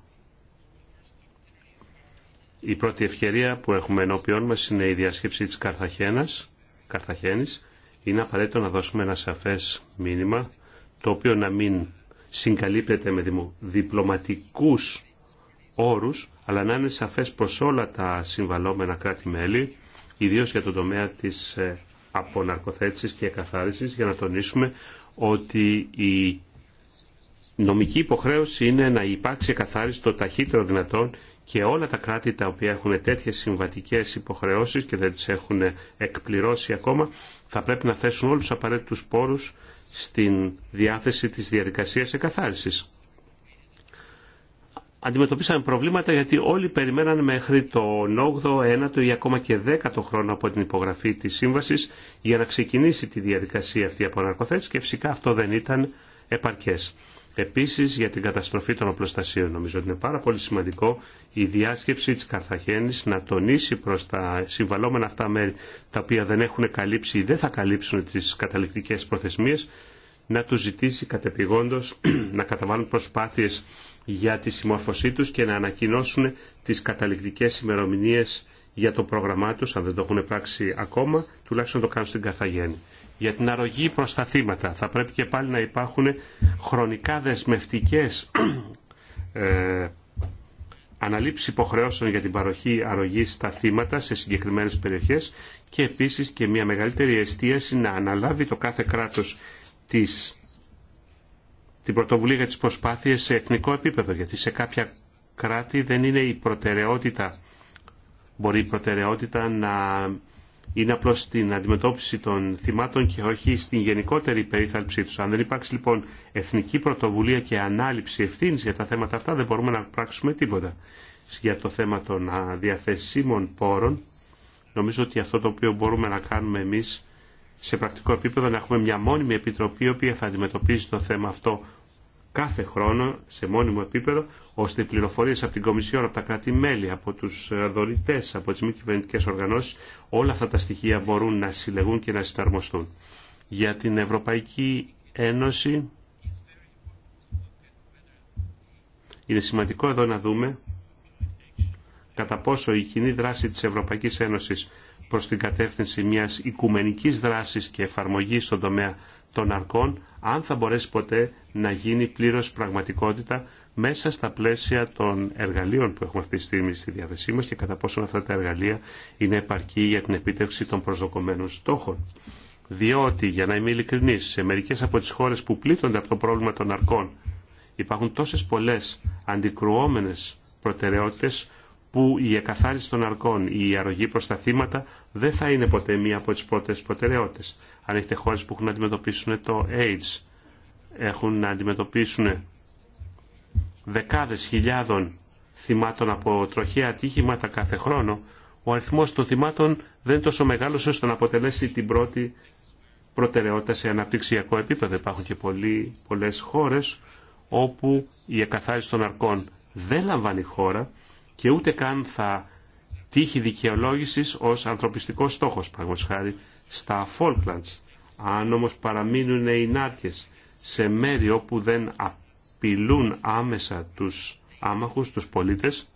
Η πρώτη ευκαιρία που έχουμε ενώπιόν μας είναι η διάσκεψη της Καρθαχένας, Καρθαχένης. Είναι απαραίτητο να δώσουμε ένα σαφές μήνυμα, το οποίο να μην συγκαλύπτεται με διπλωματικούς όρους, αλλά να είναι σαφές προς όλα τα συμβαλόμενα κράτη-μέλη ιδίως για τον τομέα της ε, αποναρκοθέτησης και εκαθάρισης, για να τονίσουμε ότι η νομική υποχρέωση είναι να υπάρξει εκαθάριση το ταχύτερο δυνατόν και όλα τα κράτη τα οποία έχουν τέτοιες συμβατικές υποχρεώσεις και δεν τις έχουν εκπληρώσει ακόμα, θα πρέπει να θέσουν όλους τους απαραίτητους πόρους στην διάθεση της διαδικασίας εκαθάρισης αντιμετωπίσαμε προβλήματα γιατί όλοι περιμέναν μέχρι τον 8ο, 9ο ή ακόμα και 10ο χρόνο από την υπογραφή της σύμβασης για να ξεκινήσει τη διαδικασία αυτή από αναρκοθέτηση και φυσικά αυτό δεν ήταν επαρκές. Επίσης για την καταστροφή των οπλοστασίων νομίζω ότι είναι πάρα πολύ σημαντικό η διάσκεψη της Καρθαχένης να τονίσει προς τα συμβαλόμενα αυτά μέρη τα οποία δεν έχουν καλύψει ή δεν θα καλύψουν τις καταληκτικές προθεσμίες να του ζητήσει κατεπηγόντως να καταβάλουν προσπάθειες για τη συμμόρφωσή τους και να ανακοινώσουν τις καταληκτικές ημερομηνίε για το πρόγραμμά τους, αν δεν το έχουν πράξει ακόμα, τουλάχιστον το κάνουν στην Καρθαγέννη. Για την αρρωγή προς τα θύματα θα πρέπει και πάλι να υπάρχουν χρονικά δεσμευτικές ε, αναλήψεις υποχρεώσεων για την παροχή αρρωγής στα θύματα σε συγκεκριμένες περιοχές και επίσης και μια μεγαλύτερη εστίαση να αναλάβει το κάθε κράτος της την πρωτοβουλία για τι προσπάθειες σε εθνικό επίπεδο, γιατί σε κάποια κράτη δεν είναι η προτεραιότητα, μπορεί η προτεραιότητα να είναι απλώ στην αντιμετώπιση των θυμάτων και όχι στην γενικότερη περίθαλψή του. Αν δεν υπάρξει λοιπόν εθνική πρωτοβουλία και ανάληψη ευθύνη για τα θέματα αυτά, δεν μπορούμε να πράξουμε τίποτα. Για το θέμα των διαθεσίμων πόρων, νομίζω ότι αυτό το οποίο μπορούμε να κάνουμε εμεί σε πρακτικό επίπεδο να έχουμε μια μόνιμη επιτροπή η οποία θα αντιμετωπίζει το θέμα αυτό κάθε χρόνο σε μόνιμο επίπεδο, ώστε οι πληροφορίες από την Κομισιόν, από τα κράτη-μέλη, από τους δωρητέ, από τις μη κυβερνητικέ οργανώσεις, όλα αυτά τα στοιχεία μπορούν να συλλεγούν και να συνταρμοστούν. Για την Ευρωπαϊκή Ένωση είναι σημαντικό εδώ να δούμε κατά πόσο η κοινή δράση της Ευρωπαϊκής Ένωσης προς την κατεύθυνση μιας οικουμενικής δράσης και εφαρμογής στον τομέα των αρκών αν θα μπορέσει ποτέ να γίνει πλήρως πραγματικότητα μέσα στα πλαίσια των εργαλείων που έχουμε αυτή τη στιγμή στη διάθεσή μας και κατά πόσο αυτά τα εργαλεία είναι επαρκή για την επίτευξη των προσδοκομένων στόχων. Διότι, για να είμαι ειλικρινής, σε μερικές από τις χώρες που πλήττονται από το πρόβλημα των αρκών υπάρχουν τόσες πολλές αντικρουόμενες προτεραιότητες που η εκαθάριση των αρκών ή η αρρωγή προς τα θύματα δεν θα είναι ποτέ μία από τις πρώτες προτεραιότητε. Αν έχετε χώρες που έχουν να αντιμετωπίσουν το AIDS, έχουν να αντιμετωπίσουν δεκάδες χιλιάδων θυμάτων από τροχαία ατύχηματα κάθε χρόνο, ο αριθμός των θυμάτων δεν είναι τόσο μεγάλος ώστε να αποτελέσει την πρώτη προτεραιότητα σε αναπτυξιακό επίπεδο. Υπάρχουν και πολλοί, πολλές χώρες όπου η εκαθάριση των αρκών δεν λαμβάνει χώρα και ούτε καν θα τύχει δικαιολόγηση ως ανθρωπιστικός στόχος, παραγωγός χάρη, στα Falklands. Αν όμως παραμείνουν οι νάρκες σε μέρη όπου δεν απειλούν άμεσα τους άμαχους, τους πολίτες,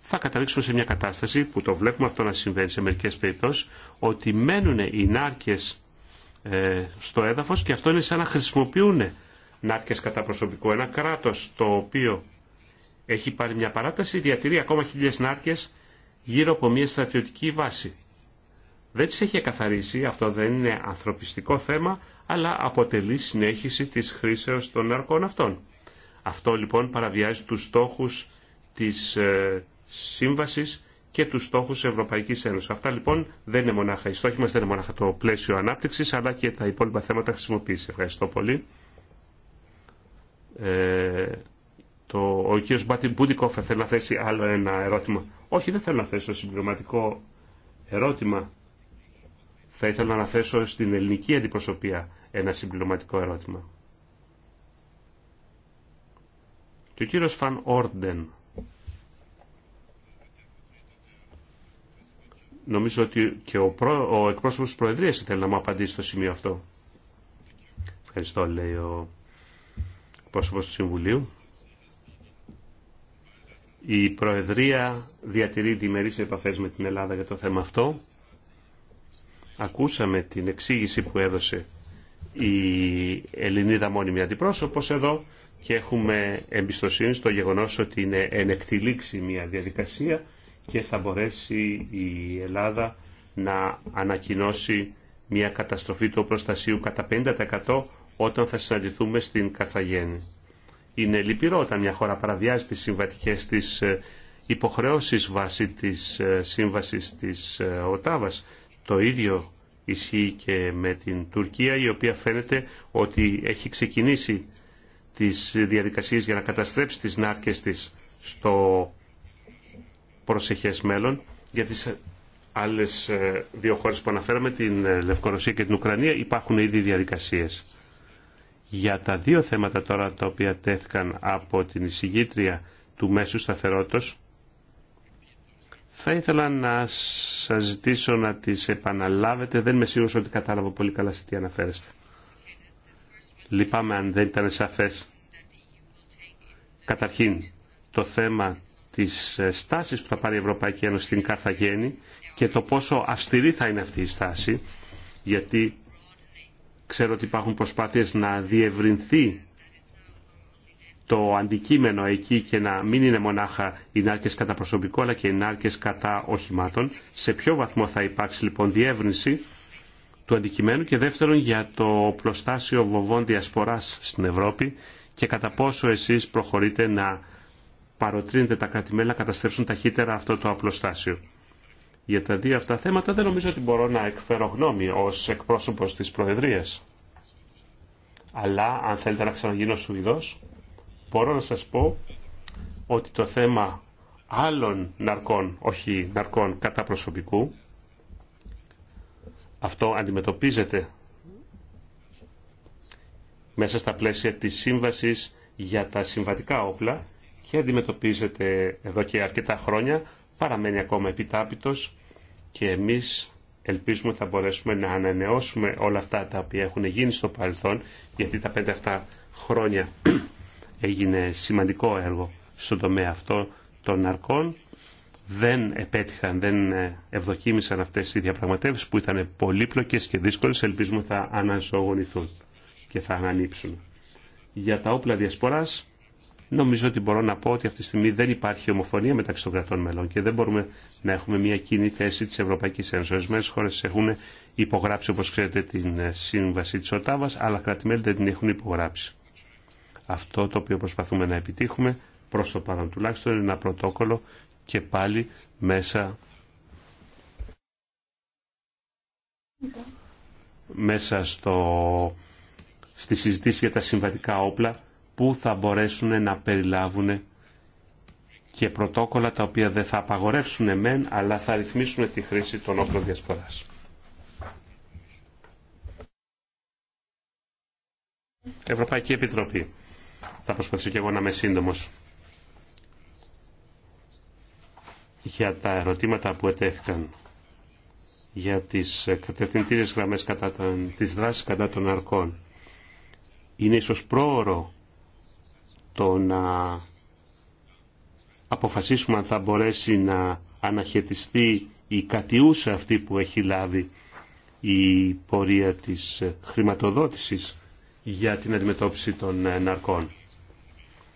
θα καταλήξουμε σε μια κατάσταση που το βλέπουμε αυτό να συμβαίνει σε μερικές περιπτώσεις, ότι μένουν οι νάρκες ε, στο έδαφος και αυτό είναι σαν να χρησιμοποιούν νάρκες κατά προσωπικό. Ένα κράτος το οποίο έχει πάρει μια παράταση διατηρεί ακόμα χιλιές νάρκες γύρω από μια στρατιωτική βάση δεν τις έχει εκαθαρίσει, αυτό δεν είναι ανθρωπιστικό θέμα, αλλά αποτελεί συνέχιση της χρήσεως των ναρκών αυτών. Αυτό λοιπόν παραβιάζει τους στόχους της ε, σύμβασης και τους στόχους Ευρωπαϊκής Ένωσης. Αυτά λοιπόν δεν είναι μονάχα, οι στόχοι μας δεν είναι μονάχα το πλαίσιο ανάπτυξης, αλλά και τα υπόλοιπα θέματα χρησιμοποίησης. Ευχαριστώ πολύ. Ε, το, ο κ. Μπούντικοφερ θέλει να θέσει άλλο ένα ερώτημα. Όχι, δεν θέλω να θέσω συμπληρωματικό ερώτημα θα ήθελα να αναθέσω στην ελληνική αντιπροσωπεία ένα συμπληρωματικό ερώτημα. Και ο κύριος Φαν Όρντεν. Νομίζω ότι και ο, προ... ο εκπρόσωπος της Προεδρίας ήθελε να μου απαντήσει στο σημείο αυτό. Ευχαριστώ, λέει ο εκπρόσωπος του Συμβουλίου. Η Προεδρία διατηρεί διμερείς επαφές με την Ελλάδα για το θέμα αυτό. Ακούσαμε την εξήγηση που έδωσε η Ελληνίδα μόνιμη αντιπρόσωπος εδώ και έχουμε εμπιστοσύνη στο γεγονός ότι είναι ενεκτυλήξη μια διαδικασία και θα μπορέσει η Ελλάδα να ανακοινώσει μια καταστροφή του προστασίου κατά 50% όταν θα συναντηθούμε στην Καρθαγένη. Είναι λυπηρό όταν μια χώρα παραβιάζει τις συμβατικές της ε, υποχρεώσεις βάσει της ε, σύμβασης της ε, ΟΤΑΒΑΣ το ίδιο ισχύει και με την Τουρκία η οποία φαίνεται ότι έχει ξεκινήσει τις διαδικασίες για να καταστρέψει τις νάρκες της στο προσεχές μέλλον. Για τις άλλες ε, δύο χώρες που αναφέραμε, την ε, Λευκορωσία και την Ουκρανία, υπάρχουν ήδη διαδικασίες. Για τα δύο θέματα τώρα τα οποία τέθηκαν από την εισηγήτρια του Μέσου Σταθερότητος, θα ήθελα να σα ζητήσω να τι επαναλάβετε. Δεν είμαι σίγουρο ότι κατάλαβα πολύ καλά σε τι αναφέρεστε. Λυπάμαι αν δεν ήταν σαφές. Καταρχήν, το θέμα της ε, στάσης που θα πάρει η Ευρωπαϊκή Ένωση στην Καρθαγένη και το πόσο αυστηρή θα είναι αυτή η στάση, γιατί ξέρω ότι υπάρχουν προσπάθειες να διευρυνθεί το αντικείμενο εκεί και να μην είναι μονάχα οι νάρκες κατά προσωπικό αλλά και οι νάρκες κατά οχημάτων. Σε ποιο βαθμό θα υπάρξει λοιπόν διεύρυνση του αντικειμένου και δεύτερον για το πλωστάσιο βοβών διασποράς στην Ευρώπη και κατά πόσο εσείς προχωρείτε να παροτρύνετε τα κρατημένα να καταστρέψουν ταχύτερα αυτό το απλοστάσιο. Για τα δύο αυτά θέματα δεν νομίζω ότι μπορώ να εκφέρω γνώμη ως εκπρόσωπος της Προεδρίας. Αλλά αν θέλετε να ξαναγίνω Σουηδός, Μπορώ να σας πω ότι το θέμα άλλων ναρκών, όχι ναρκών κατά προσωπικού, αυτό αντιμετωπίζεται μέσα στα πλαίσια της σύμβασης για τα συμβατικά όπλα και αντιμετωπίζεται εδώ και αρκετά χρόνια, παραμένει ακόμα επιτάπητος και εμείς ελπίζουμε ότι θα μπορέσουμε να ανανεώσουμε όλα αυτά τα οποία έχουν γίνει στο παρελθόν, γιατί τα πέντε αυτά χρόνια έγινε σημαντικό έργο στον τομέα αυτό των ναρκών. Δεν επέτυχαν, δεν ε, ευδοκίμησαν αυτές οι διαπραγματεύσεις που ήταν πολύπλοκες και δύσκολες. Ελπίζουμε θα αναζωογονηθούν και θα ανανύψουν. Για τα όπλα διασποράς, νομίζω ότι μπορώ να πω ότι αυτή τη στιγμή δεν υπάρχει ομοφωνία μεταξύ των κρατών μελών και δεν μπορούμε να έχουμε μια κοινή θέση της Ευρωπαϊκής Ένωσης. Ορισμένε χώρες έχουν υπογράψει, όπως ξέρετε, την ε, σύμβαση της Οτάβας, αλλά κρατημέλη την έχουν υπογράψει. Αυτό το οποίο προσπαθούμε να επιτύχουμε προς το παρόν τουλάχιστον είναι ένα πρωτόκολλο και πάλι μέσα μέσα στο, στη συζήτηση για τα συμβατικά όπλα που θα μπορέσουν να περιλάβουν και πρωτόκολλα τα οποία δεν θα απαγορεύσουν μεν αλλά θα ρυθμίσουν τη χρήση των όπλων διασποράς. Ευρωπαϊκή Επιτροπή. Θα προσπαθήσω και εγώ να είμαι σύντομος. Για τα ερωτήματα που ετέθηκαν για τις κατευθυντήριες γραμμές κατά των, τις δράσεις κατά των αρκών. Είναι ίσως πρόωρο το να αποφασίσουμε αν θα μπορέσει να αναχαιτιστεί η κατιούσα αυτή που έχει λάβει η πορεία της χρηματοδότησης για την αντιμετώπιση των ναρκών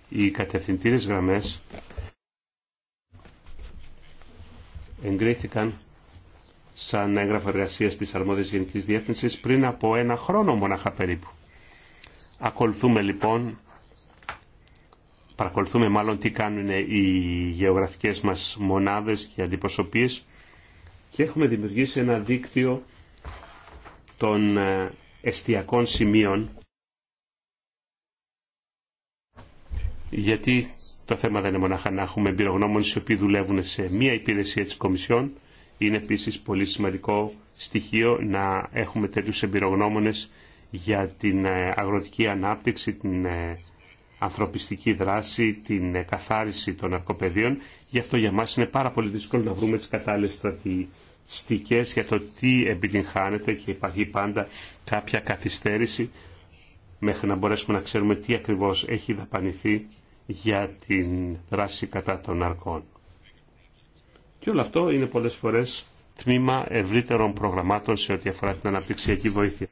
οι κατευθυντήρες γραμμές εγκρίθηκαν σαν έγγραφο εργασία της αρμόδιας γενικής διεύθυνσης πριν από ένα χρόνο μονάχα περίπου. Ακολουθούμε λοιπόν, παρακολουθούμε μάλλον τι κάνουν οι γεωγραφικές μας μονάδες και αντιπροσωπείες και έχουμε δημιουργήσει ένα δίκτυο των ε, εστιακών σημείων γιατί το θέμα δεν είναι μονάχα να έχουμε εμπειρογνώμονες οι οποίοι δουλεύουν σε μία υπηρεσία της Κομισιόν. Είναι επίσης πολύ σημαντικό στοιχείο να έχουμε τέτοιους εμπειρογνώμονες για την ε, αγροτική ανάπτυξη, την ε, ανθρωπιστική δράση, την ε, καθάριση των αρκοπεδίων. Γι' αυτό για μας είναι πάρα πολύ δύσκολο να βρούμε τις κατάλληλες στικές για το τι επιτυγχάνεται και υπάρχει πάντα κάποια καθυστέρηση μέχρι να μπορέσουμε να ξέρουμε τι ακριβώς έχει δαπανηθεί για την δράση κατά των αρκών. Και όλο αυτό είναι πολλές φορές τμήμα ευρύτερων προγραμμάτων σε ό,τι αφορά την αναπτυξιακή βοήθεια.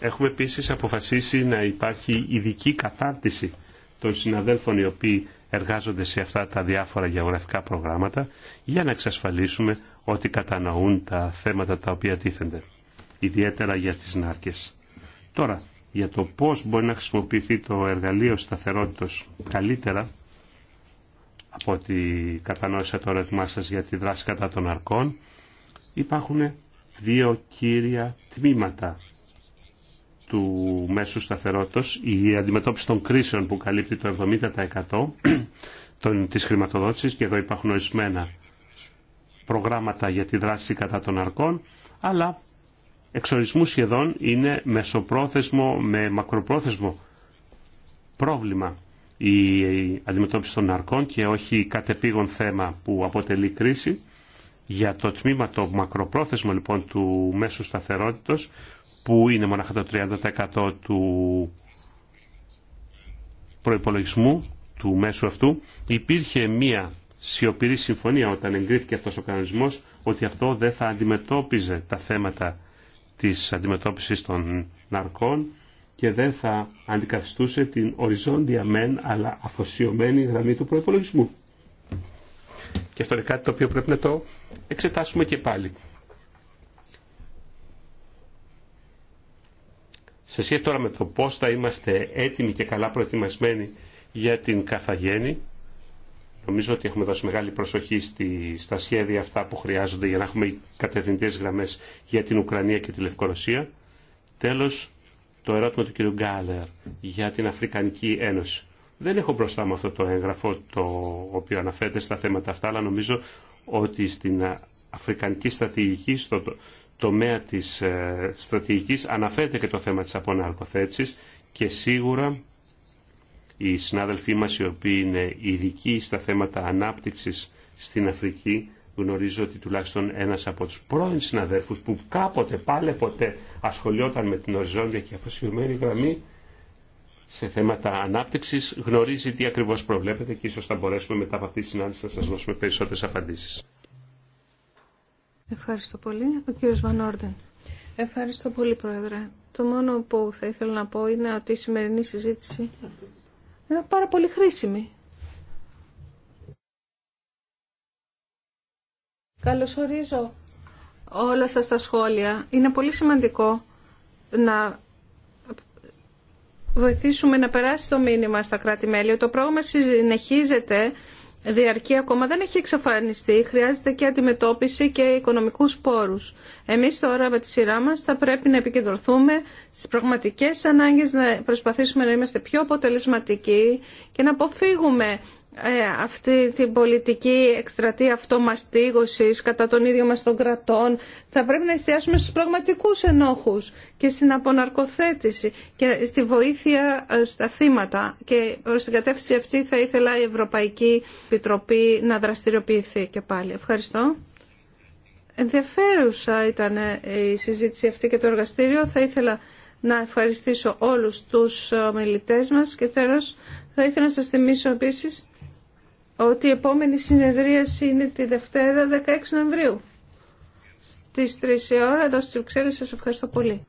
Έχουμε επίσης αποφασίσει να υπάρχει ειδική κατάρτιση των συναδέλφων οι οποίοι εργάζονται σε αυτά τα διάφορα γεωγραφικά προγράμματα για να εξασφαλίσουμε ότι κατανοούν τα θέματα τα οποία τίθενται ιδιαίτερα για τις νάρκες. Τώρα, για το πώς μπορεί να χρησιμοποιηθεί το εργαλείο σταθερότητος καλύτερα, από ότι κατανόησα το ερώτημά σας για τη δράση κατά των αρκών, υπάρχουν δύο κύρια τμήματα του μέσου σταθερότητος, η αντιμετώπιση των κρίσεων που καλύπτει το 70% της χρηματοδότησης και εδώ υπάρχουν ορισμένα προγράμματα για τη δράση κατά των αρκών, αλλά εξορισμού σχεδόν είναι μεσοπρόθεσμο με μακροπρόθεσμο πρόβλημα η αντιμετώπιση των αρκών και όχι κατεπήγον θέμα που αποτελεί κρίση. Για το τμήμα το μακροπρόθεσμο λοιπόν του μέσου σταθερότητος που είναι μονάχα το 30% του προϋπολογισμού του μέσου αυτού υπήρχε μία σιωπηρή συμφωνία όταν εγκρίθηκε αυτός ο κανονισμός ότι αυτό δεν θα αντιμετώπιζε τα θέματα της αντιμετώπισης των ναρκών και δεν θα αντικαθιστούσε την οριζόντια μεν αλλά αφοσιωμένη γραμμή του προϋπολογισμού. Και αυτό είναι κάτι το οποίο πρέπει να το εξετάσουμε και πάλι. Σε σχέση τώρα με το πώς θα είμαστε έτοιμοι και καλά προετοιμασμένοι για την καθαγέννη Νομίζω ότι έχουμε δώσει μεγάλη προσοχή στη, στα σχέδια αυτά που χρειάζονται για να έχουμε κατευθυντέ γραμμές για την Ουκρανία και τη Λευκορωσία. Τέλος, το ερώτημα του κ. Γκάλερ για την Αφρικανική Ένωση. Δεν έχω μπροστά μου αυτό το έγγραφο το οποίο αναφέρεται στα θέματα αυτά, αλλά νομίζω ότι στην Αφρικανική Στρατηγική, στο τομέα της ε, στρατηγικής, αναφέρεται και το θέμα της αποναρκοθέτηση και σίγουρα οι συνάδελφοί μας οι οποίοι είναι ειδικοί στα θέματα ανάπτυξης στην Αφρική γνωρίζω ότι τουλάχιστον ένας από τους πρώην συναδέλφους που κάποτε πάλι ποτέ ασχολιόταν με την οριζόντια και αφοσιωμένη γραμμή σε θέματα ανάπτυξης γνωρίζει τι ακριβώς προβλέπετε και ίσως θα μπορέσουμε μετά από αυτή τη συνάντηση να σας δώσουμε περισσότερες απαντήσεις. Ευχαριστώ πολύ. Ο κύριος Βανόρντεν. Ευχαριστώ πολύ, Πρόεδρε. Το μόνο που θα ήθελα να πω είναι ότι η σημερινή συζήτηση είναι πάρα πολύ χρήσιμη. Καλωσορίζω όλα σας τα σχόλια. Είναι πολύ σημαντικό να βοηθήσουμε να περάσει το μήνυμα στα κράτη-μέλη. Το πρόγραμμα συνεχίζεται διαρκεί ακόμα, δεν έχει εξαφανιστεί. Χρειάζεται και αντιμετώπιση και οικονομικούς πόρους. Εμείς τώρα με τη σειρά μας θα πρέπει να επικεντρωθούμε στις πραγματικές ανάγκες, να προσπαθήσουμε να είμαστε πιο αποτελεσματικοί και να αποφύγουμε ε, αυτή την πολιτική εκστρατεία αυτομαστίγωσης κατά τον ίδιο μας των κρατών. Θα πρέπει να εστιάσουμε στους πραγματικούς ενόχους και στην αποναρκοθέτηση και στη βοήθεια ε, στα θύματα. Και προς την κατεύθυνση αυτή θα ήθελα η Ευρωπαϊκή Επιτροπή να δραστηριοποιηθεί και πάλι. Ευχαριστώ. Ενδιαφέρουσα ήταν ε, η συζήτηση αυτή και το εργαστήριο. Θα ήθελα να ευχαριστήσω όλους τους μιλητές μας και τέλος θα ήθελα να σας θυμίσω ότι η επόμενη συνεδρίαση είναι τη Δευτέρα 16 Νοεμβρίου. Στις 3 η ώρα εδώ στις Βρυξέλλες σας ευχαριστώ πολύ.